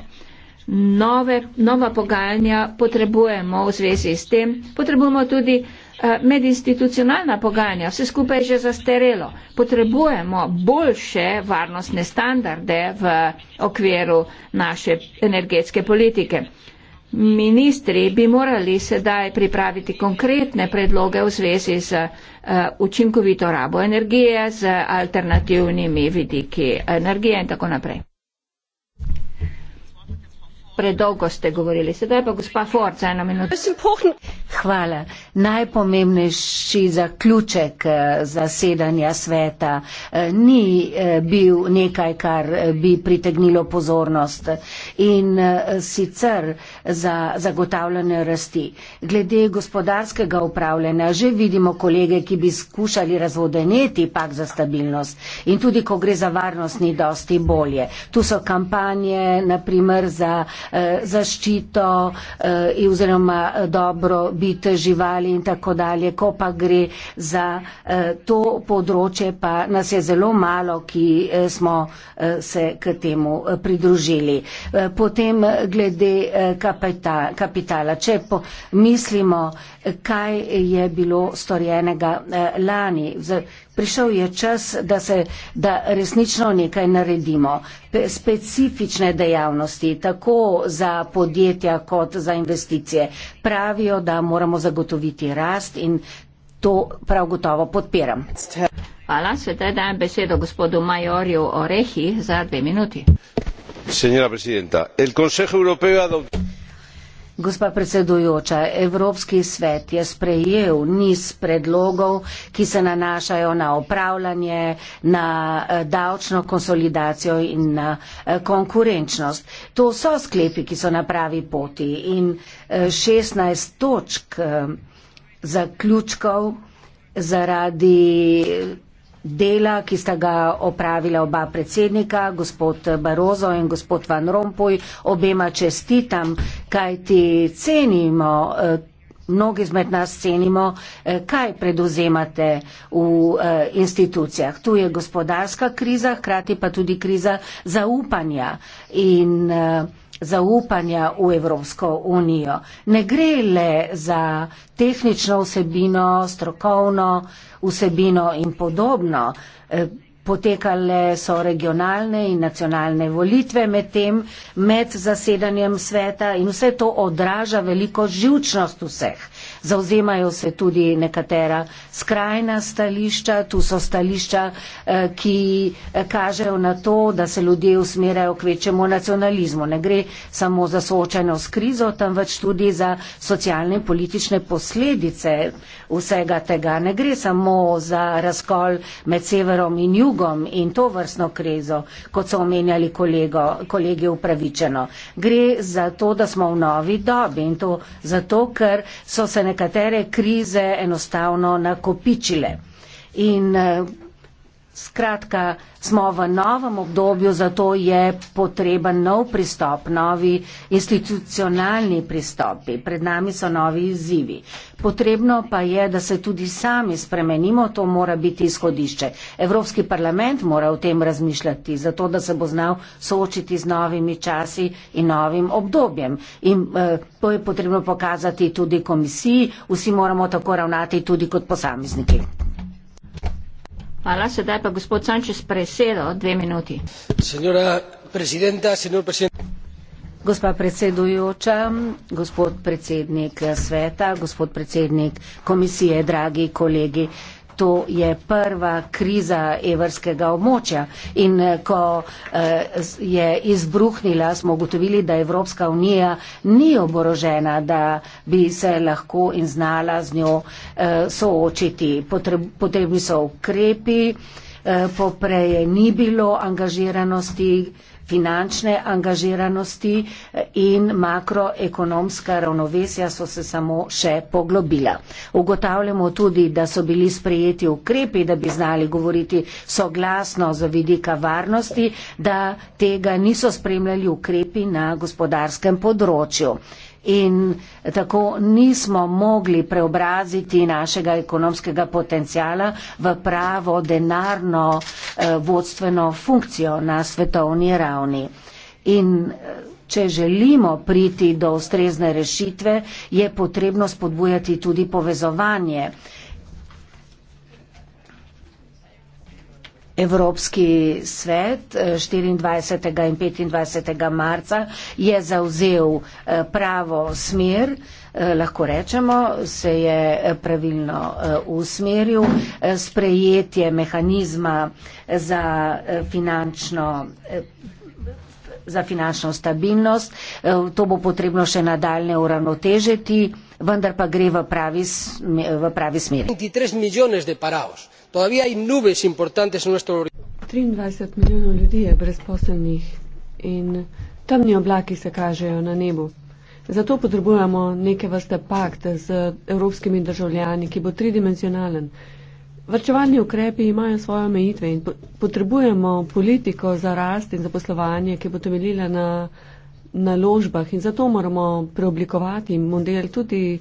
S2: Nove, nova pogajanja potrebujemo v zvezi s tem. Potrebujemo tudi uh, Eh, medinstitucionalna pogajanja, vse skupaj je že zastarelo. Potrebujemo boljše varnostne standarde v okviru naše energetske politike. Ministri bi morali sedaj pripraviti konkretne predloge v zvezi z eh, učinkovito rabo energije, z alternativnimi vidiki energije in tako naprej. Predolgo ste govorili, sedaj pa gospa Forca ena minuta. Hvala.
S3: Najpomembnejši zaključek eh, zasedanja sveta eh, ni eh, bil nekaj, kar bi pritegnilo pozornost in sicer za zagotavljanje rasti. Glede gospodarskega upravljanja že vidimo kolege, ki bi skušali razvodeneti pak za stabilnost in tudi, ko gre za varnost, ni dosti bolje. Tu so kampanje, naprimer, za Eh, zaščito in eh, oziroma eh, dobro bite živali in tako dalje. Ko pa gre za to področje, pa nas je zelo malo, ki smo se k temu pridružili. Potem glede kapitala. Če pomislimo, kaj je bilo storjenega lani. Prišel je čas, da, se, da resnično nekaj naredimo. Specifične dejavnosti, tako za podjetja kot za investicije, pravijo, da moramo zagotoviti rast
S2: in to prav gotovo podpiram. Hvala, sedaj dajem besedo gospodu Majorju Orehi za dve minuti.
S1: Senjora predsednica, El Consejo Evropejo je adopt... dobil.
S2: Gospa predsedujoča, Evropski svet je sprejel
S3: niz predlogov, ki se nanašajo na upravljanje, na eh, davčno konsolidacijo in na eh, konkurenčnost. To so sklepi, ki so na pravi poti in 16 eh, točk zaključkov zaradi dela, ki sta ga opravila oba predsednika, gospod Barozo in gospod Van Rompuy, obema čestitam, kajti cenimo. Eh, mnogi izmed nas cenimo, eh, kaj predozemate v eh, institucijah. Tu je gospodarska kriza, hkrati pa tudi kriza zaupanja. In, zaupanja v Evropsko unijo. Ne gre le za tehnično vsebino, strokovno vsebino in podobno. E, potekale so regionalne in nacionalne volitve med tem, med zasedanjem sveta in vse to odraža veliko živčnost vseh. Zauzemajo se tudi nekatera skrajna stališča, tu so stališča, eh, ki eh, kažejo na to, da se ljudje usmerajo k večjemu nacionalizmu. Ne gre samo za soočanje s krizo, temveč tudi za socialne in politične posledice vsega tega. Ne gre samo za razkol med severom in jugom in to vrstno krizo, kot so omenjali kolego, kolegi upravičeno. Gre za to, da smo v novi dobi in to zato, ker so se nekatere krize enostavno nakopičile. In, eh, Skratka, smo v novem obdobju, zato je potreben nov pristop, novi institucionalni pristopi. Pred nami so novi izzivi. Potrebno pa je, da se tudi sami spremenimo, to mora biti izhodišče. Evropski parlament mora o tem razmišljati, zato da se bo znal soočiti z novimi časi in novim obdobjem. In eh, to je potrebno pokazati tudi komisiji, vsi moramo tako ravnati tudi kot posamezniki.
S2: Hvala. Sedaj pa gospod Sanchez presedo dve minuti. Gospa
S3: predsedujoča, gospod predsednik sveta, gospod predsednik komisije, dragi kolegi to je prva kriza evrskega območja. In eh, ko eh, je izbruhnila, smo ugotovili, da Evropska unija ni oborožena, da bi se lahko in znala z njo eh, soočiti. Potrebni so ukrepi, poprej ni bilo angažiranosti finančne angažiranosti eh, in makroekonomska ravnovesja so se samo še poglobila. Ugotavljamo tudi, da so bili sprejeti ukrepi, da bi znali govoriti soglasno za vidika varnosti, da tega niso spremljali ukrepi na gospodarskem področju in tako nismo mogli preobraziti našega ekonomskega potencijala v pravo denarno eh, vodstveno funkcijo na svetovni ravni. In eh, če želimo priti do ustrezne rešitve, je potrebno spodbujati tudi povezovanje. Evropski svet 24. Eh, in 25. marca je zauzel eh, pravo smer, eh, lahko rečemo, se je pravilno usmeril, sprejetje mehanizma za finančno za finančno stabilnost. To bo potrebno še nadaljne uravnotežiti, vendar pa gre v pravi, v pravi smeri. 23 milijonov je parao todavía hay nubes importantes en nuestro horizonte.
S5: Zato potrebujemo neke vrste pakt z evropskimi državljani, ki bo tridimenzionalen. Vrčevalni ukrepi imajo svoje omejitve in potrebujemo politiko za rast in zaposlovanje, ki bo temeljila na naložbah in zato moramo preoblikovati model tudi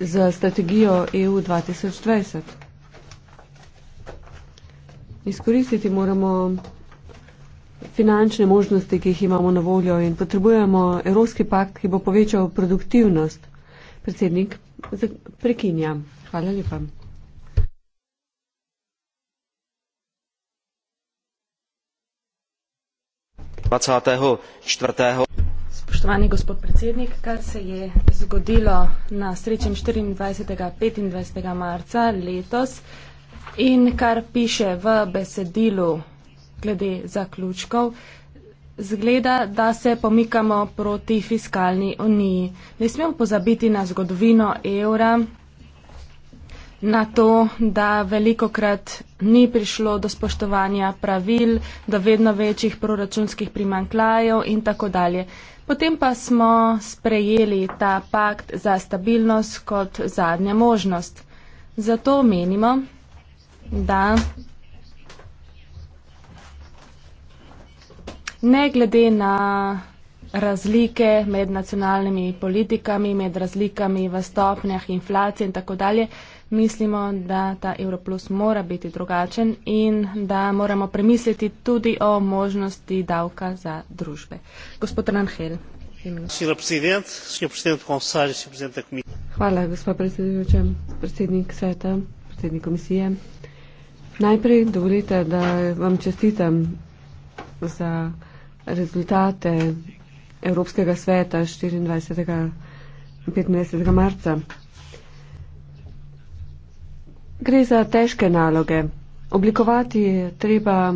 S5: za strategijo EU 2020 izkoristiti moramo finančne možnosti, ki jih imamo na voljo in potrebujemo evropski pakt, ki bo povečal produktivnost. Predsednik, prekinjam. Hvala lepa.
S6: Spoštovani gospod predsednik, kar se je zgodilo na srečen 24. in 25. marca letos, In kar piše v besedilu glede zaključkov, zgleda, da se pomikamo proti fiskalni uniji. Ne smemo pozabiti na zgodovino evra, na to, da veliko krat ni prišlo do spoštovanja pravil, do vedno večjih proračunskih primankljajev in tako dalje. Potem pa smo sprejeli ta pakt za stabilnost kot zadnja možnost. Zato menimo, da ne glede na razlike med nacionalnimi politikami, med razlikami v stopnjah inflacije in tako dalje, mislimo, da ta Europlus mora biti drugačen in da moramo premisliti tudi o možnosti davka za družbe. Gospod Ranhel. Hvala, gospod
S5: predsednik sveta, predsednik komisije. Najprej dovolite, da vam čestitam za rezultate Evropskega sveta 24. in 25. marca. Gre za težke naloge. Oblikovati treba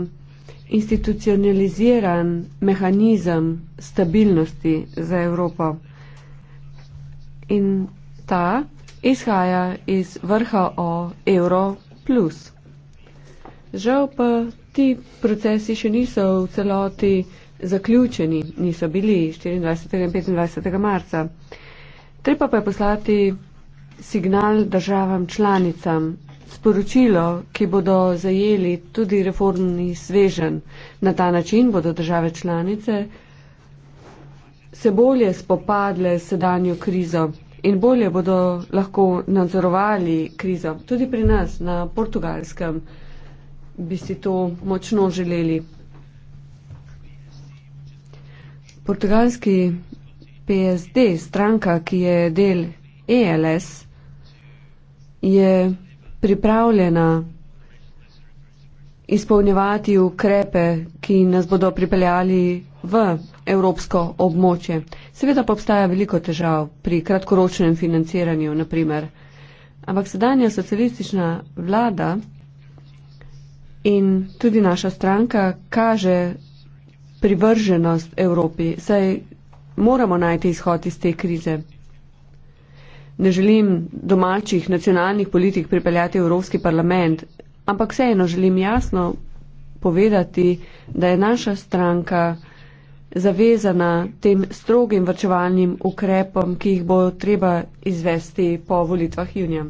S5: institucionaliziran mehanizem stabilnosti za Evropo. In ta izhaja iz vrha o Euro plus. Žal pa ti procesi še niso v celoti zaključeni, niso bili 24. in 25. marca. Treba pa je poslati signal državam članicam, sporočilo, ki bodo zajeli tudi reformni svežen. Na ta način bodo države članice se bolje spopadle s sedanjo krizo in bolje bodo lahko nadzorovali krizo. Tudi pri nas na portugalskem bi si to močno želeli. Portugalski PSD, stranka, ki je del ELS, je pripravljena izpolnjevati ukrepe, ki nas bodo pripeljali v evropsko območje. Seveda pa obstaja veliko težav pri kratkoročnem financiranju, naprimer. Ampak sedanja socialistična vlada In tudi naša stranka kaže privrženost Evropi, saj moramo najti izhod iz te krize. Ne želim domačih nacionalnih politik pripeljati v Evropski parlament, ampak vseeno želim jasno povedati, da je naša stranka zavezana tem strogim vrčevalnim ukrepom, ki jih bo treba izvesti po volitvah junija.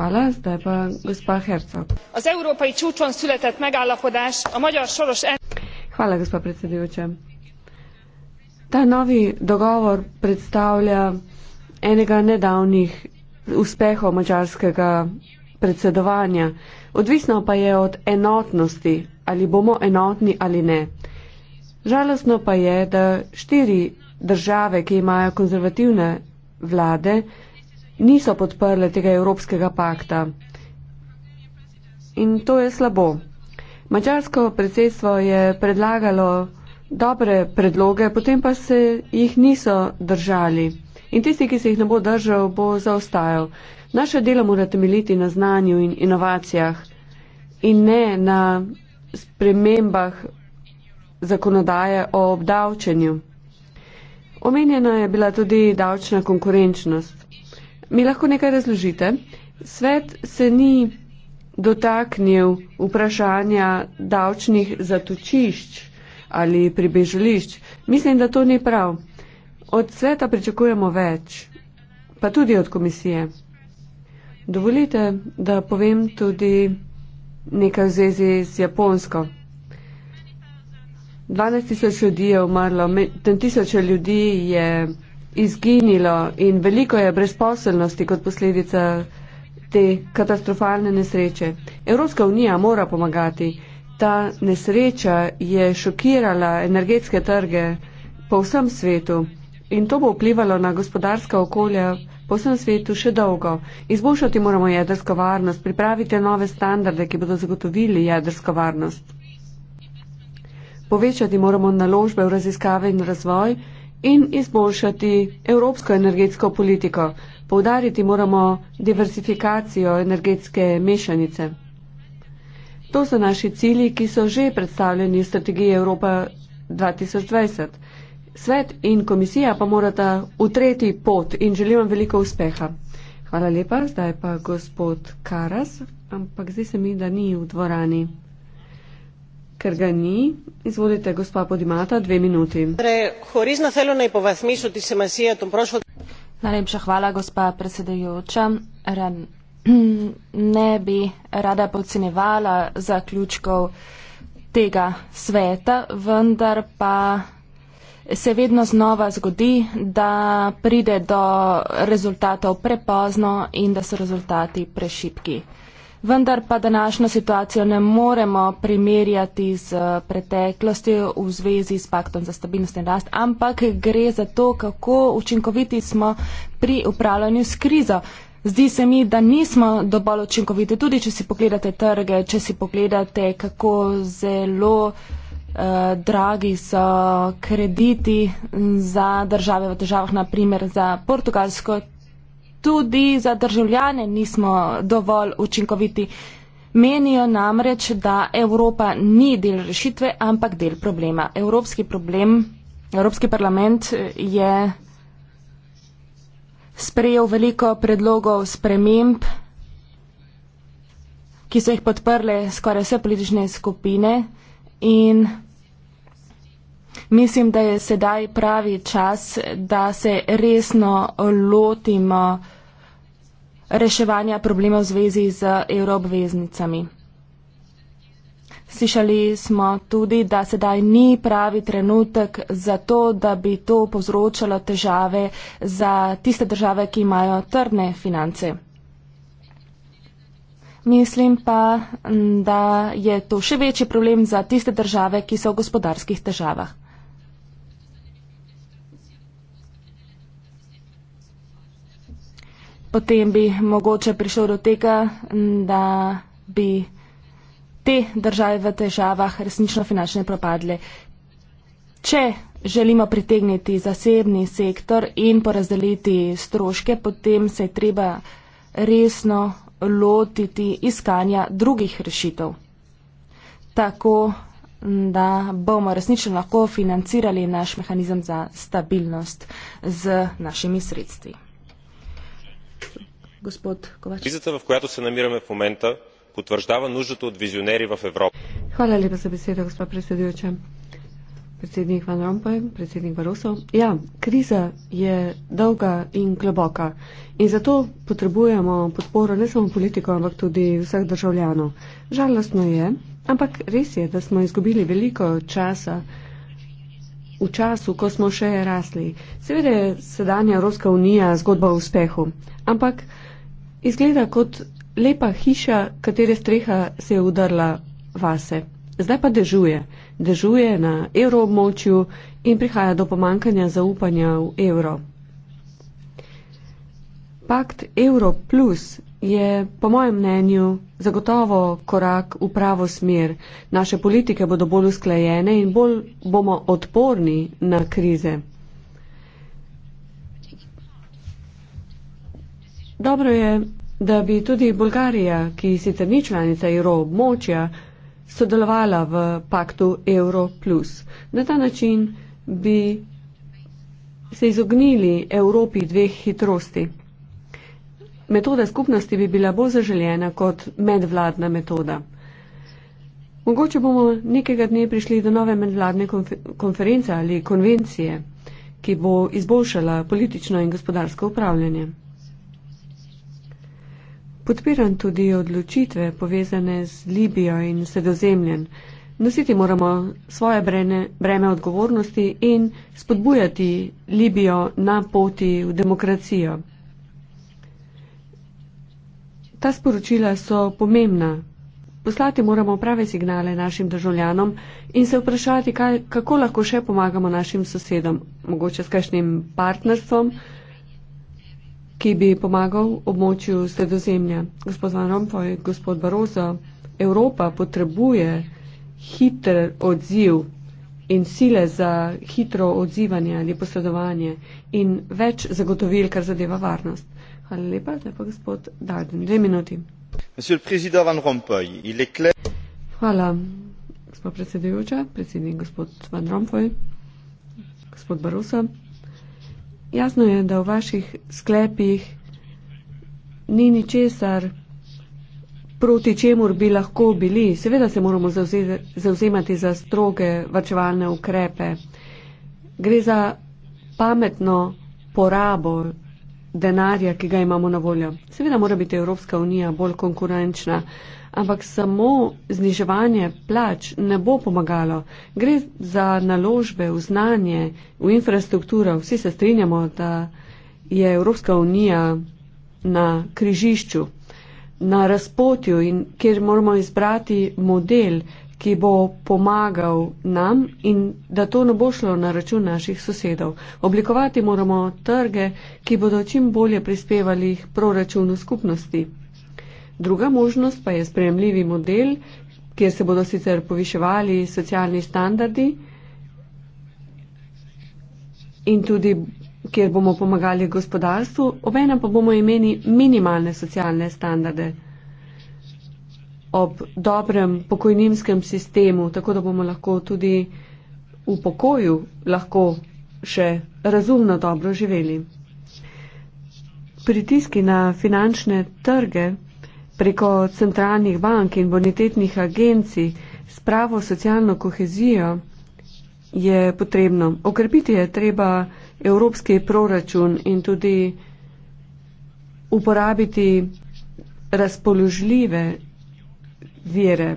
S5: Hvala, zdaj pa gospa Herca.
S2: Az európai csúcson született megállapodás a magyar soros...
S5: Hvala, gospa predsedujoča. Ta novi dogovor predstavlja enega nedavnih uspehov mačarskega predsedovanja. Odvisno pa je od enotnosti, ali bomo enotni ali ne. Žalostno pa je, da štiri države, ki imajo konzervativne vlade, niso podprle tega evropskega pakta. In to je slabo. Mačarsko predsedstvo je predlagalo dobre predloge, potem pa se jih niso držali. In tisti, ki se jih ne bo držal, bo zaostajal. Naše delo mora temeljiti na znanju in inovacijah in ne na spremembah zakonodaje o obdavčenju. Omenjena je bila tudi davčna konkurenčnost. Mi lahko nekaj razložite. Svet se ni dotaknil vprašanja davčnih zatočišč ali pribežališč. Mislim, da to ni prav. Od sveta pričakujemo več, pa tudi od komisije. Dovolite, da povem tudi nekaj v zvezi z Japonsko. 12 tisoč ljudi je umrlo, 10 tisoč ljudi je izginilo in veliko je brezposelnosti kot posledica te katastrofalne nesreče. Evropska unija mora pomagati. Ta nesreča je šokirala energetske trge po vsem svetu in to bo vplivalo na gospodarska okolja po vsem svetu še dolgo. Izboljšati moramo jedrsko varnost, pripraviti nove standarde, ki bodo zagotovili jedrsko varnost. Povečati moramo naložbe v raziskave in razvoj, in izboljšati evropsko energetsko politiko. Povdariti moramo diversifikacijo energetske mešanice. To so naši cilji, ki so že predstavljeni v strategiji Evropa 2020. Svet in komisija pa morata utreti pot in želim vam veliko uspeha. Hvala lepa, zdaj pa gospod Karas, ampak zdi se mi, da ni v dvorani. Ker ga ni, izvolite, gospa Podimata, dve minuti.
S6: Torej, no, Najlepša hvala, gospa predsedajoča. Ne bi rada podcenevala zaključkov tega sveta, vendar pa se vedno znova zgodi, da pride do rezultatov prepozno in da so rezultati prešipki vendar pa današnjo situacijo ne moremo primerjati z eh, preteklostjo v zvezi s paktom za stabilnost in rast, ampak gre za to, kako učinkoviti smo pri upravljanju s krizo. Zdi se mi, da nismo dovolj učinkoviti, tudi če si pogledate trge, če si pogledate, kako zelo eh, dragi so krediti za države v državah, naprimer za Portugalsko, tudi za državljane nismo dovolj učinkoviti. Menijo namreč, da Evropa ni del rešitve, ampak del problema. Evropski problem, Evropski parlament je sprejel veliko predlogov sprememb, ki so jih podprle skoraj vse politične skupine in mislim, da je sedaj pravi čas, da se resno lotimo reševanja problema v zvezi z evroobveznicami. Slišali smo tudi, da sedaj ni pravi trenutek za to, da bi to povzročalo težave za tiste države, ki imajo trdne finance. Mislim pa, da je to še večji problem za tiste države, ki so v gospodarskih težavah. potem bi mogoče prišlo do tega, da bi te države v težavah resnično finančne propadle. Če želimo pritegniti zasebni sektor in porazdeliti stroške, potem se je treba resno lotiti iskanja drugih rešitev. Tako, da bomo resnično lahko financirali naš mehanizem za stabilnost z našimi sredstvi
S1: кризата в която се намираме в момента потвърждава нуждата от визионери в Европа.
S5: Hvala lepa za besedo, gospod predsedujoče. Predsednik Van Rompuy, predsednik Baroso. Ja, kriza je dolga in globoka in zato potrebujemo podporo ne samo politikov, ampak tudi vseh državljanov. Žalostno je, ampak res je, da smo izgubili veliko časa v času, ko smo še rasli. Seveda je sedanja Evropska unija zgodba o uspehu, ampak Izgleda kot lepa hiša, katere streha se je udarla vase. Zdaj pa dežuje. Dežuje na evroobmočju in prihaja do pomankanja zaupanja v evro. Pakt Euro Plus je po mojem mnenju zagotovo korak v pravo smer. Naše politike bodo bolj usklajene in bolj bomo odporni na krize. Dobro je, da bi tudi Bolgarija, ki sicer ni članica evroobmočja, sodelovala v paktu Euro. Na ta način bi se izognili Evropi dveh hitrosti. Metoda skupnosti bi bila bolj zaželjena kot medvladna metoda. Mogoče bomo nekega dne prišli do nove medvladne konference ali konvencije, ki bo izboljšala politično in gospodarsko upravljanje. Podpiram tudi odločitve povezane z Libijo in sredozemljen. Nositi moramo svoje breme, breme odgovornosti in spodbujati Libijo na poti v demokracijo. Ta sporočila so pomembna. Poslati moramo prave signale našim državljanom in se vprašati, kaj, kako lahko še pomagamo našim sosedom, mogoče s kakšnim partnerstvom ki bi pomagal območju sredozemlja. Gospod Van Rompuy, gospod Barozo, Evropa potrebuje hiter odziv in sile za hitro odzivanje ali posredovanje in več zagotovil, kar zadeva varnost. Hvala lepa, da pa gospod Darden. Dve minuti.
S1: Van Rompuy, kler...
S5: Hvala, gospod predsedujoča, predsednik gospod Van Rompuy, gospod Barozo. Jasno je, da v vaših sklepih ni ničesar, proti čemur bi lahko bili. Seveda se moramo zauzemati za stroge vrčevalne ukrepe. Gre za pametno porabo denarja, ki ga imamo na voljo. Seveda mora biti Evropska unija bolj konkurenčna ampak samo zniževanje plač ne bo pomagalo. Gre za naložbe v znanje, v infrastrukturo. Vsi se strinjamo, da je Evropska unija na križišču, na razpotju in kjer moramo izbrati model, ki bo pomagal nam in da to ne bo šlo na račun naših sosedov. Oblikovati moramo trge, ki bodo čim bolje prispevali k proračunu skupnosti. Druga možnost pa je spremljivi model, kjer se bodo sicer poviševali socialni standardi in tudi kjer bomo pomagali gospodarstvu, obenem pa bomo imeli minimalne socialne standarde ob dobrem pokojninskem sistemu, tako da bomo lahko tudi v pokoju lahko še razumno dobro živeli. Pritiski na finančne trge preko centralnih bank in bonitetnih agencij s pravo socialno kohezijo je potrebno. Okrepiti je treba evropski proračun in tudi uporabiti razpoložljive vire.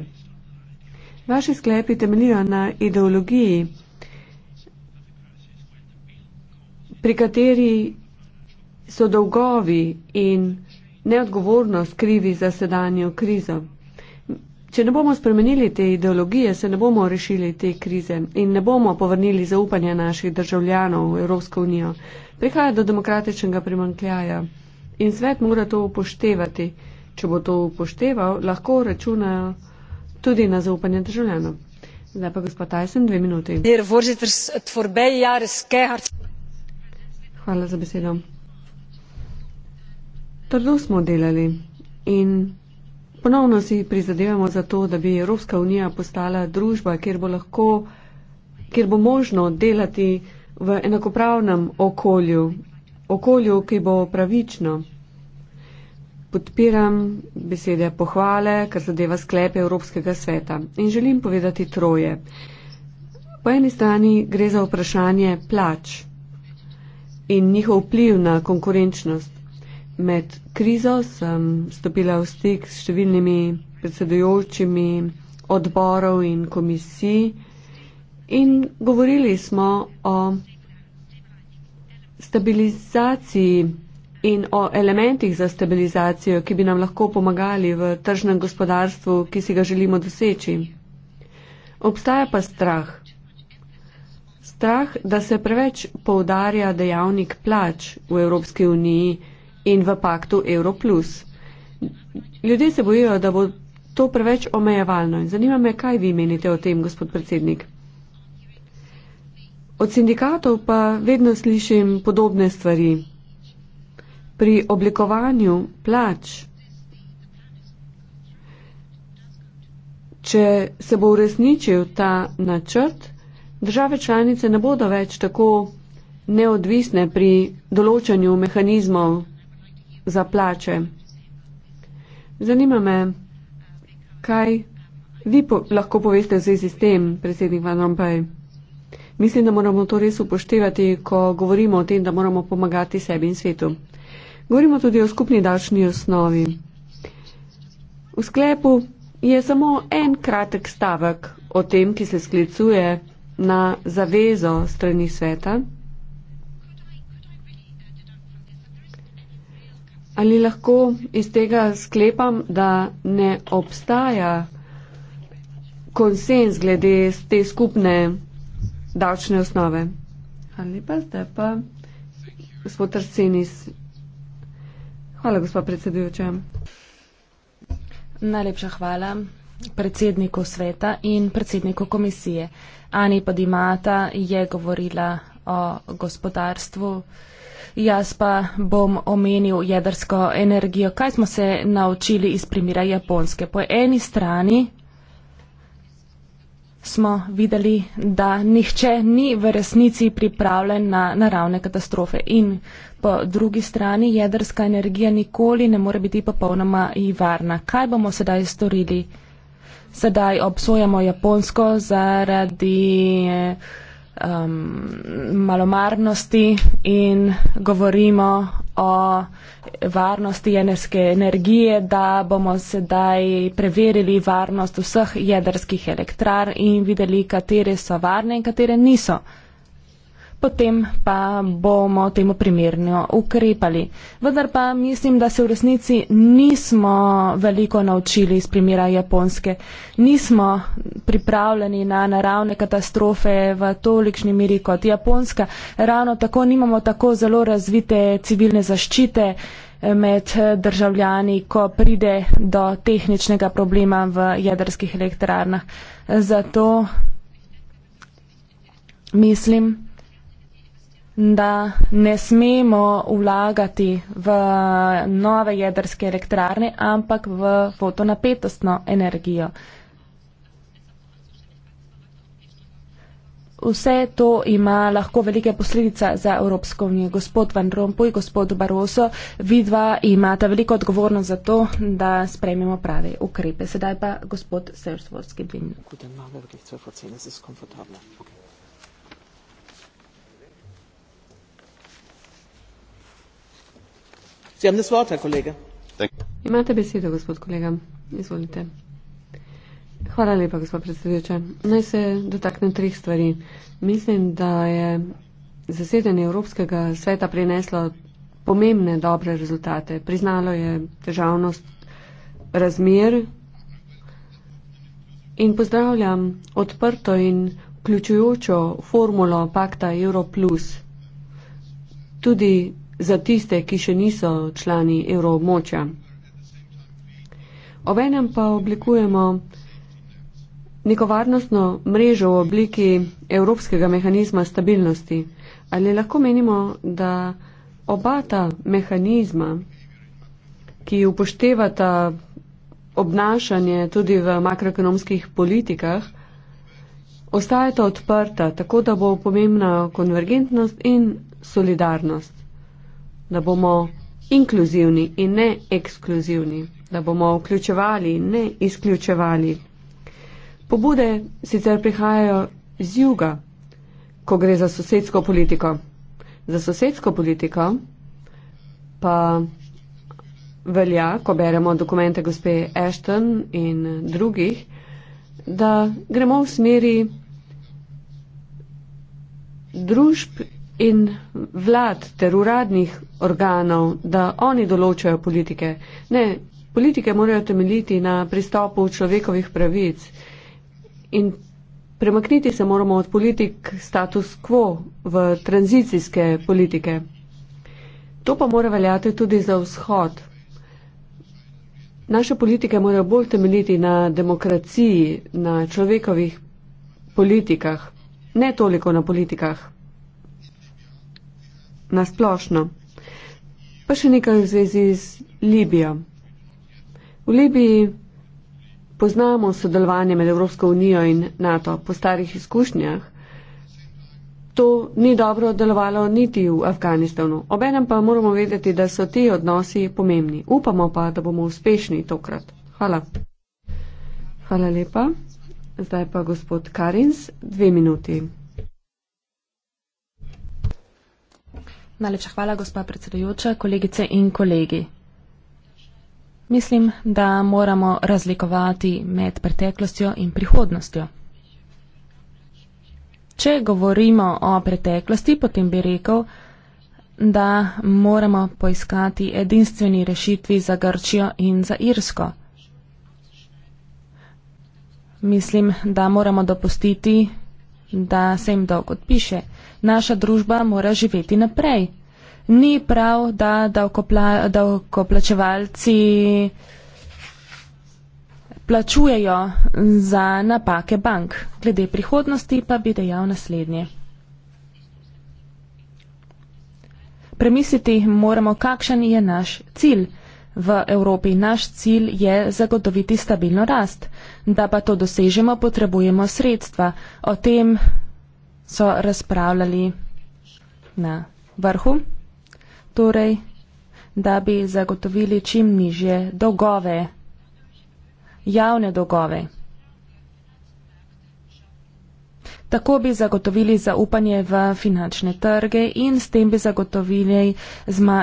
S5: Vaši sklepi temeljijo na ideologiji, pri kateri so dolgovi in neodgovornost krivi za sedanjo krizo. Če ne bomo spremenili te ideologije, se ne bomo rešili te krize in ne bomo povrnili zaupanja naših državljanov v Evropsko unijo. Prihaja do demokratičnega primankljaja in svet mora to upoštevati. Če bo to upošteval, lahko računajo tudi na zaupanje državljanov. Zdaj pa gospod Tyson, dve minuti. Hvala za besedo. Trdno smo delali in ponovno si prizadevamo za to, da bi Evropska unija postala družba, kjer bo, lahko, kjer bo možno delati v enakopravnem okolju, okolju, ki bo pravično. Podpiram besede pohvale, kar zadeva sklepe Evropskega sveta in želim povedati troje. Po eni strani gre za vprašanje plač in njihov vpliv na konkurenčnost. Med krizo sem stopila v stik s številnimi predsedujočimi odborov in komisij in govorili smo o stabilizaciji in o elementih za stabilizacijo, ki bi nam lahko pomagali v tržnem gospodarstvu, ki si ga želimo doseči. Obstaja pa strah. Strah, da se preveč poudarja dejavnik plač v Evropski uniji in v paktu Euro. Plus. Ljudje se bojijo, da bo to preveč omejevalno in zanima me, kaj vi menite o tem, gospod predsednik. Od sindikatov pa vedno slišim podobne stvari. Pri oblikovanju plač, če se bo uresničil ta načrt, države članice ne bodo več tako neodvisne pri določanju mehanizmov za plače. Zanima me, kaj vi po lahko poveste v zvezi s tem, predsednik Van Rompuy. Mislim, da moramo to res upoštevati, ko govorimo o tem, da moramo pomagati sebi in svetu. Govorimo tudi o skupni davčni osnovi. V sklepu je samo en kratek stavek o tem, ki se sklicuje na zavezo strani sveta, Ali lahko iz tega sklepam, da ne obstaja konsens glede te skupne davčne osnove? Ali pa zdaj pa gospod Arsenis. Hvala, gospa predsedujoča.
S6: Najlepša hvala predsedniku sveta in predsedniku komisije. Ani Padimata je govorila o gospodarstvu. Jaz pa bom omenil jedrsko energijo. Kaj smo se naučili iz primira Japonske? Po eni strani smo videli, da nihče ni v resnici pripravljen na naravne katastrofe in po drugi strani jedrska energija nikoli ne more biti popolnoma i varna. Kaj bomo sedaj storili? Sedaj obsojamo Japonsko zaradi eh, um, malomarnosti in govorimo o varnosti jedrske energije, da bomo sedaj preverili varnost vseh jedrskih elektrar in videli, katere so varne in katere niso potem pa bomo temu primerno ukrepali. Vendar pa mislim, da se v resnici nismo veliko naučili iz primera Japonske. Nismo pripravljeni na naravne katastrofe v tolikšni miri kot Japonska. Ravno tako nimamo tako zelo razvite civilne zaščite eh, med eh, državljani, ko pride do tehničnega problema v jedrskih elektrarnah. Zato mislim, da ne smemo vlagati v nove jedrske elektrarne, ampak v fotonapetostno energijo. Vse to ima lahko velike posledice za Evropsko unijo. Gospod Van Rompuy, gospod Baroso, vi dva imate veliko odgovornost za to, da sprejmemo prave ukrepe. Sedaj pa gospod Sersvorski. Okay.
S5: Sie haben das Wort, Herr Kollege. Imate besedo, gospod kolega. Izvolite. Hvala lepa, gospod predsedujoča. Naj se dotaknem treh stvari. Mislim, da je zasedanje Evropskega sveta prineslo pomembne dobre rezultate. Priznalo je težavnost razmer in pozdravljam odprto in vključujočo formulo pakta Euro Plus. Tudi za tiste, ki še niso člani evroobmočja. Ovenem pa oblikujemo neko varnostno mrežo v obliki evropskega mehanizma stabilnosti. Ali lahko menimo, da oba ta mehanizma, ki upoštevata obnašanje tudi v makroekonomskih politikah, ostajata odprta, tako da bo pomembna konvergentnost in solidarnost da bomo inkluzivni in ne ekskluzivni, da bomo vključevali in ne izključevali. Pobude sicer prihajajo z juga, ko gre za sosedsko politiko. Za sosedsko politiko pa velja, ko beremo dokumente gospe Ashton in drugih, da gremo v smeri družb in vlad ter uradnih organov, da oni določajo politike. Ne, politike morajo temeljiti na pristopu človekovih pravic in premakniti se moramo od politik status quo v tranzicijske politike. To pa mora veljati tudi za vzhod. Naše politike morajo bolj temeljiti na demokraciji, na človekovih politikah, ne toliko na politikah nasplošno. Pa še nekaj v zvezi z Libijo. V Libiji poznamo sodelovanje med Evropsko unijo in NATO po starih izkušnjah. To ni dobro delovalo niti v Afganistanu. Obenem pa moramo vedeti, da so ti odnosi pomembni. Upamo pa, da bomo uspešni tokrat. Hvala. Hvala lepa. Zdaj pa gospod
S6: Karins, dve minuti. Najlepša hvala, gospa predsedujoča, kolegice in kolegi. Mislim, da moramo razlikovati med preteklostjo in prihodnostjo. Če govorimo o preteklosti, potem bi rekel, da moramo poiskati edinstveni rešitvi za Grčijo in za Irsko. Mislim, da moramo dopustiti, da se jim dolg odpiše naša družba mora živeti naprej. Ni prav, da davkoplačevalci plačujejo za napake bank. Glede prihodnosti pa bi dejal naslednje. Premisliti moramo, kakšen je naš cilj v Evropi. Naš cilj je zagotoviti stabilno rast. Da pa to dosežemo, potrebujemo sredstva. O tem so razpravljali na vrhu, torej, da bi zagotovili čim nižje dolgove, javne dolgove. Tako bi zagotovili zaupanje v finančne trge in s tem bi zagotovili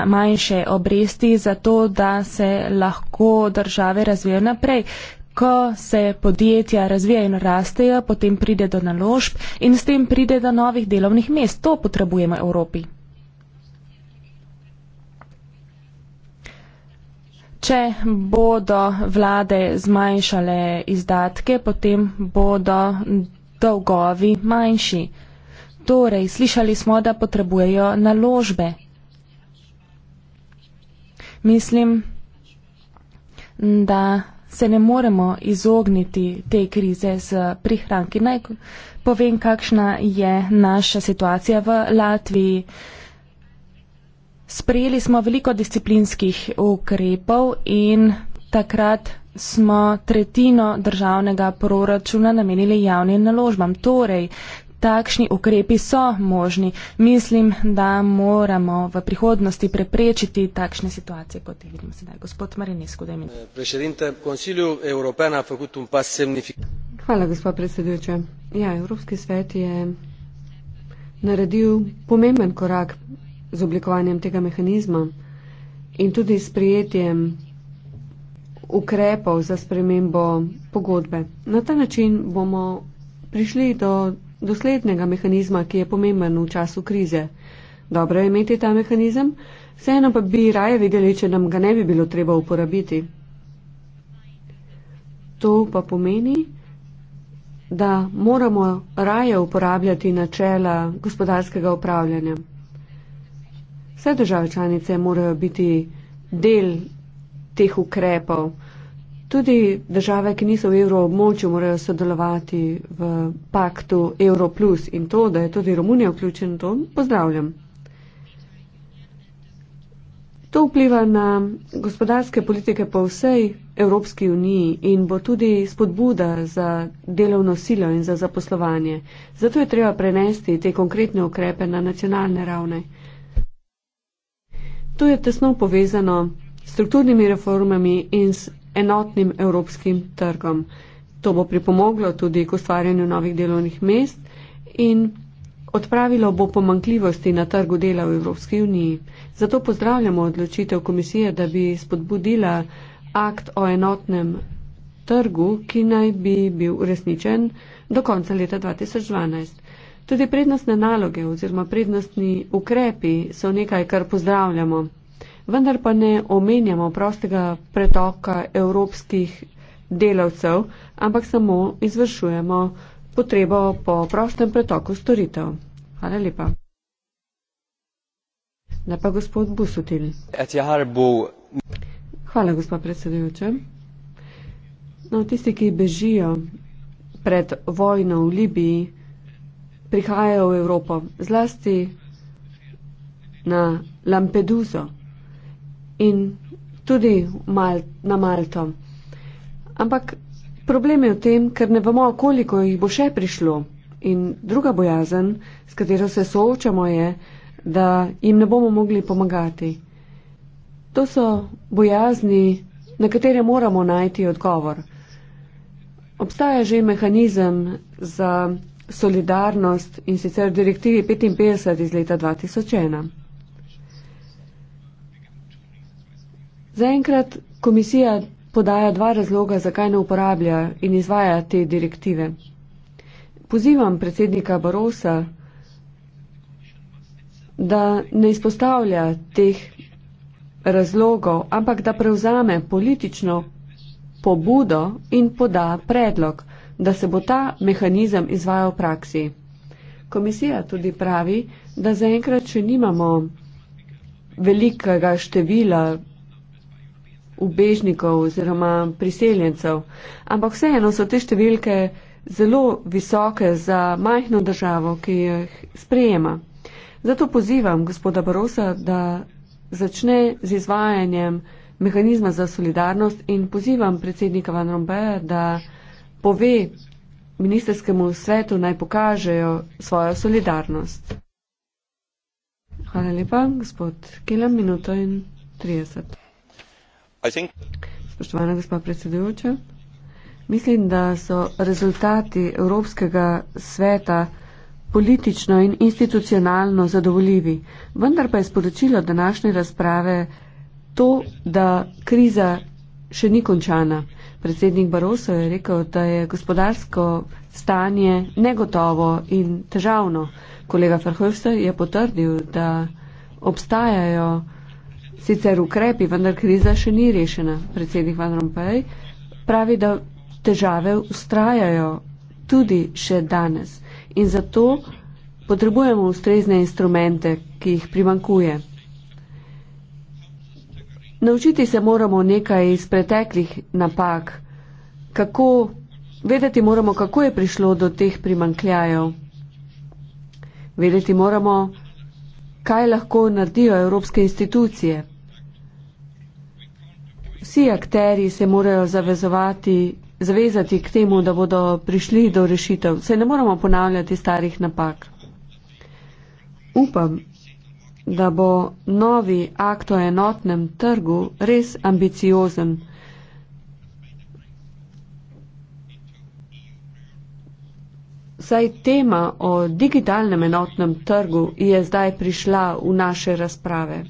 S6: manjše obresti za to, da se lahko države razvijajo naprej ko se podjetja razvijajo in rastejo, potem pride do naložb in s tem pride do novih delovnih mest. To potrebujemo Evropi. Če bodo vlade zmanjšale izdatke, potem bodo dolgovi manjši. Torej, slišali smo, da potrebujejo naložbe. Mislim, da se ne moremo izogniti te krize z prihranki. Naj povem, kakšna je naša situacija v Latviji. Sprejeli smo veliko disciplinskih ukrepov in takrat smo tretjino državnega proračuna namenili javnim naložbam. Torej, Takšni ukrepi so možni. Mislim, da moramo v prihodnosti preprečiti takšne situacije, kot jih vidimo sedaj. Gospod Marinesko, da imate. Hvala, gospod predsedujoče.
S5: Ja, Evropski svet je naredil pomemben korak z oblikovanjem tega mehanizma in tudi s prijetjem ukrepov za spremembo pogodbe. Na ta način bomo prišli do doslednega mehanizma, ki je pomemben v času krize. Dobro je imeti ta mehanizem, vseeno pa bi raje videli, če nam ga ne bi bilo treba uporabiti. To pa pomeni, da moramo raje uporabljati načela gospodarskega upravljanja. Vse države članice morajo biti del teh ukrepov. Tudi države, ki niso v evroobmočju, morajo sodelovati v paktu Euro plus in to, da je tudi Romunija vključena, to pozdravljam. To vpliva na gospodarske politike po vsej Evropski uniji in bo tudi spodbuda za delovno silo in za zaposlovanje. Zato je treba prenesti te konkretne ukrepe na nacionalne ravne. To je tesno povezano s strukturnimi reformami in s enotnim evropskim trgom. To bo pripomoglo tudi k ustvarjanju novih delovnih mest in odpravilo bo pomankljivosti na trgu dela v Evropski uniji. Zato pozdravljamo odločitev komisije, da bi spodbudila akt o enotnem trgu, ki naj bi bil uresničen do konca leta 2012. Tudi prednostne naloge oziroma prednostni ukrepi so nekaj, kar pozdravljamo vendar pa ne omenjamo prostega pretoka evropskih delavcev, ampak samo izvršujemo potrebo po prostem pretoku storitev. Hvala lepa. Ne pa gospod Busutil. Hvala, gospod predsedujoče. No, tisti, ki bežijo pred vojno v Libiji, prihajajo v Evropo, zlasti na Lampeduzo in tudi mal, na Malto. Ampak problem je v tem, ker ne vemo, koliko jih bo še prišlo. In druga bojazen, s katero se soočamo, je, da jim ne bomo mogli pomagati. To so bojazni, na katere moramo najti odgovor. Obstaja že mehanizem za solidarnost in sicer direktivi 55 iz leta 2001. Zaenkrat komisija podaja dva razloga, zakaj ne uporablja in izvaja te direktive. Pozivam predsednika Barosa, da ne izpostavlja teh razlogov, ampak da prevzame politično pobudo in poda predlog, da se bo ta mehanizem izvajal v praksi. Komisija tudi pravi, da zaenkrat še nimamo velikega števila ubežnikov oziroma priseljencev, ampak vseeno so te številke zelo visoke za majhno državo, ki jih sprejema. Zato pozivam gospoda Barosa, da začne z izvajanjem mehanizma za solidarnost in pozivam predsednika Van Rompeja, da pove ministerskemu svetu naj pokažejo svojo solidarnost. Hvala lepa, gospod Kila, minuto in 30. Spoštovana gospa predsedujoča, mislim, da so rezultati Evropskega sveta politično in institucionalno zadovoljivi. Vendar pa je sporočilo današnje razprave to, da kriza še ni končana. Predsednik Baroso je rekel, da je gospodarsko stanje negotovo in težavno. Kolega Ferhovster je potrdil, da obstajajo sicer ukrepi, vendar kriza še ni rešena. Predsednik Van Rompuy pravi, da težave ustrajajo tudi še danes in zato potrebujemo ustrezne instrumente, ki jih primankuje. Naučiti se moramo nekaj iz preteklih napak, kako, vedeti moramo, kako je prišlo do teh primankljajev. Vedeti moramo, kaj lahko naredijo evropske institucije, Vsi akteri se morajo zavezovati, zavezati k temu, da bodo prišli do rešitev. Se ne moramo ponavljati starih napak. Upam, da bo novi akt o enotnem trgu res ambiciozen. Saj tema o digitalnem enotnem trgu je zdaj prišla v naše razprave.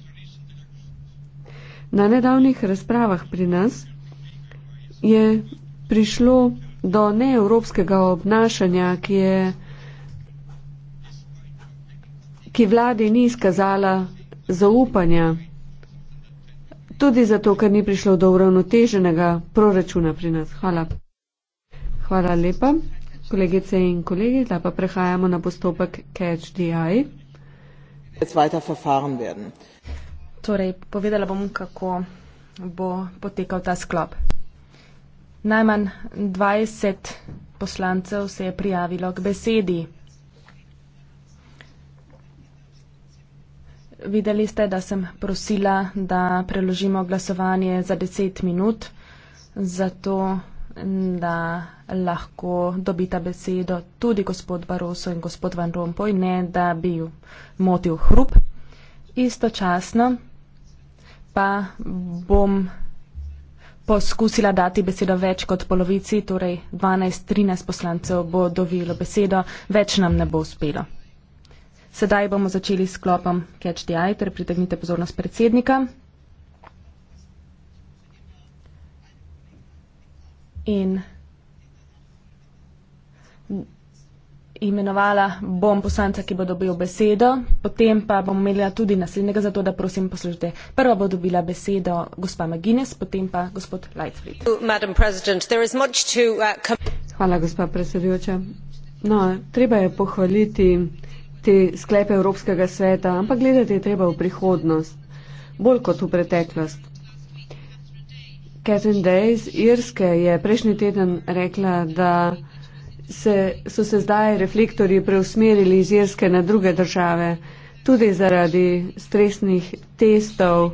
S5: Na nedavnih razpravah pri nas je prišlo do neevropskega obnašanja, ki je ki vladi ni izkazala zaupanja, tudi zato, ker ni prišlo do uravnoteženega proračuna pri nas. Hvala. Hvala lepa, kolegice in kolegi, da pa prehajamo na postopek CATCH-DI.
S6: Torej, povedala bom, kako bo potekal ta sklop. Najmanj 20 poslancev se je prijavilo k besedi. Videli ste, da sem prosila, da preložimo glasovanje za 10 minut, zato da lahko dobita besedo tudi gospod Baroso in gospod Van Rompuy, ne da bi ju motil hrup. Istočasno pa bom poskusila dati besedo več kot polovici, torej 12-13 poslancev bo dovilo besedo, več nam ne bo uspelo. Sedaj bomo začeli s klopom Catch the Eye, torej pritegnite pozornost predsednika. In imenovala bom poslanca, ki bo dobil besedo, potem pa bom imela tudi naslednjega, zato da prosim poslušajte. Prva bo dobila besedo gospa McGuinness, potem pa gospod Lightfried. Uh, Hvala, gospa predsedujoča.
S5: No, treba je pohvaliti te sklepe Evropskega sveta, ampak gledati je treba v prihodnost, bolj kot v preteklost. Catherine Days, Irske, je prejšnji teden rekla, da se, so se zdaj reflektori preusmerili iz Irske na druge države, tudi zaradi stresnih testov.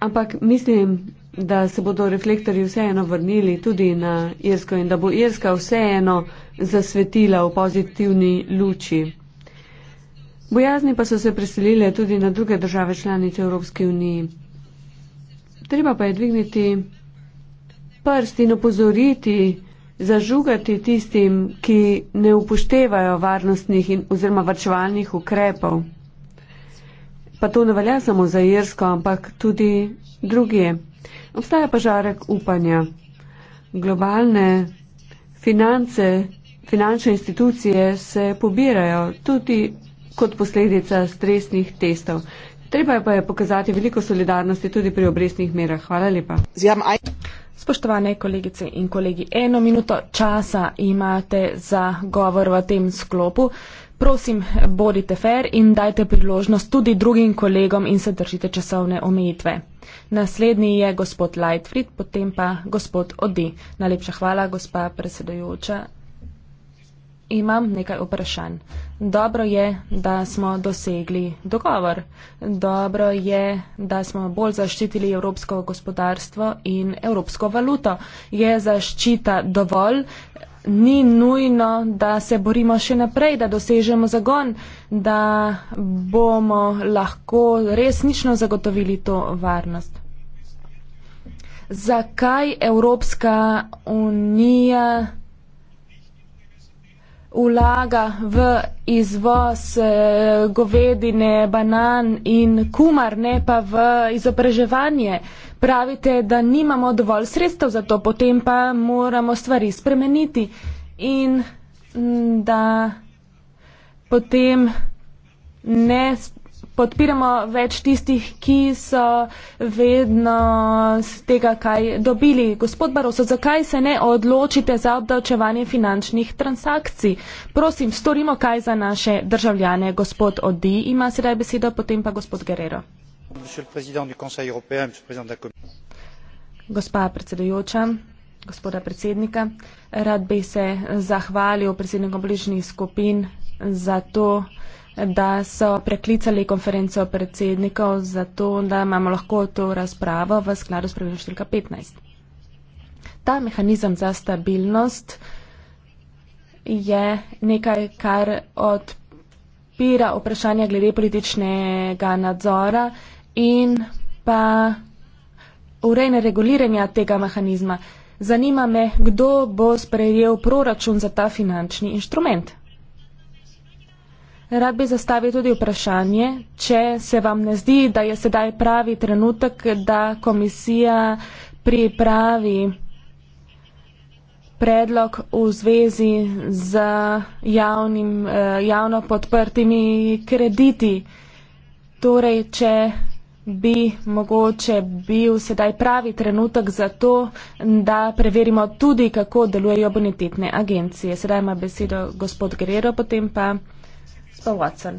S5: Ampak mislim, da se bodo reflektori vseeno vrnili tudi na Irsko in da bo Irska vseeno zasvetila v pozitivni luči. Bojazni pa so se preselile tudi na druge države članice Evropske unije. Treba pa je dvigniti prst in opozoriti zažugati tistim, ki ne upoštevajo varnostnih in, oziroma vrčevalnih ukrepov. Pa to ne velja samo za Irsko, ampak tudi druge. Obstaja pa žarek upanja. Globalne finance, finančne institucije se pobirajo tudi kot posledica stresnih testov. Treba pa je pokazati veliko solidarnosti tudi pri obrestnih merah. Hvala lepa.
S6: Spoštovane kolegice in kolegi, eno minuto časa imate za govor v tem sklopu. Prosim, bodite fair in dajte priložnost tudi drugim kolegom in se držite časovne omejitve. Naslednji je gospod Lightfried, potem pa gospod Odi. Najlepša hvala, gospa predsedajoča, imam nekaj vprašanj. Dobro je, da smo dosegli dogovor. Dobro je, da smo bolj zaščitili evropsko gospodarstvo in evropsko valuto. Je zaščita dovolj? Ni nujno, da se borimo še naprej, da dosežemo zagon, da bomo lahko resnično zagotovili to varnost. Zakaj Evropska unija vlaga v izvoz eh, govedine, banan in kumar, ne pa v izobraževanje. Pravite, da nimamo dovolj sredstev za to, potem pa moramo stvari spremeniti in da potem ne spremeniti podpiramo več tistih, ki so vedno z tega, kaj dobili. Gospod Baroso, zakaj se ne odločite za obdavčevanje finančnih transakcij? Prosim, storimo kaj za naše državljane. Gospod Odi ima sedaj besedo, potem pa gospod Gerero. Gospa predsedujoča, gospoda predsednika, rad bi se zahvalil predsednikom bližnjih skupin za to, da so preklicali konferenco predsednikov za to, da imamo lahko to razpravo v skladu s pravilom 415. Ta mehanizem za stabilnost je nekaj, kar odpira vprašanje glede političnega nadzora in pa urejne reguliranja tega mehanizma. Zanima me, kdo bo sprejel proračun za ta finančni inštrument. Rad bi zastavil tudi vprašanje, če se vam ne zdi, da je sedaj pravi trenutek, da komisija pripravi predlog v zvezi z javnim, eh, javno podprtimi krediti. Torej, če bi mogoče bil sedaj pravi trenutek za to, da preverimo tudi, kako delujejo bonitetne agencije. Sedaj ima besedo gospod Grero, potem pa Gospod Watson.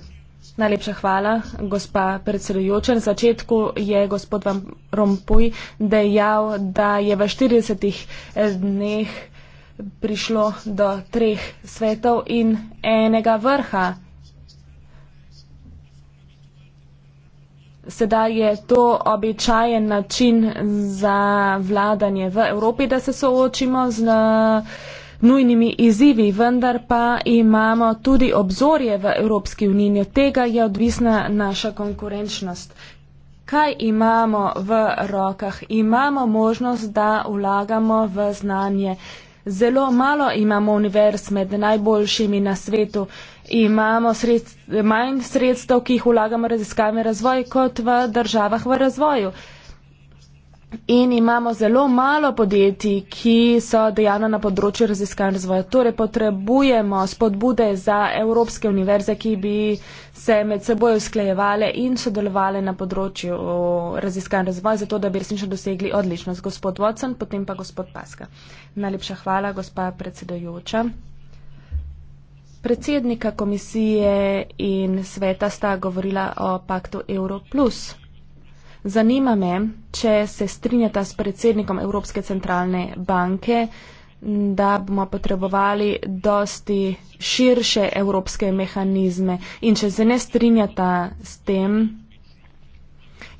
S6: Najlepša hvala, gospa predsedujoča. Na začetku je gospod Van Rompuy dejal, da je v 40 eh, dneh prišlo do treh svetov in enega vrha. Sedaj je to običajen način za vladanje v Evropi, da se soočimo z. Uh, nujnimi izzivi, vendar pa imamo tudi obzorje v Evropski uniji. Od tega je odvisna naša konkurenčnost. Kaj imamo v rokah? Imamo možnost, da vlagamo v znanje. Zelo malo imamo univerz med najboljšimi na svetu. Imamo sredst manj sredstev, ki jih vlagamo v raziskave in razvoj, kot v državah v razvoju in imamo zelo malo podjetij, ki so dejana na področju raziskav in razvoja. Torej potrebujemo spodbude za evropske univerze, ki bi se med seboj usklejevale in sodelovale na področju raziskav in razvoja, zato da bi resnično dosegli odličnost. Gospod Watson, potem pa gospod Paska. Najlepša hvala, gospa predsedojoča. Predsednika komisije in sveta sta govorila o paktu Euro. Zanima me, če se strinjata s predsednikom Evropske centralne banke, da bomo potrebovali dosti širše evropske mehanizme. In če se ne strinjata s tem,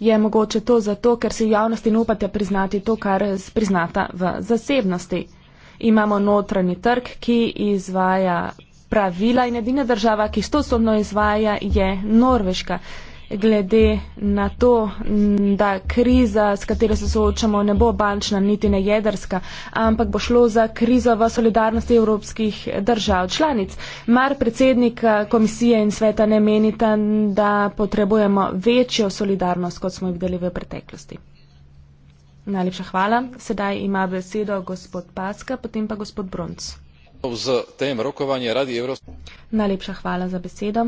S6: je mogoče to zato, ker si javnosti ne upate priznati to, kar priznata v zasebnosti. Imamo notranji trg, ki izvaja pravila in edina država, ki stosobno izvaja, je Norveška glede na to, da kriza, s katero se soočamo, ne bo bančna niti ne jedrska, ampak bo šlo za krizo v solidarnosti evropskih držav članic. Mar predsednik eh, komisije in sveta ne menita, da potrebujemo večjo solidarnost, kot smo jih videli v preteklosti. Najlepša hvala. Sedaj ima besedo gospod Paska, potem pa gospod Bronc. Najlepša hvala za besedo.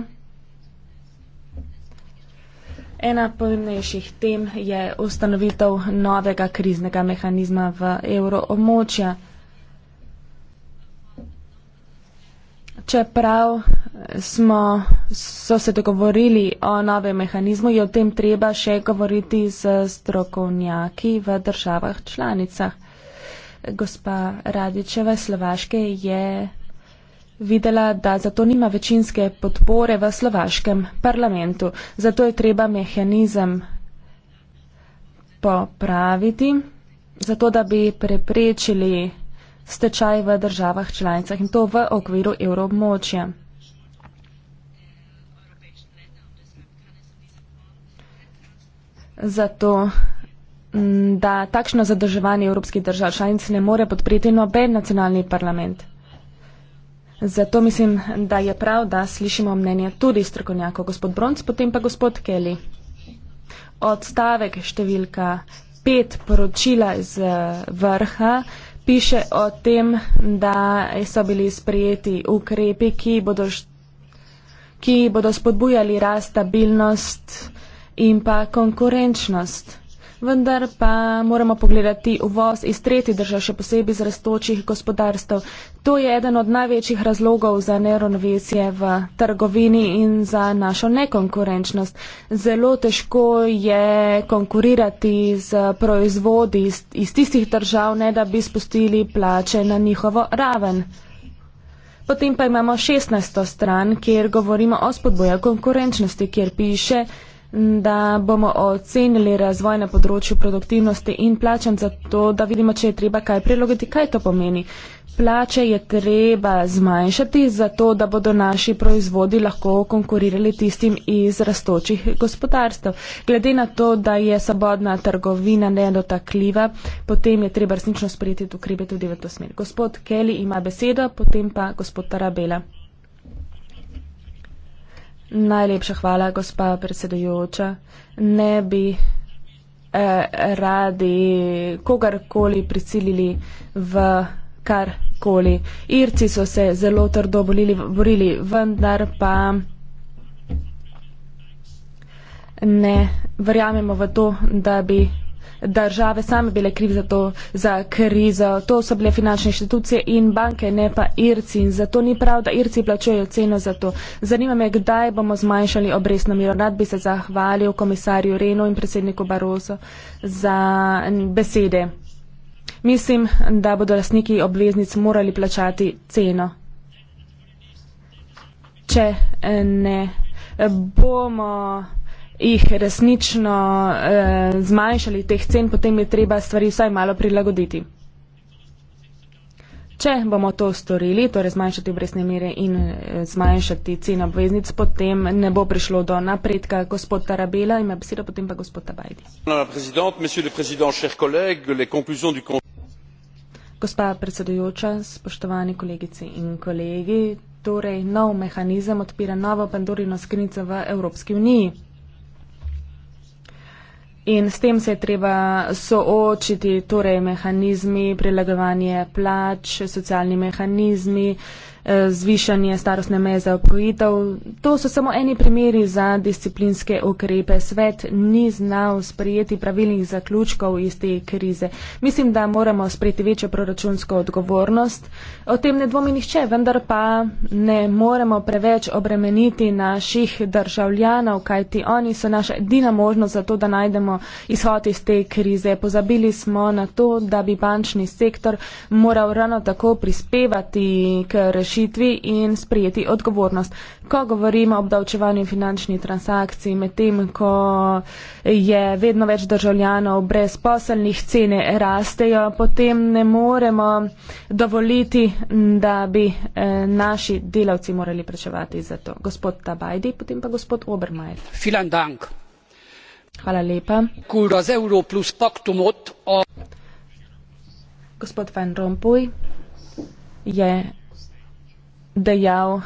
S6: Ena pomembnejših tem je ustanovitev novega kriznega mehanizma v evroobmočju. Čeprav smo, so se dogovorili o novem mehanizmu, je o tem treba še govoriti z strokovnjaki v državah članicah. Gospa Radičeva Slovaške je videla, da zato nima večinske podpore v slovaškem parlamentu. Zato je treba mehanizem popraviti, zato da bi preprečili stečaj v državah članicah in to v okviru evroobmočja. Zato, da takšno zadrževanje evropskih držav članic ne more podpreti noben nacionalni parlament. Zato mislim, da je prav, da slišimo mnenje tudi strokovnjakov, gospod Bronc, potem pa gospod Kelly. Odstavek številka pet poročila z vrha piše o tem, da so bili sprejeti ukrepi, ki bodo, ki bodo spodbujali rast, stabilnost in pa konkurenčnost vendar pa moramo pogledati uvoz iz tretji držav, še posebej iz raztočih gospodarstv. To je eden od največjih razlogov za neravnovesje v trgovini in za našo nekonkurenčnost. Zelo težko je konkurirati z proizvodi iz, iz tistih držav, ne da bi spustili plače na njihovo raven. Potem pa imamo 16. stran, kjer govorimo o spodboju konkurenčnosti, kjer piše, da bomo ocenili razvoj na področju produktivnosti in plačan za to, da vidimo, če je treba kaj prilogiti, kaj to pomeni. Plače je treba zmanjšati za to, da bodo naši proizvodi lahko konkurirali tistim iz rastočih gospodarstv. Glede na to, da je sabodna trgovina nedotakljiva, potem je treba resnično sprejeti ukrepe tudi v to smer. Gospod Kelly ima besedo, potem pa gospod Tarabela. Najlepša hvala, gospa predsedujoča. Ne bi eh, radi kogarkoli prisilili v karkoli. Irci so se zelo trdo bolili, borili, vendar pa ne verjamemo v to, da bi države same bile krive za to, za krizo. To so bile finančne inštitucije in banke, ne pa Irci. In zato ni prav, da Irci plačujejo ceno za to. Zanima me, kdaj bomo zmanjšali obrestno miro. Rad bi se zahvalil komisarju Renu in predsedniku Barozo za besede. Mislim, da bodo lastniki obveznic morali plačati ceno. Če ne, bomo jih resnično eh, zmanjšali teh cen, potem je treba stvari vsaj malo prilagoditi. Če bomo to storili, torej zmanjšati obresne mere in eh, zmanjšati cen obveznic, potem ne bo prišlo do napredka. Gospod Tarabela ima besedo, potem pa gospod Tabajdi. Gospa predsedujoča, spoštovani kolegice in kolegi, torej nov mehanizem odpira novo Pandorino skrinico v Evropski uniji. In s tem se je treba soočiti, torej mehanizmi, prilagovanje plač, socialni mehanizmi, eh, Eh, zvišanje starostne meje za upokojitev. To so samo eni primeri za disciplinske ukrepe. Svet ni znal sprejeti pravilnih zaključkov iz te krize. Mislim, da moramo sprejeti večjo proračunsko odgovornost. O tem ne dvomi nihče, vendar pa ne moremo preveč obremeniti naših državljanov, kajti oni so naša edina možnost za to, da najdemo izhod iz te krize. Pozabili smo na to, da bi bančni sektor moral ravno tako prispevati k rešitvi odločitvi in sprejeti odgovornost. Ko govorimo o obdavčevanju finančnih transakcij, medtem ko je vedno več državljanov brezposelnih, cene rastejo, potem ne moremo dovoliti, da bi eh, naši delavci morali prečevati za to. Gospod Tabajdi, potem pa gospod Obermajer. Hvala lepa. Gospod Van Rompuy je dejal,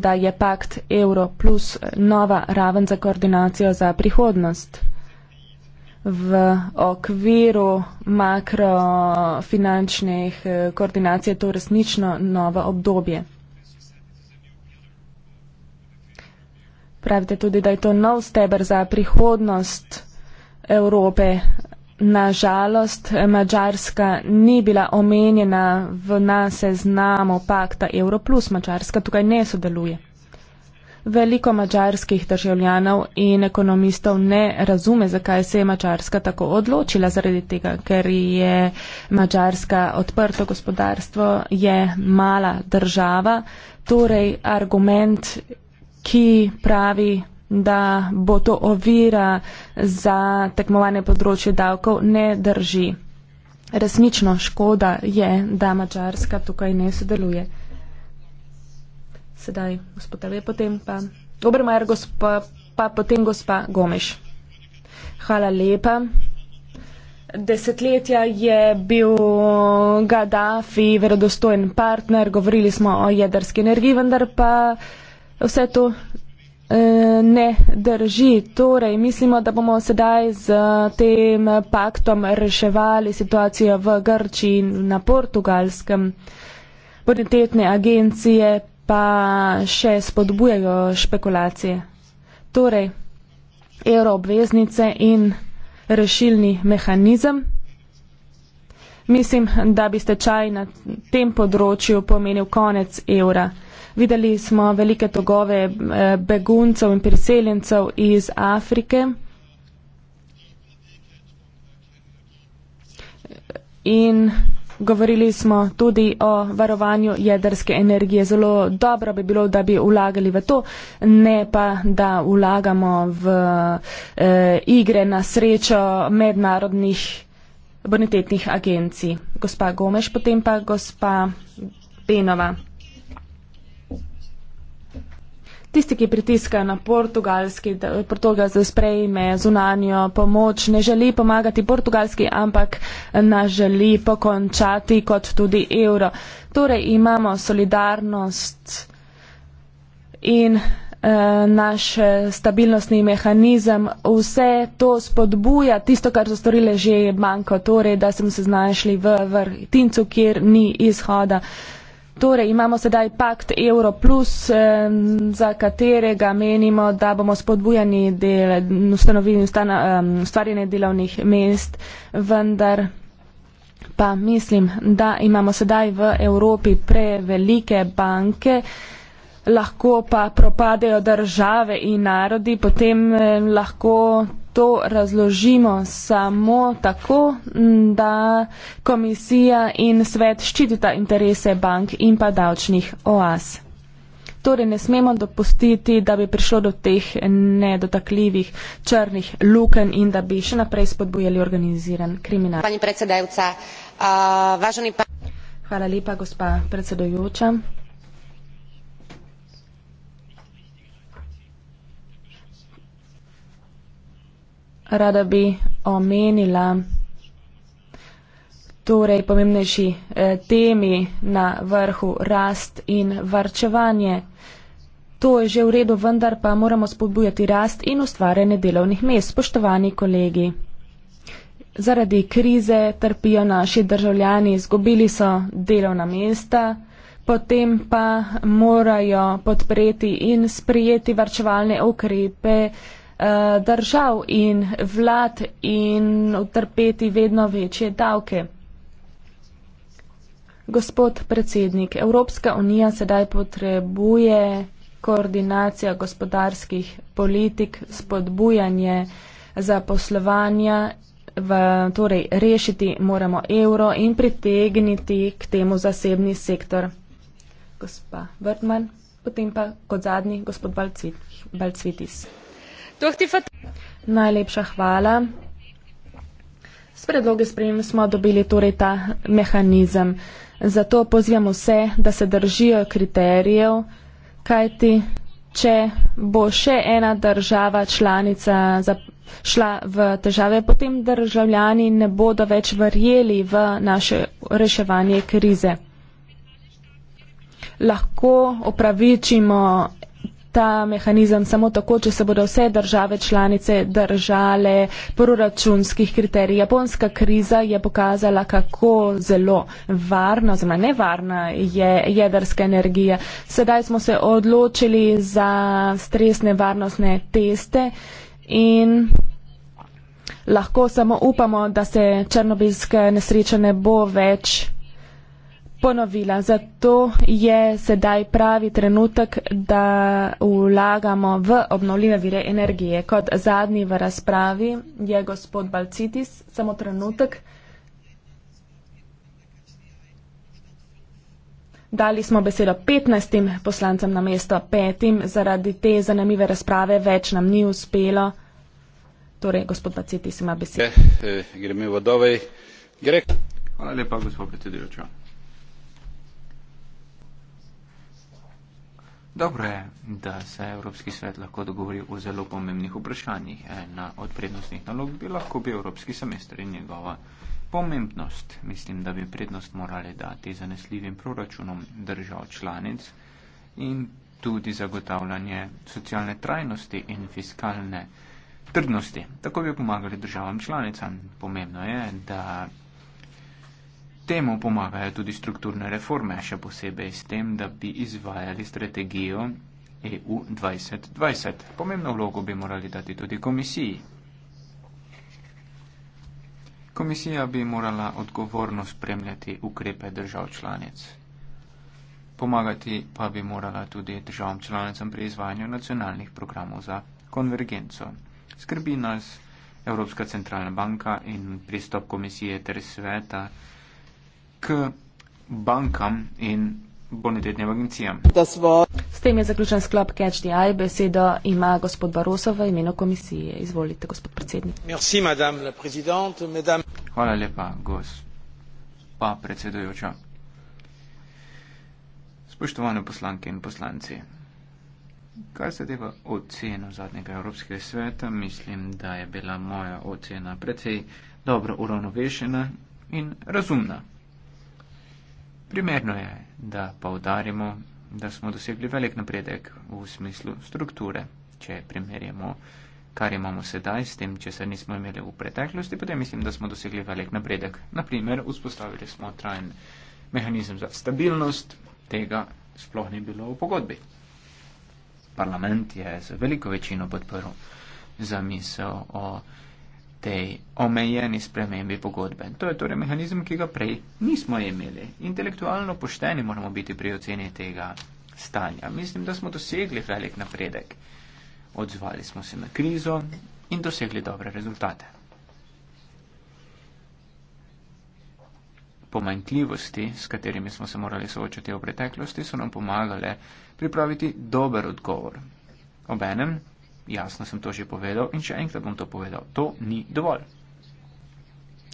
S6: da je pakt evro plus nova raven za koordinacijo za prihodnost v okviru makrofinančnih eh, koordinacij, to resnično novo obdobje. Pravite tudi, da je to nov steber za prihodnost Evrope, nažalost Mačarska ni bila omenjena v naseznamu pakta Euro plus Mačarska tukaj ne sodeluje. Veliko mačarskih državljanov in ekonomistov ne razume, zakaj se je Mačarska tako odločila zaradi tega, ker je Mačarska odprto gospodarstvo, je mala država. Torej argument, ki pravi, da bo to ovira za tekmovanje področje davkov, ne drži. Resnično škoda je, da Mačarska tukaj ne sodeluje. Sedaj, gospod Ali, potem pa. Dobro, Majer, gospa, pa potem gospa Gomeš. Hvala lepa. Desetletja je bil Gaddafi verodostojen partner, govorili smo o jedrski energiji, vendar pa vse to Eh, ne drži. Torej, mislimo, da bomo sedaj z tem paktom reševali situacijo v Grčiji in na portugalskem. Bonitetne agencije pa še spodbujajo špekulacije. Torej, evro obveznice in rešilni mehanizem. Mislim, da bi stečaj na tem področju pomenil konec evra. Videli smo velike togove eh, beguncev in priseljencev iz Afrike. In govorili smo tudi o varovanju jedrske energije. Zelo dobro bi bilo, da bi vlagali v to, ne pa, da vlagamo v eh, igre na srečo mednarodnih bonitetnih agencij. Gospa Gomeš, potem pa gospa Penova tisti, ki pritiskajo na portugalski, da Portugal sprejme zunanjo pomoč, ne želi pomagati portugalski, ampak na želi pokončati kot tudi evro. Torej imamo solidarnost in eh, naš stabilnostni mehanizem, vse to spodbuja, tisto, kar so storile že banko, torej, da smo se znašli v vrtincu, kjer ni izhoda. Uh, Torej imamo sedaj pakt Euro plus, za katerega menimo, da bomo spodbujani del ustanovljenja ustvarjene delovnih mest, vendar pa mislim, da imamo sedaj v Evropi prevelike banke, lahko pa propadejo države in narodi, potem lahko to razložimo samo tako, da komisija in svet ščitita interese bank in pa davčnih oas. Torej ne smemo dopustiti, da bi prišlo do teh nedotakljivih črnih luken in da bi še naprej spodbujali organiziran kriminal. Pani predsedajoča, uh, važni pa. Hvala lepa, gospa predsedajoča. rada bi omenila torej pomembnejši eh, temi na vrhu rast in varčevanje. To je že v redu, vendar pa moramo spodbujati rast in ustvarjanje delovnih mest, spoštovani kolegi. Zaradi krize trpijo naši državljani, izgubili so delovna mesta, potem pa morajo podpreti in sprijeti varčevalne ukrepe, eh, Eh, držav in vlad in utrpeti vedno večje davke. Gospod predsednik, Evropska unija sedaj potrebuje koordinacija gospodarskih politik, spodbujanje zaposlovanja, v, torej rešiti moramo evro in pritegniti k temu zasebni sektor. Gospa Vrtman, potem pa kot zadnji gospod Balcvitis. Balcvit, Najlepša hvala. S predloge sprejem smo dobili torej ta mehanizem. Zato pozivamo vse, da se držijo kriterijev, kajti če bo še ena država članica šla v težave, potem državljani ne bodo več verjeli v naše reševanje krize. Lahko opravičimo ta mehanizem samo tako, če se bodo vse države članice držale proračunskih kriterij. Japonska kriza je pokazala, kako zelo varno, zelo nevarna je jedrska energija. Sedaj smo se odločili za stresne varnostne teste in lahko samo upamo, da se črnobilska nesreča ne bo več ponovila. Zato je sedaj pravi trenutek, da vlagamo v obnovljive vire energije. Kot zadnji v razpravi je gospod Balcitis, samo trenutek. Dali smo besedo 15 poslancem na mesto 5. Zaradi te zanimive razprave več nam ni uspelo. Torej, gospod Pacetis ima besedo. Eh,
S1: eh, gremo v vodovej. Gre. Hvala
S4: lepa, gospod predsedujoča. Dobro je, da se Evropski svet lahko dogovori o zelo pomembnih vprašanjih. Ena od prednostnih nalog bi lahko bil Evropski semester in njegova pomembnost. Mislim, da bi prednost morali dati zanesljivim proračunom držav članic in tudi zagotavljanje socialne trajnosti in fiskalne trdnosti. Tako bi pomagali državam članicam. Pomembno je, da temu pomagajo tudi strukturne reforme, še posebej s tem, da bi izvajali strategijo EU 2020. Pomembno vlogo bi morali dati tudi komisiji. Komisija bi morala odgovorno spremljati ukrepe držav članic. Pomagati pa bi morala tudi državam članicam pri izvajanju nacionalnih programov za konvergenco. Skrbi nas Evropska centralna banka in pristop komisije ter sveta k bankam in bonitetnim agencijam.
S6: S tem je zaključen sklop Catch the Eye. Besedo ima gospod Baroso v imenu komisije. Izvolite, gospod predsednik.
S4: Merci, madame... Hvala lepa, gospa predsedujoča. Spoštovane poslanke in poslanci, kar se tega oceno zadnjega Evropskega sveta, mislim, da je bila moja ocena precej dobro uravnovešena in razumna. Primerno je, da povdarimo, da smo dosegli velik napredek v smislu strukture. Če primerjamo, kar imamo sedaj s tem, če se nismo imeli v preteklosti, potem mislim, da smo dosegli velik napredek. Naprimer, vzpostavili smo trajen mehanizem za stabilnost, tega sploh ni bilo v pogodbi. Parlament je z veliko večino podporil zamisel o tej omejeni spremembi pogodbe. To je torej mehanizem, ki ga prej nismo imeli. Intelektualno pošteni moramo biti pri oceni tega stanja. Mislim, da smo dosegli velik napredek. Odzvali smo se na krizo in dosegli dobre rezultate. Pomanjkljivosti, s katerimi smo se morali soočati v preteklosti, so nam pomagale pripraviti dober odgovor. Obenem jasno sem to že povedal in še enkrat bom to povedal, to ni dovolj.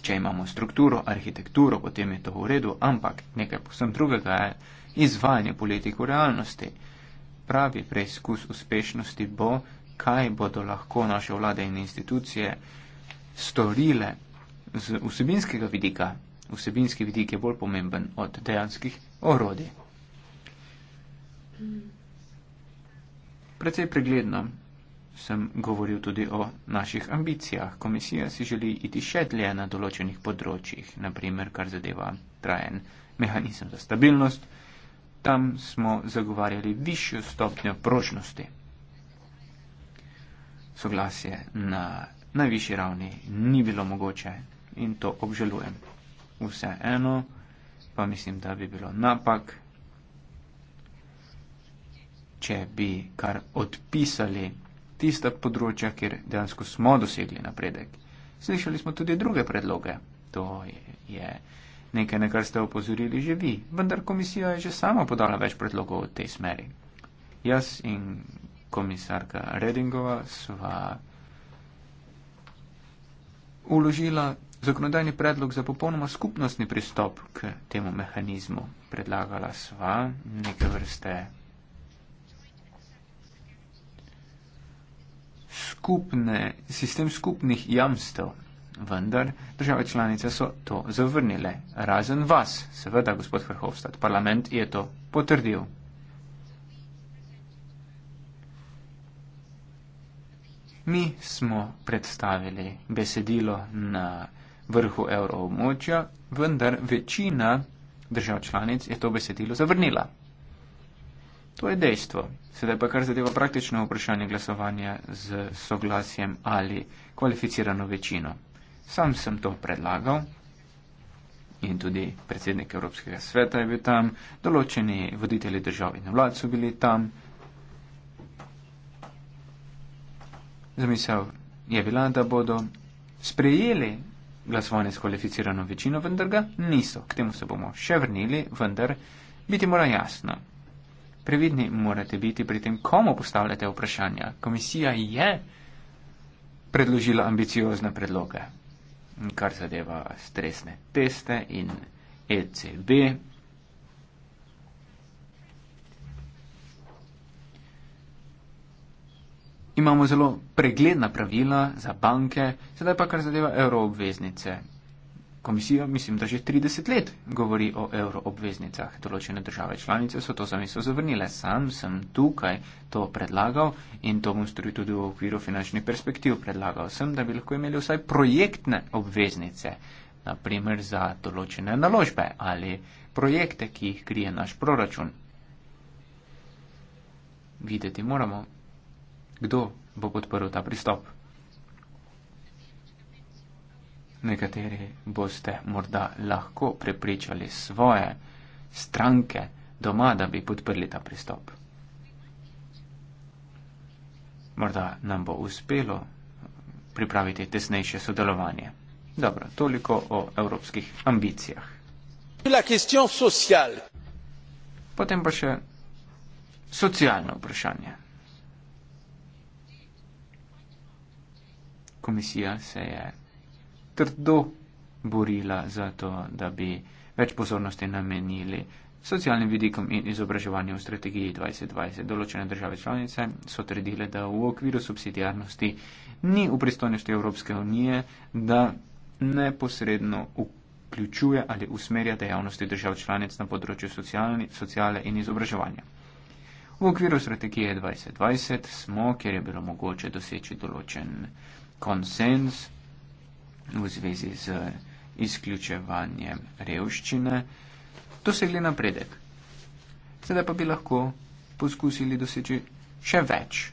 S4: Če imamo strukturo, arhitekturo, potem je to v redu, ampak nekaj posem drugega je izvajanje politik v realnosti. Pravi preizkus uspešnosti bo, kaj bodo lahko naše vlade in institucije storile z vsebinskega vidika. Vsebinski vidik je bolj pomemben od dejanskih orodij. Predvsej pregledno sem govoril tudi o naših ambicijah. Komisija si želi iti še dlje na določenih področjih, naprimer kar zadeva trajen mehanizem za stabilnost. Tam smo zagovarjali višjo stopnjo prožnosti. Soglasje na najvišji ravni ni bilo mogoče in to obžalujem. Vseeno pa mislim, da bi bilo napak, če bi kar odpisali tista področja, kjer dejansko smo dosegli napredek. Slišali smo tudi druge predloge. To je nekaj, na kar ste opozorili že vi, vendar komisija je že sama podala več predlogov v tej smeri. Jaz in komisarka Redingova sva uložila zakonodajni predlog za popolnoma skupnostni pristop k temu mehanizmu. Predlagala sva neke vrste skupne, sistem skupnih jamstev, vendar države članice so to zavrnile, razen vas, seveda, gospod Verhofstadt, parlament je to potrdil. Mi smo predstavili besedilo na vrhu evroobmočja, vendar večina držav članic je to besedilo zavrnila. To je dejstvo. Sedaj pa kar zadeva praktično vprašanje glasovanja z soglasjem ali kvalificirano večino. Sam sem to predlagal in tudi predsednik Evropskega sveta je bil tam, določeni voditelji držav in vlad so bili tam. Zamisel je bila, da bodo sprejeli glasovanje s kvalificirano večino, vendar ga niso. K temu se bomo še vrnili, vendar biti mora jasno. Previdni morate biti pri tem, komu postavljate vprašanja. Komisija je predložila ambiciozne predloge, kar zadeva stresne teste in ECB. Imamo zelo pregledna pravila za banke, sedaj pa kar zadeva evroobveznice komisija, mislim, da že 30 let govori o euroobveznicah. Določene države članice so to zamisel zavrnile. Sam sem tukaj to predlagal in to bom storil tudi v okviru finančnih perspektiv. Predlagal sem, da bi lahko imeli vsaj projektne obveznice, naprimer za določene naložbe ali projekte, ki jih krije naš proračun. Videti moramo, kdo bo podporil ta pristop. nekateri boste morda lahko prepričali svoje stranke doma, da bi podprli ta pristop. Morda nam bo uspelo pripraviti tesnejše sodelovanje. Dobro, toliko o evropskih ambicijah. Potem pa še socialno vprašanje. Komisija se je trdo borila za to, da bi več pozornosti namenili socialnim vidikom in izobraževanju v strategiji 2020. Določene države članice so trdile, da v okviru subsidijarnosti ni v pristojnosti Evropske unije, da neposredno vključuje ali usmerja dejavnosti držav članic na področju socialni, sociale in izobraževanja. V okviru strategije 2020 smo, kjer je bilo mogoče doseči določen konsens, v zvezi z izključevanjem revščine, dosegli napredek. Sedaj pa bi lahko poskusili doseči še več.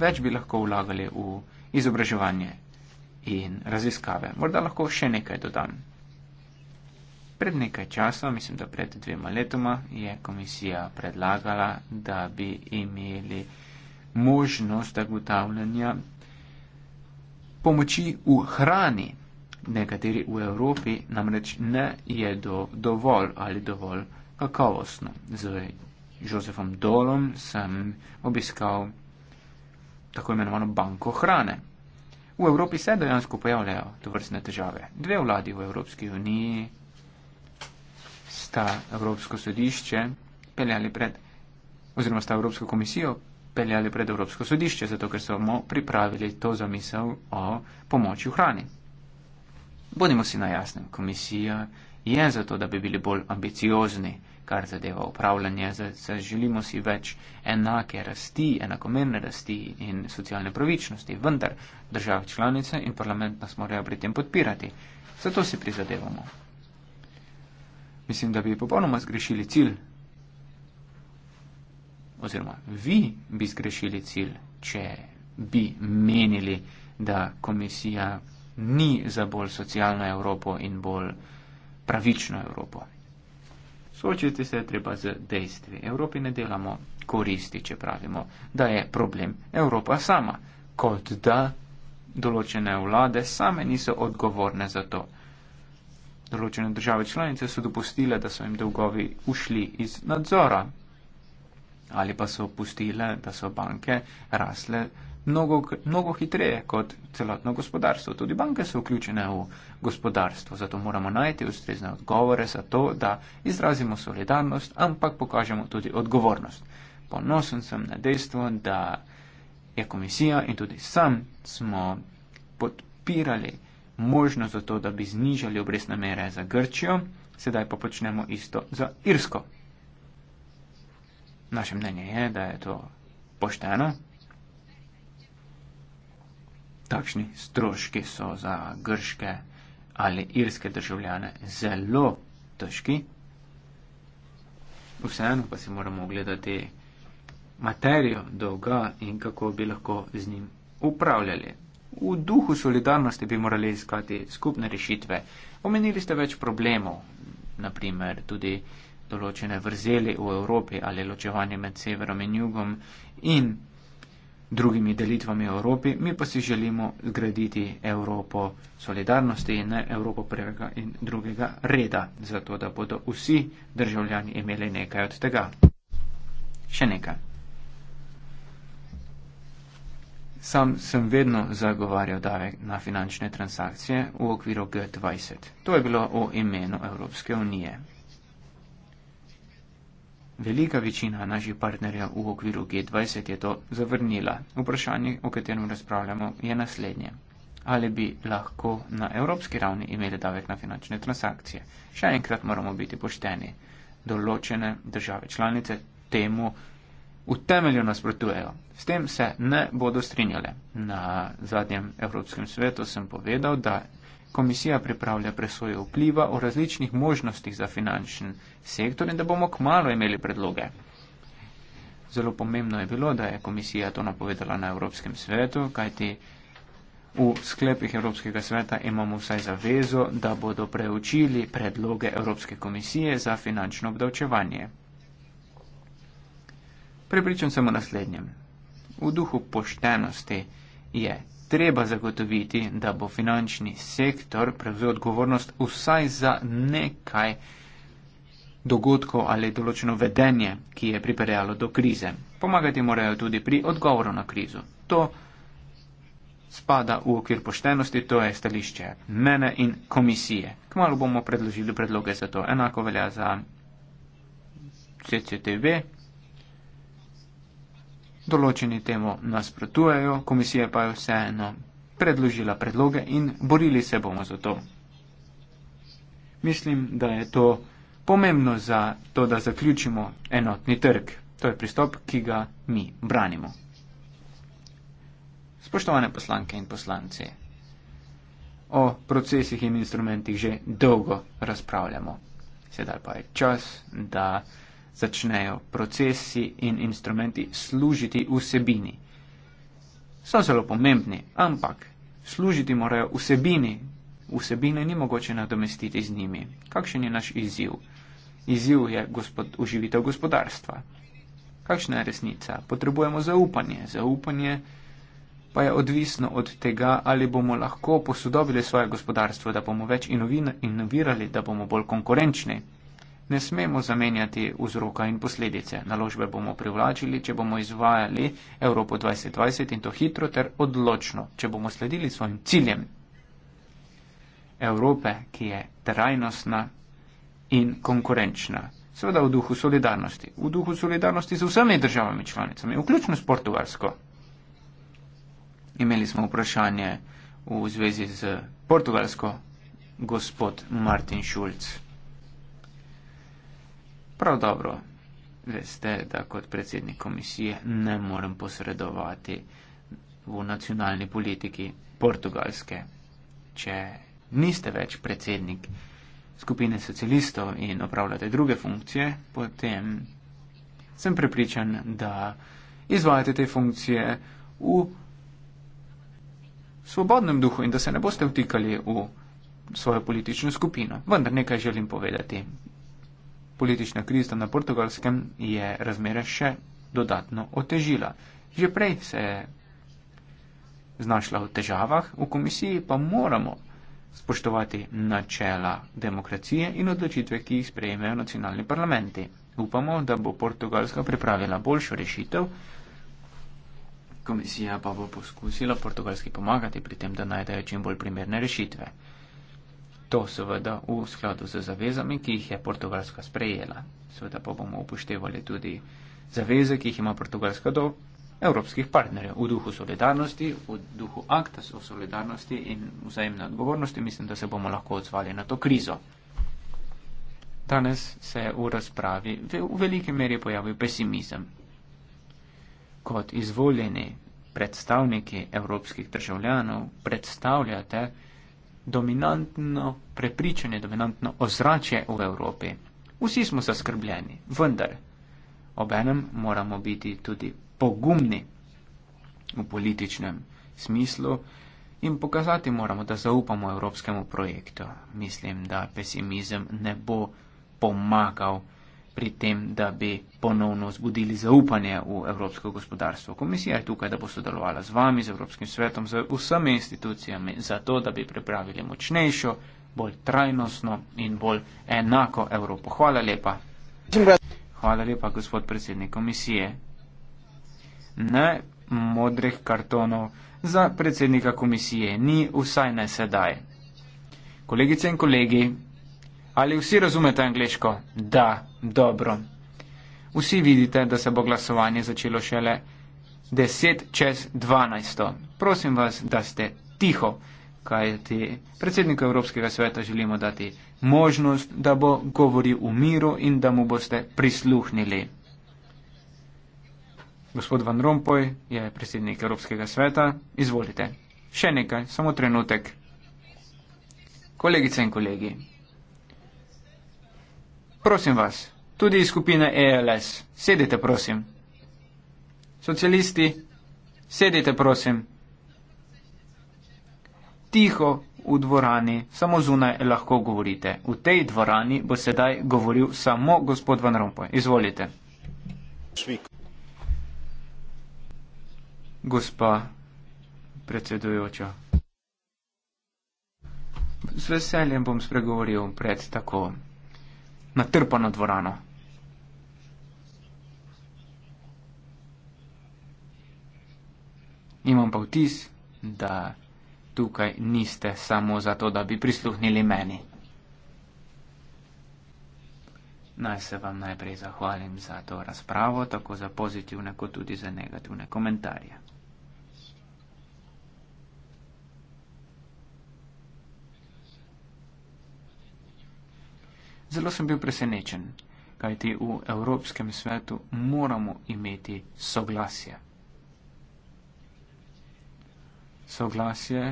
S4: Več bi lahko vlagali v izobraževanje in raziskave. Morda lahko še nekaj dodam. Pred nekaj časa, mislim, da pred dvema letoma, je komisija predlagala, da bi imeli možnost zagotavljanja pomoči v hrani. Nekateri v Evropi namreč ne jedo dovolj ali dovolj kakovostno. Z Jozefom Dolom sem obiskal tako imenovano banko hrane. V Evropi se dejansko pojavljajo to vrstne težave. Dve vladi v Evropski uniji sta Evropsko sodišče peljali pred, oziroma sta Evropsko komisijo peljali pred Evropsko sodišče, zato ker so mu pripravili to zamisel o pomoči v hrani. Bodimo si na jasnem, komisija je zato, da bi bili bolj ambiciozni, kar zadeva upravljanje, da želimo si več enake rasti, enakomerne rasti in socialne pravičnosti, vendar države članice in parlament nas morajo pri tem podpirati. Zato si prizadevamo. Mislim, da bi popolnoma zgrešili cilj, oziroma vi bi zgrešili cilj, če bi menili, da komisija ni za bolj socialno Evropo in bolj pravično Evropo. Soočiti se je treba z dejstvi. Evropi ne delamo koristi, če pravimo, da je problem Evropa sama, kot da določene vlade same niso odgovorne za to. Določene države članice so dopustile, da so jim dolgovi ušli iz nadzora, ali pa so pustile, da so banke rasle mnogo, mnogo hitreje kot celotno gospodarstvo. Tudi banke so vključene v gospodarstvo, zato moramo najti ustrezne odgovore za to, da izrazimo solidarnost, ampak pokažemo tudi odgovornost. Ponosen sem na dejstvo, da je komisija in tudi sam smo podpirali možnost za to, da bi znižali obresne mere za Grčijo, sedaj pa počnemo isto za Irsko. Naše mnenje je, da je to pošteno. Takšni stroški so za grške ali irske državljane zelo težki. Vseeno pa si moramo ogledati materijo dolga in kako bi lahko z njim upravljali. V duhu solidarnosti bi morali iskati skupne rešitve. Omenili ste več problemov, naprimer tudi določene vrzeli v Evropi ali ločevanje med severom in jugom in drugimi delitvami v Evropi, mi pa si želimo zgraditi Evropo solidarnosti in ne Evropo prvega in drugega reda, zato da bodo vsi državljani imeli nekaj od tega. Še nekaj. Sam sem vedno zagovarjal davek na finančne transakcije v okviru G20. To je bilo v imenu Evropske unije. Velika večina naših partnerjev v okviru G20 je to zavrnila. Vprašanje, o katerem razpravljamo, je naslednje. Ali bi lahko na evropski ravni imeli davek na finančne transakcije? Še enkrat moramo biti pošteni. Določene države članice temu v temelju nasprotujejo. S tem se ne bodo strinjale. Na zadnjem Evropskem svetu sem povedal, da komisija pripravlja presojo vpliva o različnih možnostih za finančen sektor in da bomo kmalo imeli predloge. Zelo pomembno je bilo, da je komisija to napovedala na Evropskem svetu, kajti v sklepih Evropskega sveta imamo vsaj zavezo, da bodo preučili predloge Evropske komisije za finančno obdavčevanje. Prepričan sem o naslednjem. V duhu poštenosti je treba zagotoviti, da bo finančni sektor prevzel odgovornost vsaj za nekaj dogodkov ali določeno vedenje, ki je pripeljalo do krize. Pomagati morajo tudi pri odgovoru na krizo. To spada v okvir poštenosti, to je stališče mene in komisije. Kmalo bomo predložili predloge za to. Enako velja za CCTV, Določeni temu nasprotujejo, komisija pa je vseeno predložila predloge in borili se bomo za to. Mislim, da je to pomembno za to, da zaključimo enotni trg. To je pristop, ki ga mi branimo. Spoštovane poslanke in poslanci, o procesih in instrumentih že dolgo razpravljamo. Sedaj pa je čas, da začnejo procesi in instrumenti služiti vsebini. So zelo pomembni, ampak služiti morajo vsebini. Vsebine ni mogoče nadomestiti z njimi. Kakšen je naš izziv? Izziv je gospod, uživitev gospodarstva. Kakšna je resnica? Potrebujemo zaupanje. Zaupanje pa je odvisno od tega, ali bomo lahko posodobili svoje gospodarstvo, da bomo več inovirali, da bomo bolj konkurenčni ne smemo zamenjati vzroka in posledice. Naložbe bomo privlačili, če bomo izvajali Evropo 2020 in to hitro ter odločno, če bomo sledili svojim ciljem Evrope, ki je trajnostna in konkurenčna. Seveda v duhu solidarnosti. V duhu solidarnosti z vsemi državami članicami, vključno s Portugalsko. Imeli smo vprašanje v zvezi z Portugalsko, gospod Martin Šulc. Prav dobro veste, da kot predsednik komisije ne morem posredovati v nacionalni politiki Portugalske. Če niste več predsednik skupine socialistov in opravljate druge funkcije, potem sem prepričan, da izvajate te funkcije v svobodnem duhu in da se ne boste vtikali v svojo politično skupino. Vendar nekaj želim povedati. Politična kriza na portugalskem je razmere še dodatno otežila. Že prej se je znašla v težavah, v komisiji pa moramo spoštovati načela demokracije in odločitve, ki jih sprejemajo nacionalni parlamenti. Upamo, da bo Portugalska pripravila boljšo rešitev. Komisija pa bo poskusila Portugalski pomagati pri tem, da najdejo čim bolj primerne rešitve. To seveda v skladu z zavezami, ki jih je Portugalska sprejela. Seveda pa bomo upoštevali tudi zaveze, ki jih ima Portugalska do evropskih partnerjev. V duhu solidarnosti, v duhu akta o solidarnosti in vzajemne odgovornosti mislim, da se bomo lahko odzvali na to krizo. Danes se v razpravi v veliki meri pojavil pesimizem. Kot izvoljeni predstavniki evropskih državljanov predstavljate, da dominantno prepričanje, dominantno ozračje v Evropi. Vsi smo zaskrbljeni, vendar obenem moramo biti tudi pogumni v političnem smislu in pokazati moramo, da zaupamo evropskemu projektu. Mislim, da pesimizem ne bo pomagal pri tem, da bi ponovno zbudili zaupanje v evropsko gospodarstvo. Komisija je tukaj, da bo sodelovala z vami, z Evropskim svetom, z vsemi institucijami, zato da bi pripravili močnejšo, bolj trajnostno in bolj enako Evropo. Hvala lepa. Hvala lepa, gospod predsednik komisije. Ne modrih kartonov za predsednika komisije ni vsaj ne sedaj. Kolegice in kolegi, Ali vsi razumete angliško? Da, dobro. Vsi vidite, da se bo glasovanje začelo šele 10 čez 12. Prosim vas, da ste tiho, kajti predsedniku Evropskega sveta želimo dati možnost, da bo govoril v miru in da mu boste prisluhnili. Gospod Van Rompuy je predsednik Evropskega sveta. Izvolite. Še nekaj, samo trenutek. Kolegice in kolegi. Prosim vas, tudi iz skupine ELS, sedite prosim. Socialisti, sedite prosim. Tiho v dvorani, samo zunaj lahko govorite. V tej dvorani bo sedaj govoril samo gospod Van Rompuy. Izvolite. Gospa predsedujoča. S veseljem bom spregovoril pred tako natrpano dvorano. Imam pa vtis, da tukaj niste samo zato, da bi prisluhnili meni. Naj se vam najprej zahvalim za to razpravo, tako za pozitivne kot tudi za negativne komentarje. Zelo sem bil presenečen, kajti v Evropskem svetu moramo imeti soglasje. Soglasje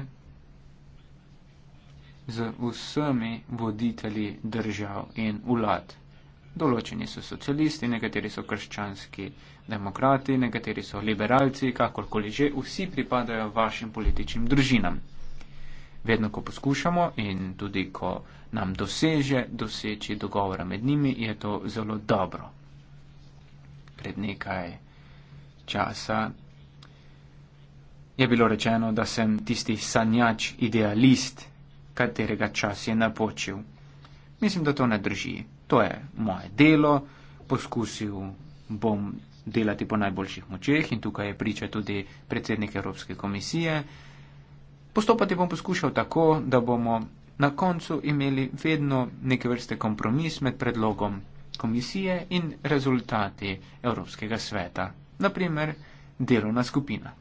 S4: z vsemi voditelji držav in vlad. Določeni so socialisti, nekateri so krščanski demokrati, nekateri so liberalci, kakorkoli že, vsi pripadajo vašim političnim družinam vedno, ko poskušamo in tudi, ko nam doseže doseči dogovora med njimi, je to zelo dobro. Pred nekaj časa je bilo rečeno, da sem tisti sanjač, idealist, katerega čas je napočil. Mislim, da to ne drži. To je moje delo, poskusil bom delati po najboljših močeh in tukaj je priča tudi predsednik Evropske komisije, Postopati bom poskušal tako, da bomo na koncu imeli vedno neke vrste kompromis med predlogom komisije in rezultati Evropskega sveta, naprimer delovna skupina.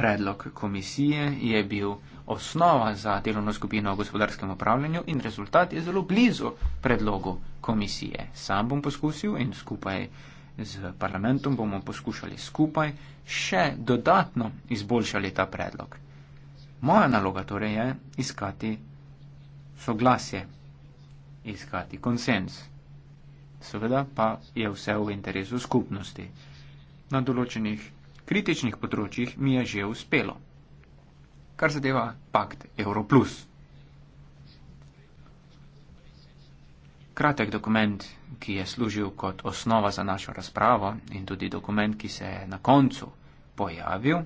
S4: Predlog komisije je bil osnova za delovno skupino o gospodarskem upravljanju in rezultat je zelo blizu predlogu komisije. Sam bom poskusil in skupaj z parlamentom bomo poskušali skupaj še dodatno izboljšati ta predlog. Moja naloga torej je iskati soglasje, iskati konsens. Seveda pa je vse v interesu skupnosti. Na določenih kritičnih področjih mi je že uspelo. Kar zadeva pakt Euro. Kratek dokument, ki je služil kot osnova za našo razpravo in tudi dokument, ki se je na koncu pojavil,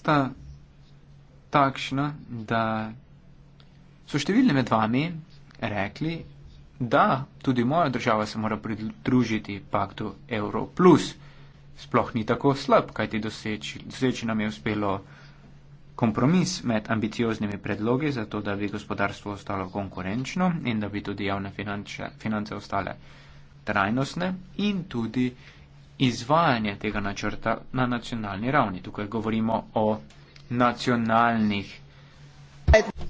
S4: sta takšna, da so številni med vami rekli, da tudi moja država se mora pridružiti paktu Euro. Sploh ni tako slab, kajti doseči, doseči nam je uspelo Kompromis med ambicioznimi predlogi za to, da bi gospodarstvo ostalo konkurenčno in da bi tudi javne finance, finance ostale trajnostne in tudi izvajanje tega načrta na nacionalni ravni. Tukaj govorimo o nacionalnih.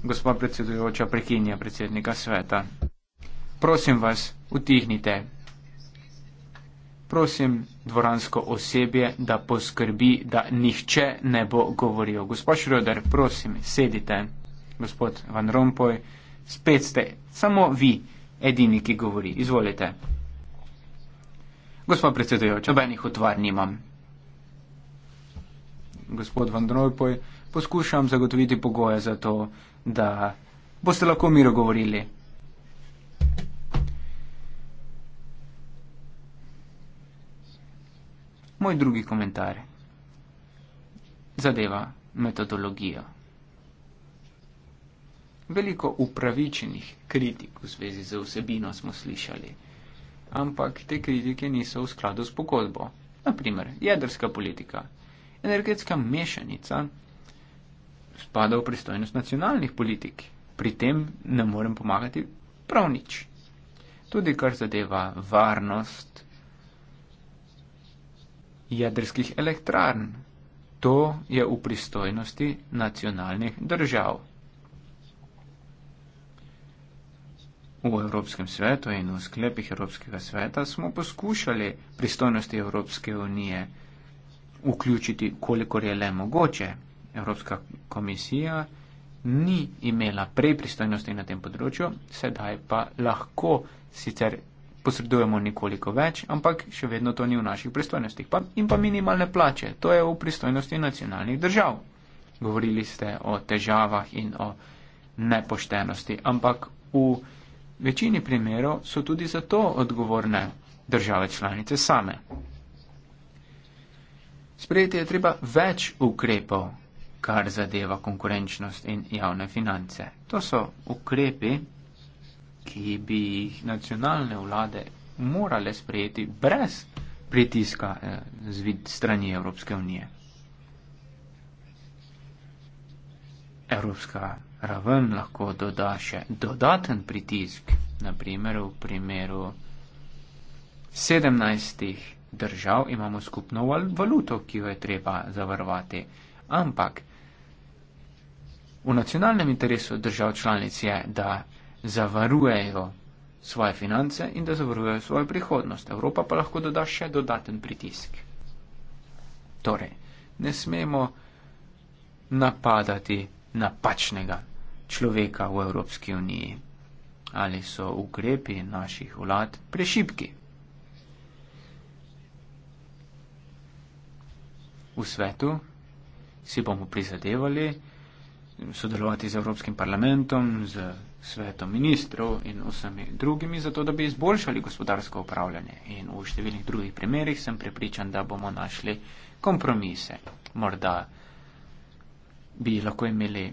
S4: Gospod predsedujoča prekinja predsednika sveta. Prosim vas, utihnite prosim dvoransko osebje, da poskrbi, da nihče ne bo govoril. Gospod Šroder, prosim, sedite. Gospod Van Rompuy, spet ste samo vi edini, ki govori. Izvolite. Gospod predsedujoč, nobenih otvar nimam. Gospod Van Rompuy, poskušam zagotoviti pogoje za to, da boste lahko miro govorili. Moj drugi komentar zadeva metodologijo. Veliko upravičenih kritik v zvezi z vsebino smo slišali, ampak te kritike niso v skladu s pogodbo. Naprimer, jedrska politika, energetska mešanica spada v pristojnost nacionalnih politik, pri tem ne morem pomagati prav nič. Tudi kar zadeva varnost, jedrskih elektrarn. To je v pristojnosti nacionalnih držav. V Evropskem svetu in v sklepih Evropskega sveta smo poskušali pristojnosti Evropske unije vključiti, kolikor je le mogoče. Evropska komisija ni imela prej pristojnosti na tem področju, sedaj pa lahko sicer posredujemo nekoliko več, ampak še vedno to ni v naših pristojnostih. Pa, in pa minimalne plače, to je v pristojnosti nacionalnih držav. Govorili ste o težavah in o nepoštenosti, ampak v večini primerov so tudi za to odgovorne države članice same. Sprejeti je treba več ukrepov, kar zadeva konkurenčnost in javne finance. To so ukrepi, ki bi jih nacionalne vlade morale sprejeti brez pritiska eh, z vid strani Evropske unije. Evropska raven lahko doda še dodaten pritisk, naprimer v primeru 17 držav imamo skupno valuto, ki jo je treba zavarovati, ampak v nacionalnem interesu držav članic je, da zavarujejo svoje finance in da zavarujejo svojo prihodnost. Evropa pa lahko doda še dodaten pritisk. Torej, ne smemo napadati napačnega človeka v Evropski uniji. Ali so ukrepi naših vlad prešipki? V svetu si bomo prizadevali sodelovati z Evropskim parlamentom, z svetom ministrov in vsemi drugimi, zato da bi izboljšali gospodarsko upravljanje. In v številnih drugih primerjih sem prepričan, da bomo našli kompromise. Morda bi lahko imeli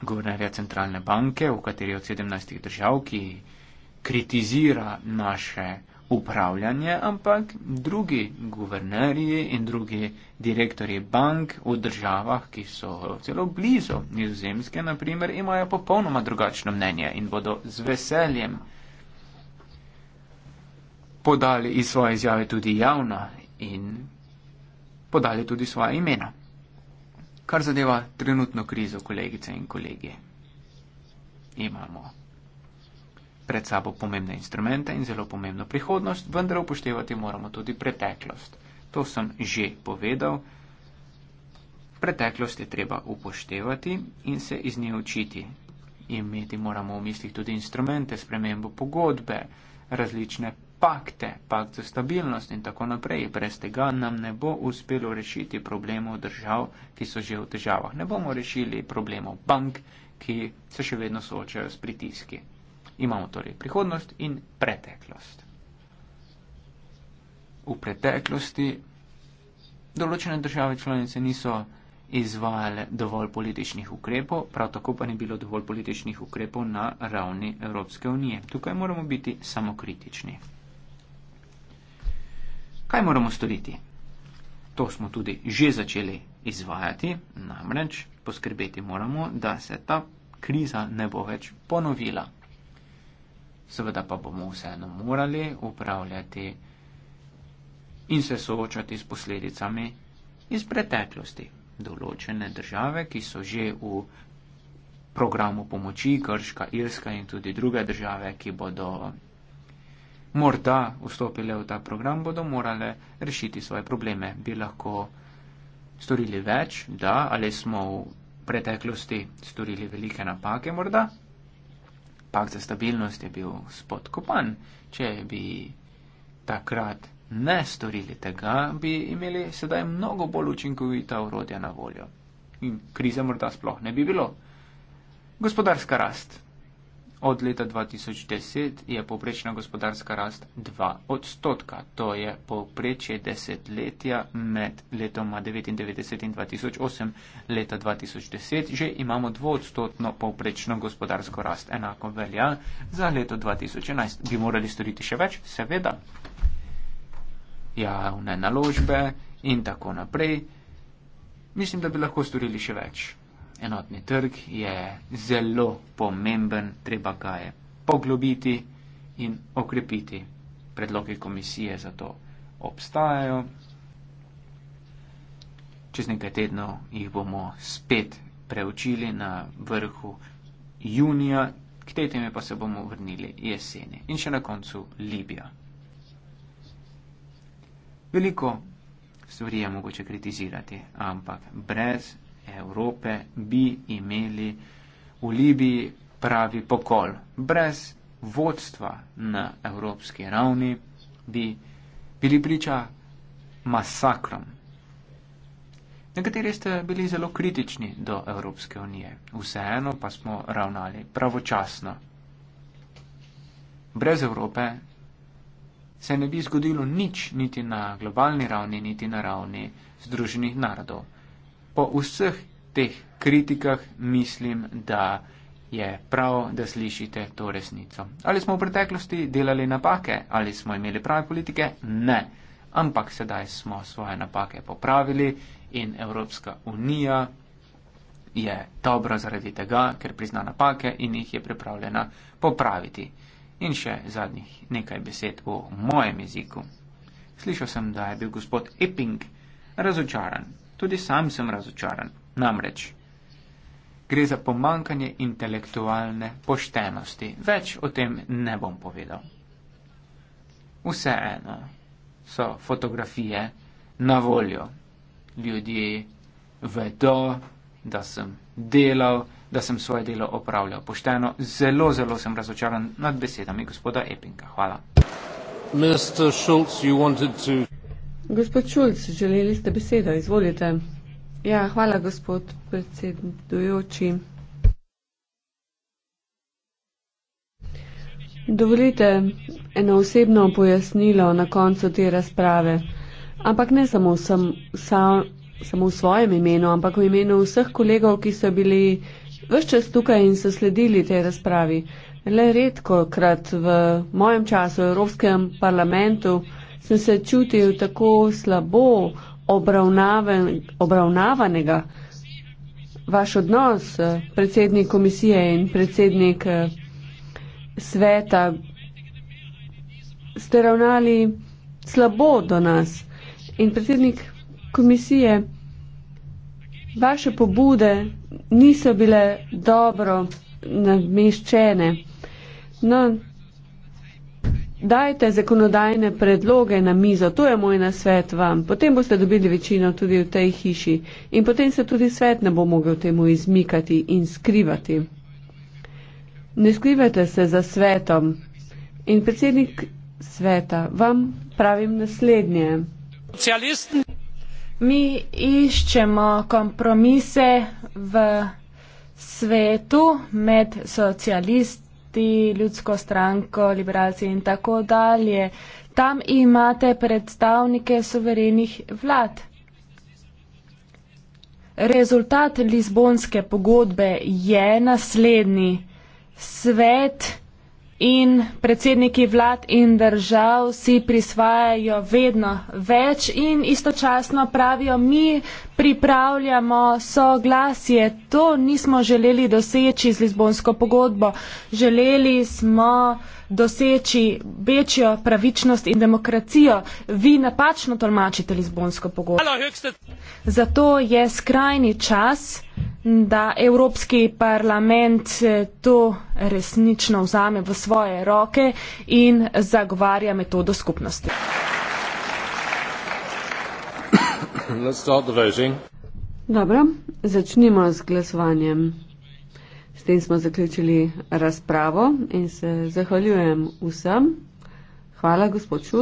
S4: guvernerja centralne banke, v kateri od 17 držav, ki kritizira naše upravljanje, ampak drugi guvernerji in drugi direktori bank v državah, ki so celo blizu nizozemske, naprimer, imajo popolnoma drugačno mnenje in bodo z veseljem podali iz svoje izjave tudi javno in podali tudi svoje imena. Kar zadeva trenutno krizo, kolegice in kolegi, imamo pred sabo pomembne instrumente in zelo pomembno prihodnost, vendar upoštevati moramo tudi preteklost. To sem že povedal. Preteklost je treba upoštevati in se iz nje učiti. Imeti moramo v mislih tudi instrumente, spremembo pogodbe, različne pakte, pakt za stabilnost in tako naprej. Brez tega nam ne bo uspelo rešiti problemov držav, ki so že v težavah. Ne bomo rešili problemov bank, ki se še vedno soočajo s pritiski. Imamo torej prihodnost in preteklost. V preteklosti določene države članice niso izvajale dovolj političnih ukrepov, prav tako pa ni bilo dovolj političnih ukrepov na ravni Evropske unije. Tukaj moramo biti samokritični. Kaj moramo storiti? To smo tudi že začeli izvajati, namreč poskrbeti moramo, da se ta kriza ne bo več ponovila seveda pa bomo vseeno morali upravljati in se soočati s posledicami iz preteklosti. Določene države, ki so že v programu pomoči, Grška, Irska in tudi druge države, ki bodo morda vstopile v ta program, bodo morale rešiti svoje probleme. Bi lahko storili več, da ali smo v preteklosti storili velike napake, morda pak za stabilnost je bil spodkopan. Če bi takrat ne storili tega, bi imeli sedaj mnogo bolj učinkovita urodja na voljo. In krize morda sploh ne bi bilo. Gospodarska rast. Od leta 2010 je poprečna gospodarska rast 2 odstotka. To je poprečje desetletja med letoma 1999 in 2008. Leta 2010 že imamo 2 odstotno poprečno gospodarsko rast. Enako velja za leto 2011. Bi morali storiti še več? Seveda. Javne naložbe in tako naprej. Mislim, da bi lahko storili še več enotni trg je zelo pomemben, treba ga je poglobiti in okrepiti. Predloge komisije za to obstajajo. Čez nekaj tednov jih bomo spet preučili na vrhu junija, k tej teme pa se bomo vrnili jeseni in še na koncu Libija. Veliko stvari je mogoče kritizirati, ampak brez Evrope bi imeli v Libiji pravi pokol. Brez vodstva na evropski ravni bi bili priča masakrom. Nekateri ste bili zelo kritični do Evropske unije, vseeno pa smo ravnali pravočasno. Brez Evrope se ne bi zgodilo nič niti na globalni ravni, niti na ravni Združenih narodov po vseh teh kritikah mislim, da je prav, da slišite to resnico. Ali smo v preteklosti delali napake, ali smo imeli prave politike? Ne. Ampak sedaj smo svoje napake popravili in Evropska unija je dobra zaradi tega, ker prizna napake in jih je pripravljena popraviti. In še zadnjih nekaj besed v mojem jeziku. Slišal sem, da je bil gospod Epping razočaran tudi sam sem razočaran. Namreč gre za pomankanje intelektualne poštenosti. Več o tem ne bom povedal. Vseeno so fotografije na voljo. Ljudje vedo, da sem delal, da sem svoje delo opravljal pošteno. Zelo, zelo sem razočaran nad besedami gospoda Epinga. Hvala. Mr. Schultz, you wanted to.
S5: Gospod Šulc, želeli ste besedo, izvolite. Ja, hvala, gospod predsedujoči. Dovolite eno osebno pojasnilo na koncu te razprave, ampak ne samo, sam, sam, samo v svojem imenu, ampak v imenu vseh kolegov, ki so bili vse čas tukaj in so sledili tej razpravi. Le redko krat v mojem času v Evropskem parlamentu sem se čutil tako slabo obravnaven, obravnavanega. Vaš odnos, predsednik komisije in predsednik eh, sveta, ste ravnali slabo do nas. In predsednik komisije, vaše pobude niso bile dobro nameščene. No, dajte zakonodajne predloge na mizo, to je moj nasvet vam, potem boste dobili večino tudi v tej hiši in potem se tudi svet ne bo mogel temu izmikati in skrivati. Ne skrivajte se za svetom in
S6: predsednik sveta, vam pravim naslednje. Mi iščemo kompromise v svetu med socialisti demokrati, ljudsko stranko, liberalci in tako dalje. Tam imate predstavnike suverenih vlad. Rezultat Lizbonske pogodbe je naslednji. Svet in predsedniki vlad in držav si prisvajajo vedno več in istočasno pravijo, mi pripravljamo soglasje. To nismo želeli doseči z Lizbonsko pogodbo. Želeli smo doseči večjo pravičnost in demokracijo. Vi napačno tolmačite Lizbonsko pogodbo. Zato je skrajni čas, da Evropski parlament eh, to resnično vzame v svoje roke in zagovarja metodo skupnosti.
S5: Dobro, začnimo z glasovanjem tem smo zaključili razpravo in se zahvaljujem vsem. Hvala, gospod Šul.